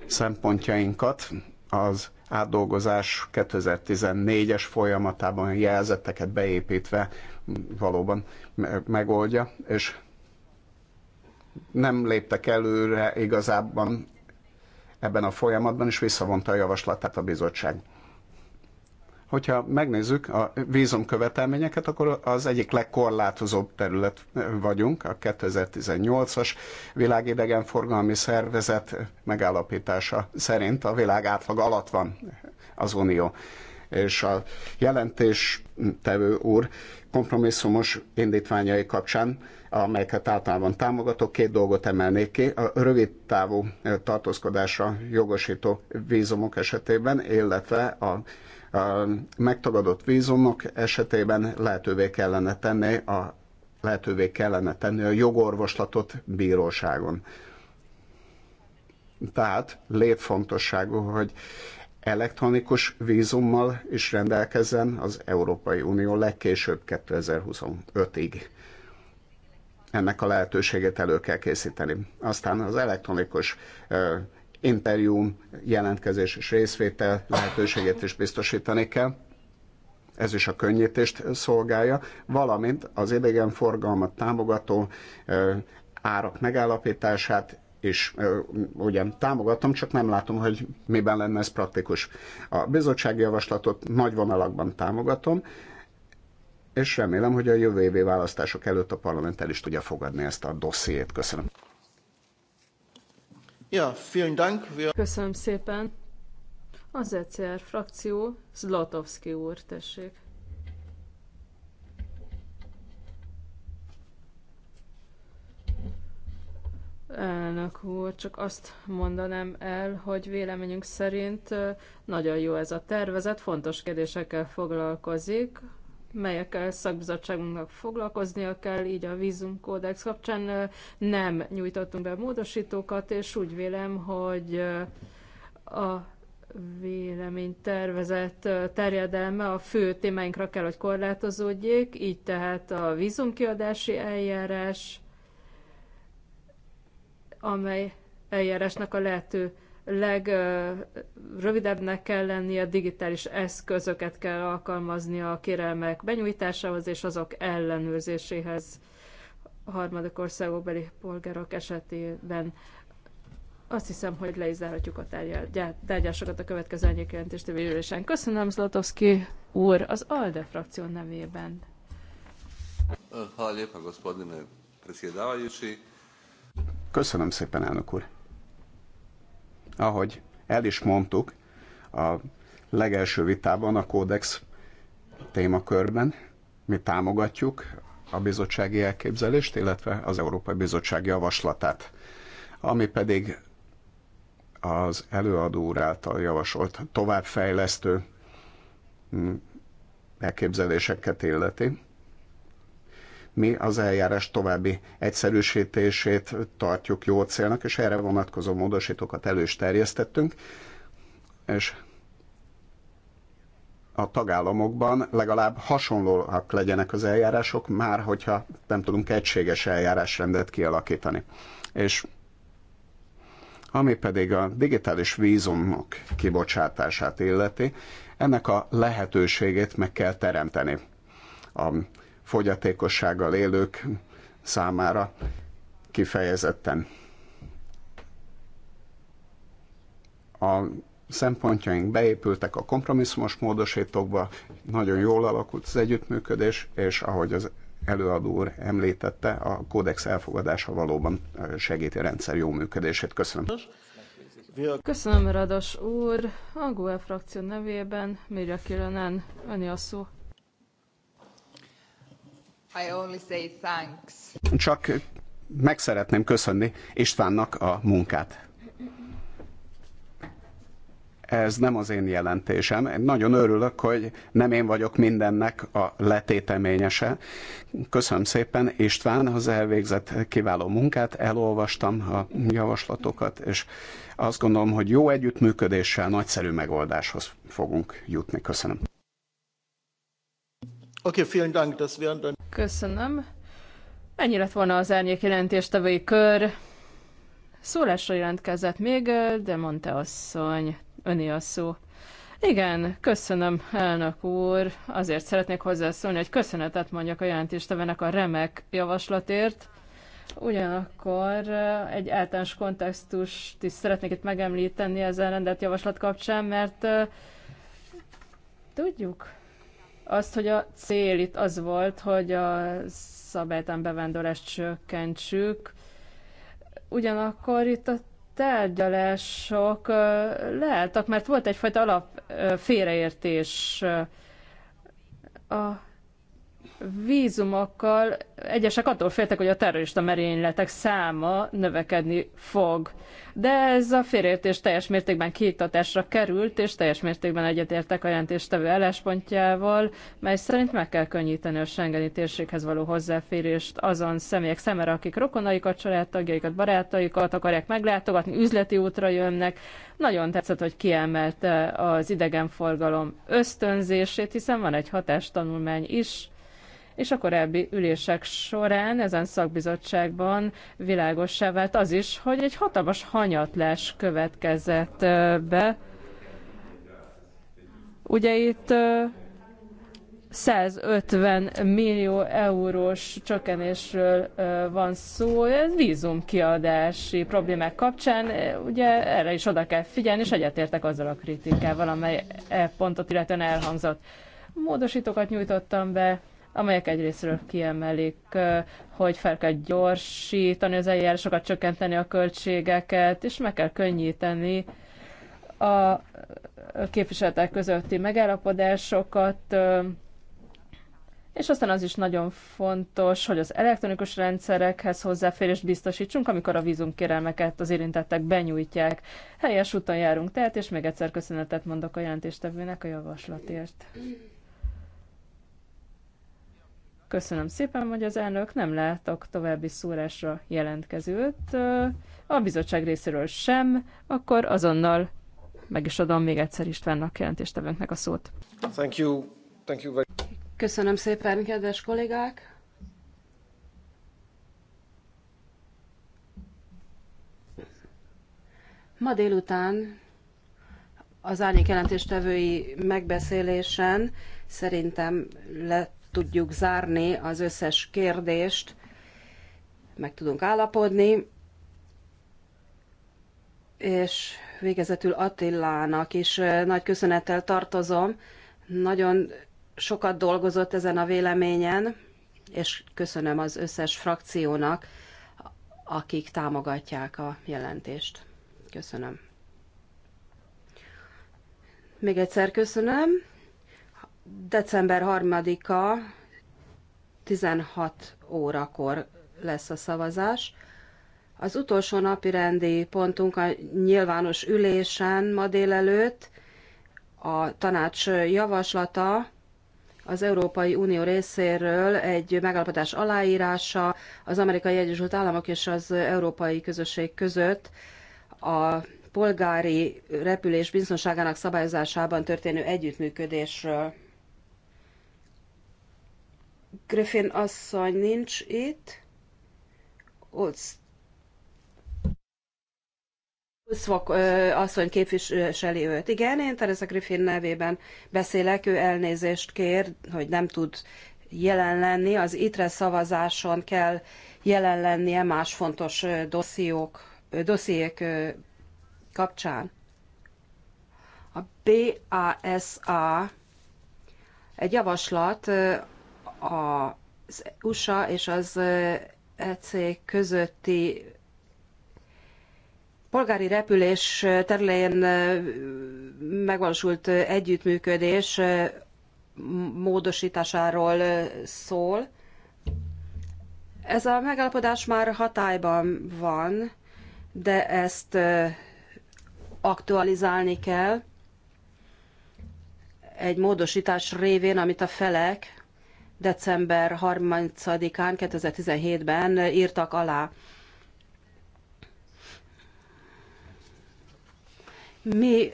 A: szempontjainkat az átdolgozás 2014-es folyamatában jelzetteket beépítve valóban megoldja, és nem léptek előre igazában ebben a folyamatban, és visszavonta a javaslatát a bizottság. Hogyha megnézzük a vízumkövetelményeket, akkor az egyik legkorlátozóbb terület vagyunk, a 2018-as világidegenforgalmi szervezet megállapítása szerint a világ átlag alatt van az Unió és a jelentéstevő úr kompromisszumos indítványai kapcsán, amelyeket általában támogatok, két dolgot emelnék ki. A rövid távú eh, tartózkodásra jogosító vízumok esetében, illetve a a megtagadott vízumok esetében lehetővé kellene tenni a lehetővé kellene tenni a jogorvoslatot bíróságon. Tehát létfontosságú, hogy elektronikus vízummal is rendelkezzen az Európai Unió legkésőbb 2025-ig. Ennek a lehetőséget elő kell készíteni. Aztán az elektronikus uh, interjú, jelentkezés és részvétel lehetőségét is biztosítani kell. Ez is a könnyítést szolgálja, valamint az idegenforgalmat támogató uh, árak megállapítását és ugye támogatom, csak nem látom, hogy miben lenne ez praktikus. A bizottsági javaslatot nagy vonalakban támogatom, és remélem, hogy a jövő évi választások előtt a parlament el is tudja fogadni ezt a dossziét. Köszönöm.
C: Ja, vielen Dank. Köszönöm szépen. Az ECR frakció, Zlatowski úr, tessék. Elnök úr, csak azt mondanám el, hogy véleményünk szerint nagyon jó ez a tervezet, fontos kérdésekkel foglalkozik, melyekkel szakbizottságunknak foglalkoznia kell, így a vízumkódex kapcsán nem nyújtottunk be módosítókat, és úgy vélem, hogy a véleménytervezet terjedelme a fő témáinkra kell, hogy korlátozódjék, így tehát a vízumkiadási eljárás, amely eljárásnak a lehető legrövidebbnek kell lennie, digitális eszközöket kell alkalmazni a kérelmek benyújtásához és azok ellenőrzéséhez a harmadik országokbeli polgárok esetében. Azt hiszem, hogy le is zárhatjuk a tárgyásokat a következő elnyékjelentést ülésen. Köszönöm, Zlatowski úr, az ALDE frakció nevében. Hvala lijepa, gospodine predsjedavajući.
A: Köszönöm szépen, elnök úr. Ahogy el is mondtuk, a legelső vitában a kódex témakörben mi támogatjuk a bizottsági elképzelést, illetve az Európai Bizottság javaslatát, ami pedig az előadó úr által javasolt továbbfejlesztő mm, elképzeléseket illeti mi az eljárás további egyszerűsítését tartjuk jó célnak, és erre vonatkozó módosítókat elő is terjesztettünk, és a tagállamokban legalább hasonlóak legyenek az eljárások, már hogyha nem tudunk egységes eljárásrendet kialakítani. És ami pedig a digitális vízumok kibocsátását illeti, ennek a lehetőségét meg kell teremteni. A fogyatékossággal élők számára kifejezetten. A szempontjaink beépültek a kompromisszumos módosítókba, nagyon jól alakult az együttműködés, és ahogy az előadó úr említette, a kódex elfogadása valóban segíti a rendszer jó működését. Köszönöm.
C: Köszönöm, Rados úr. A GUE frakció nevében Mirja Kilonen, öni a szó. I only say thanks.
A: Csak meg szeretném köszönni Istvánnak a munkát. Ez nem az én jelentésem. Nagyon örülök, hogy nem én vagyok mindennek a letéteményese. Köszönöm szépen István az elvégzett kiváló munkát, elolvastam a javaslatokat, és azt gondolom, hogy jó együttműködéssel nagyszerű megoldáshoz fogunk jutni. Köszönöm. Oké, vielen Dank,
C: Köszönöm. Ennyi lett volna az árnyék jelentéstevői kör. Szólásra jelentkezett még, de mondta asszony, öné a szó. Igen, köszönöm, elnök úr. Azért szeretnék hozzászólni, hogy köszönetet mondjak a jelentéstevenek a remek javaslatért. Ugyanakkor egy általános kontextust is szeretnék itt megemlíteni ezen rendelt javaslat kapcsán, mert tudjuk, azt, hogy a cél itt az volt, hogy a szabálytán bevándorlást csökkentsük. Ugyanakkor itt a tárgyalások leálltak, mert volt egyfajta alap félreértés a vízumokkal egyesek attól féltek, hogy a terrorista merényletek száma növekedni fog. De ez a félértés teljes mértékben kiiktatásra került, és teljes mértékben egyetértek a jelentéstevő álláspontjával, mely szerint meg kell könnyíteni a Schengeni térséghez való hozzáférést azon személyek szemére, akik rokonaikat, családtagjaikat, barátaikat akarják meglátogatni, üzleti útra jönnek. Nagyon tetszett, hogy kiemelte az idegenforgalom ösztönzését, hiszen van egy hatástanulmány is, és a korábbi ülések során ezen szakbizottságban világossá vált az is, hogy egy hatalmas hanyatlás következett be. Ugye itt 150 millió eurós csökkenésről van szó, ez vízumkiadási problémák kapcsán, ugye erre is oda kell figyelni, és egyetértek azzal a kritikával, amely e pontot illetően elhangzott. Módosítókat nyújtottam be, amelyek egyrésztről kiemelik, hogy fel kell gyorsítani az eljárásokat, csökkenteni a költségeket, és meg kell könnyíteni a képviseletek közötti megállapodásokat, és aztán az is nagyon fontos, hogy az elektronikus rendszerekhez hozzáférést biztosítsunk, amikor a vízumkérelmeket az érintettek benyújtják. Helyes úton járunk tehát, és még egyszer köszönetet mondok a jelentéstevőnek a javaslatért. Köszönöm szépen, hogy az elnök nem látok további szórásra jelentkezőt, a bizottság részéről sem, akkor azonnal meg is adom még egyszer Istvánnak jelentéstevőnknek a szót.
A: Thank you. Thank you very...
C: Köszönöm szépen, kedves kollégák!
B: Ma délután az árnyék jelentéstevői megbeszélésen szerintem lett tudjuk zárni az összes kérdést, meg tudunk állapodni, és végezetül Attilának is nagy köszönettel tartozom. Nagyon sokat dolgozott ezen a véleményen, és köszönöm az összes frakciónak, akik támogatják a jelentést. Köszönöm. Még egyszer köszönöm. December 3-a 16 órakor lesz a szavazás. Az utolsó napi rendi pontunk a nyilvános ülésen ma délelőtt a tanács javaslata az Európai Unió részéről egy megállapodás aláírása az Amerikai Egyesült Államok és az Európai Közösség között a polgári repülés biztonságának szabályozásában történő együttműködésről. Griffin asszony nincs itt. Utz. Uszvok asszony képviseli őt. Igen, én Teresa Griffin nevében beszélek, ő elnézést kér, hogy nem tud jelen lenni. Az ITRE szavazáson kell jelen lennie más fontos dossziók, dossziék kapcsán. A BASA egy javaslat az USA és az EC közötti polgári repülés területén megvalósult együttműködés módosításáról szól. Ez a megállapodás már hatályban van, de ezt aktualizálni kell egy módosítás révén, amit a felek december 30-án 2017-ben írtak alá. Mi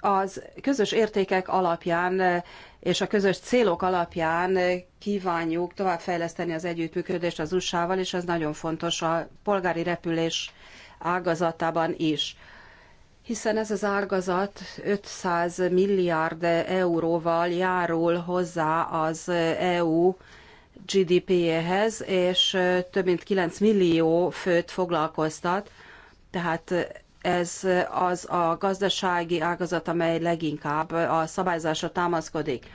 B: az közös értékek alapján és a közös célok alapján kívánjuk továbbfejleszteni az együttműködést az USA-val, és ez nagyon fontos a polgári repülés ágazatában is hiszen ez az ágazat 500 milliárd euróval járul hozzá az EU gdp hez és több mint 9 millió főt foglalkoztat, tehát ez az a gazdasági ágazat, amely leginkább a szabályzásra támaszkodik.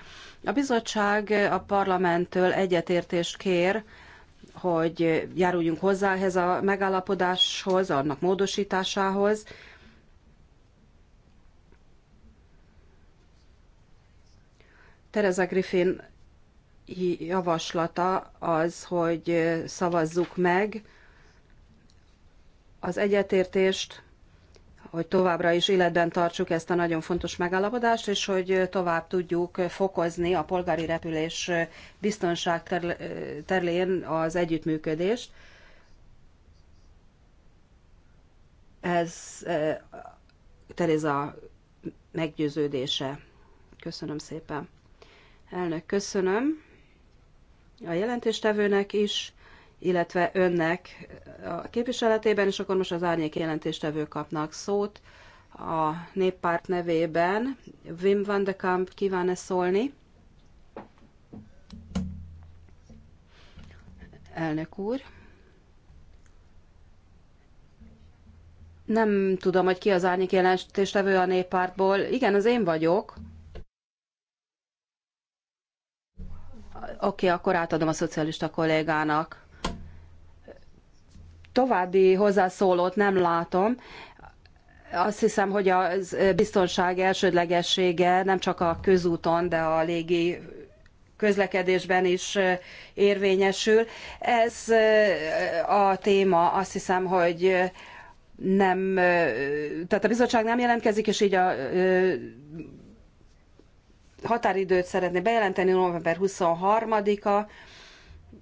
B: A bizottság a parlamenttől egyetértést kér, hogy járuljunk hozzá ehhez a megállapodáshoz, annak módosításához, Tereza Griffin javaslata az, hogy szavazzuk meg az egyetértést, hogy továbbra is életben tartsuk ezt a nagyon fontos megállapodást, és hogy tovább tudjuk fokozni a polgári repülés biztonság terén az együttműködést. Ez e, Tereza meggyőződése. Köszönöm szépen. Elnök, köszönöm a jelentéstevőnek is, illetve önnek a képviseletében, és akkor most az árnyék jelentéstevő kapnak szót a néppárt nevében. Wim van de Kamp kíván-e szólni? Elnök úr. Nem tudom, hogy ki az árnyék jelentéstevő a néppártból. Igen, az én vagyok. Oké, akkor átadom a szocialista kollégának. További hozzászólót nem látom. Azt hiszem, hogy a biztonság elsődlegessége nem csak a közúton, de a légi közlekedésben is érvényesül. Ez a téma, azt hiszem, hogy nem, tehát a bizottság nem jelentkezik, és így a határidőt szeretné bejelenteni, november 23-a,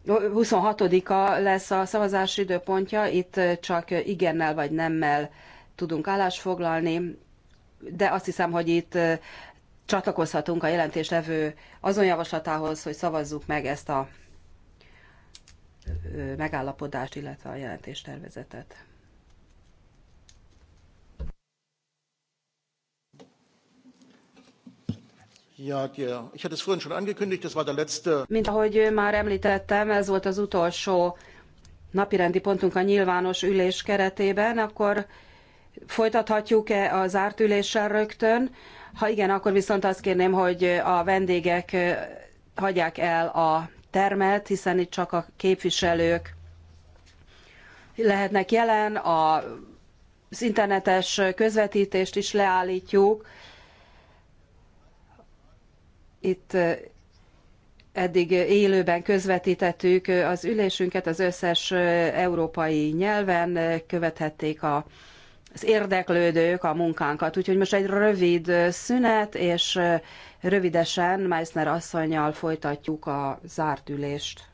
B: 26-a lesz a szavazási időpontja, itt csak igennel vagy nemmel tudunk állásfoglalni, de azt hiszem, hogy itt csatlakozhatunk a jelentéstevő azon javaslatához, hogy szavazzuk meg ezt a megállapodást, illetve a jelentéstervezetet. Hát Mint ahogy már említettem, ez volt az utolsó napirendi pontunk a nyilvános ülés keretében, akkor folytathatjuk-e a zárt üléssel rögtön? Ha igen, akkor viszont azt kérném, hogy a vendégek hagyják el a termet, hiszen itt csak a képviselők lehetnek jelen, az internetes közvetítést is leállítjuk, itt eddig élőben közvetítettük az ülésünket az összes európai nyelven, követhették a, az érdeklődők a munkánkat. Úgyhogy most egy rövid szünet, és rövidesen Meissner asszonynal folytatjuk a zárt ülést.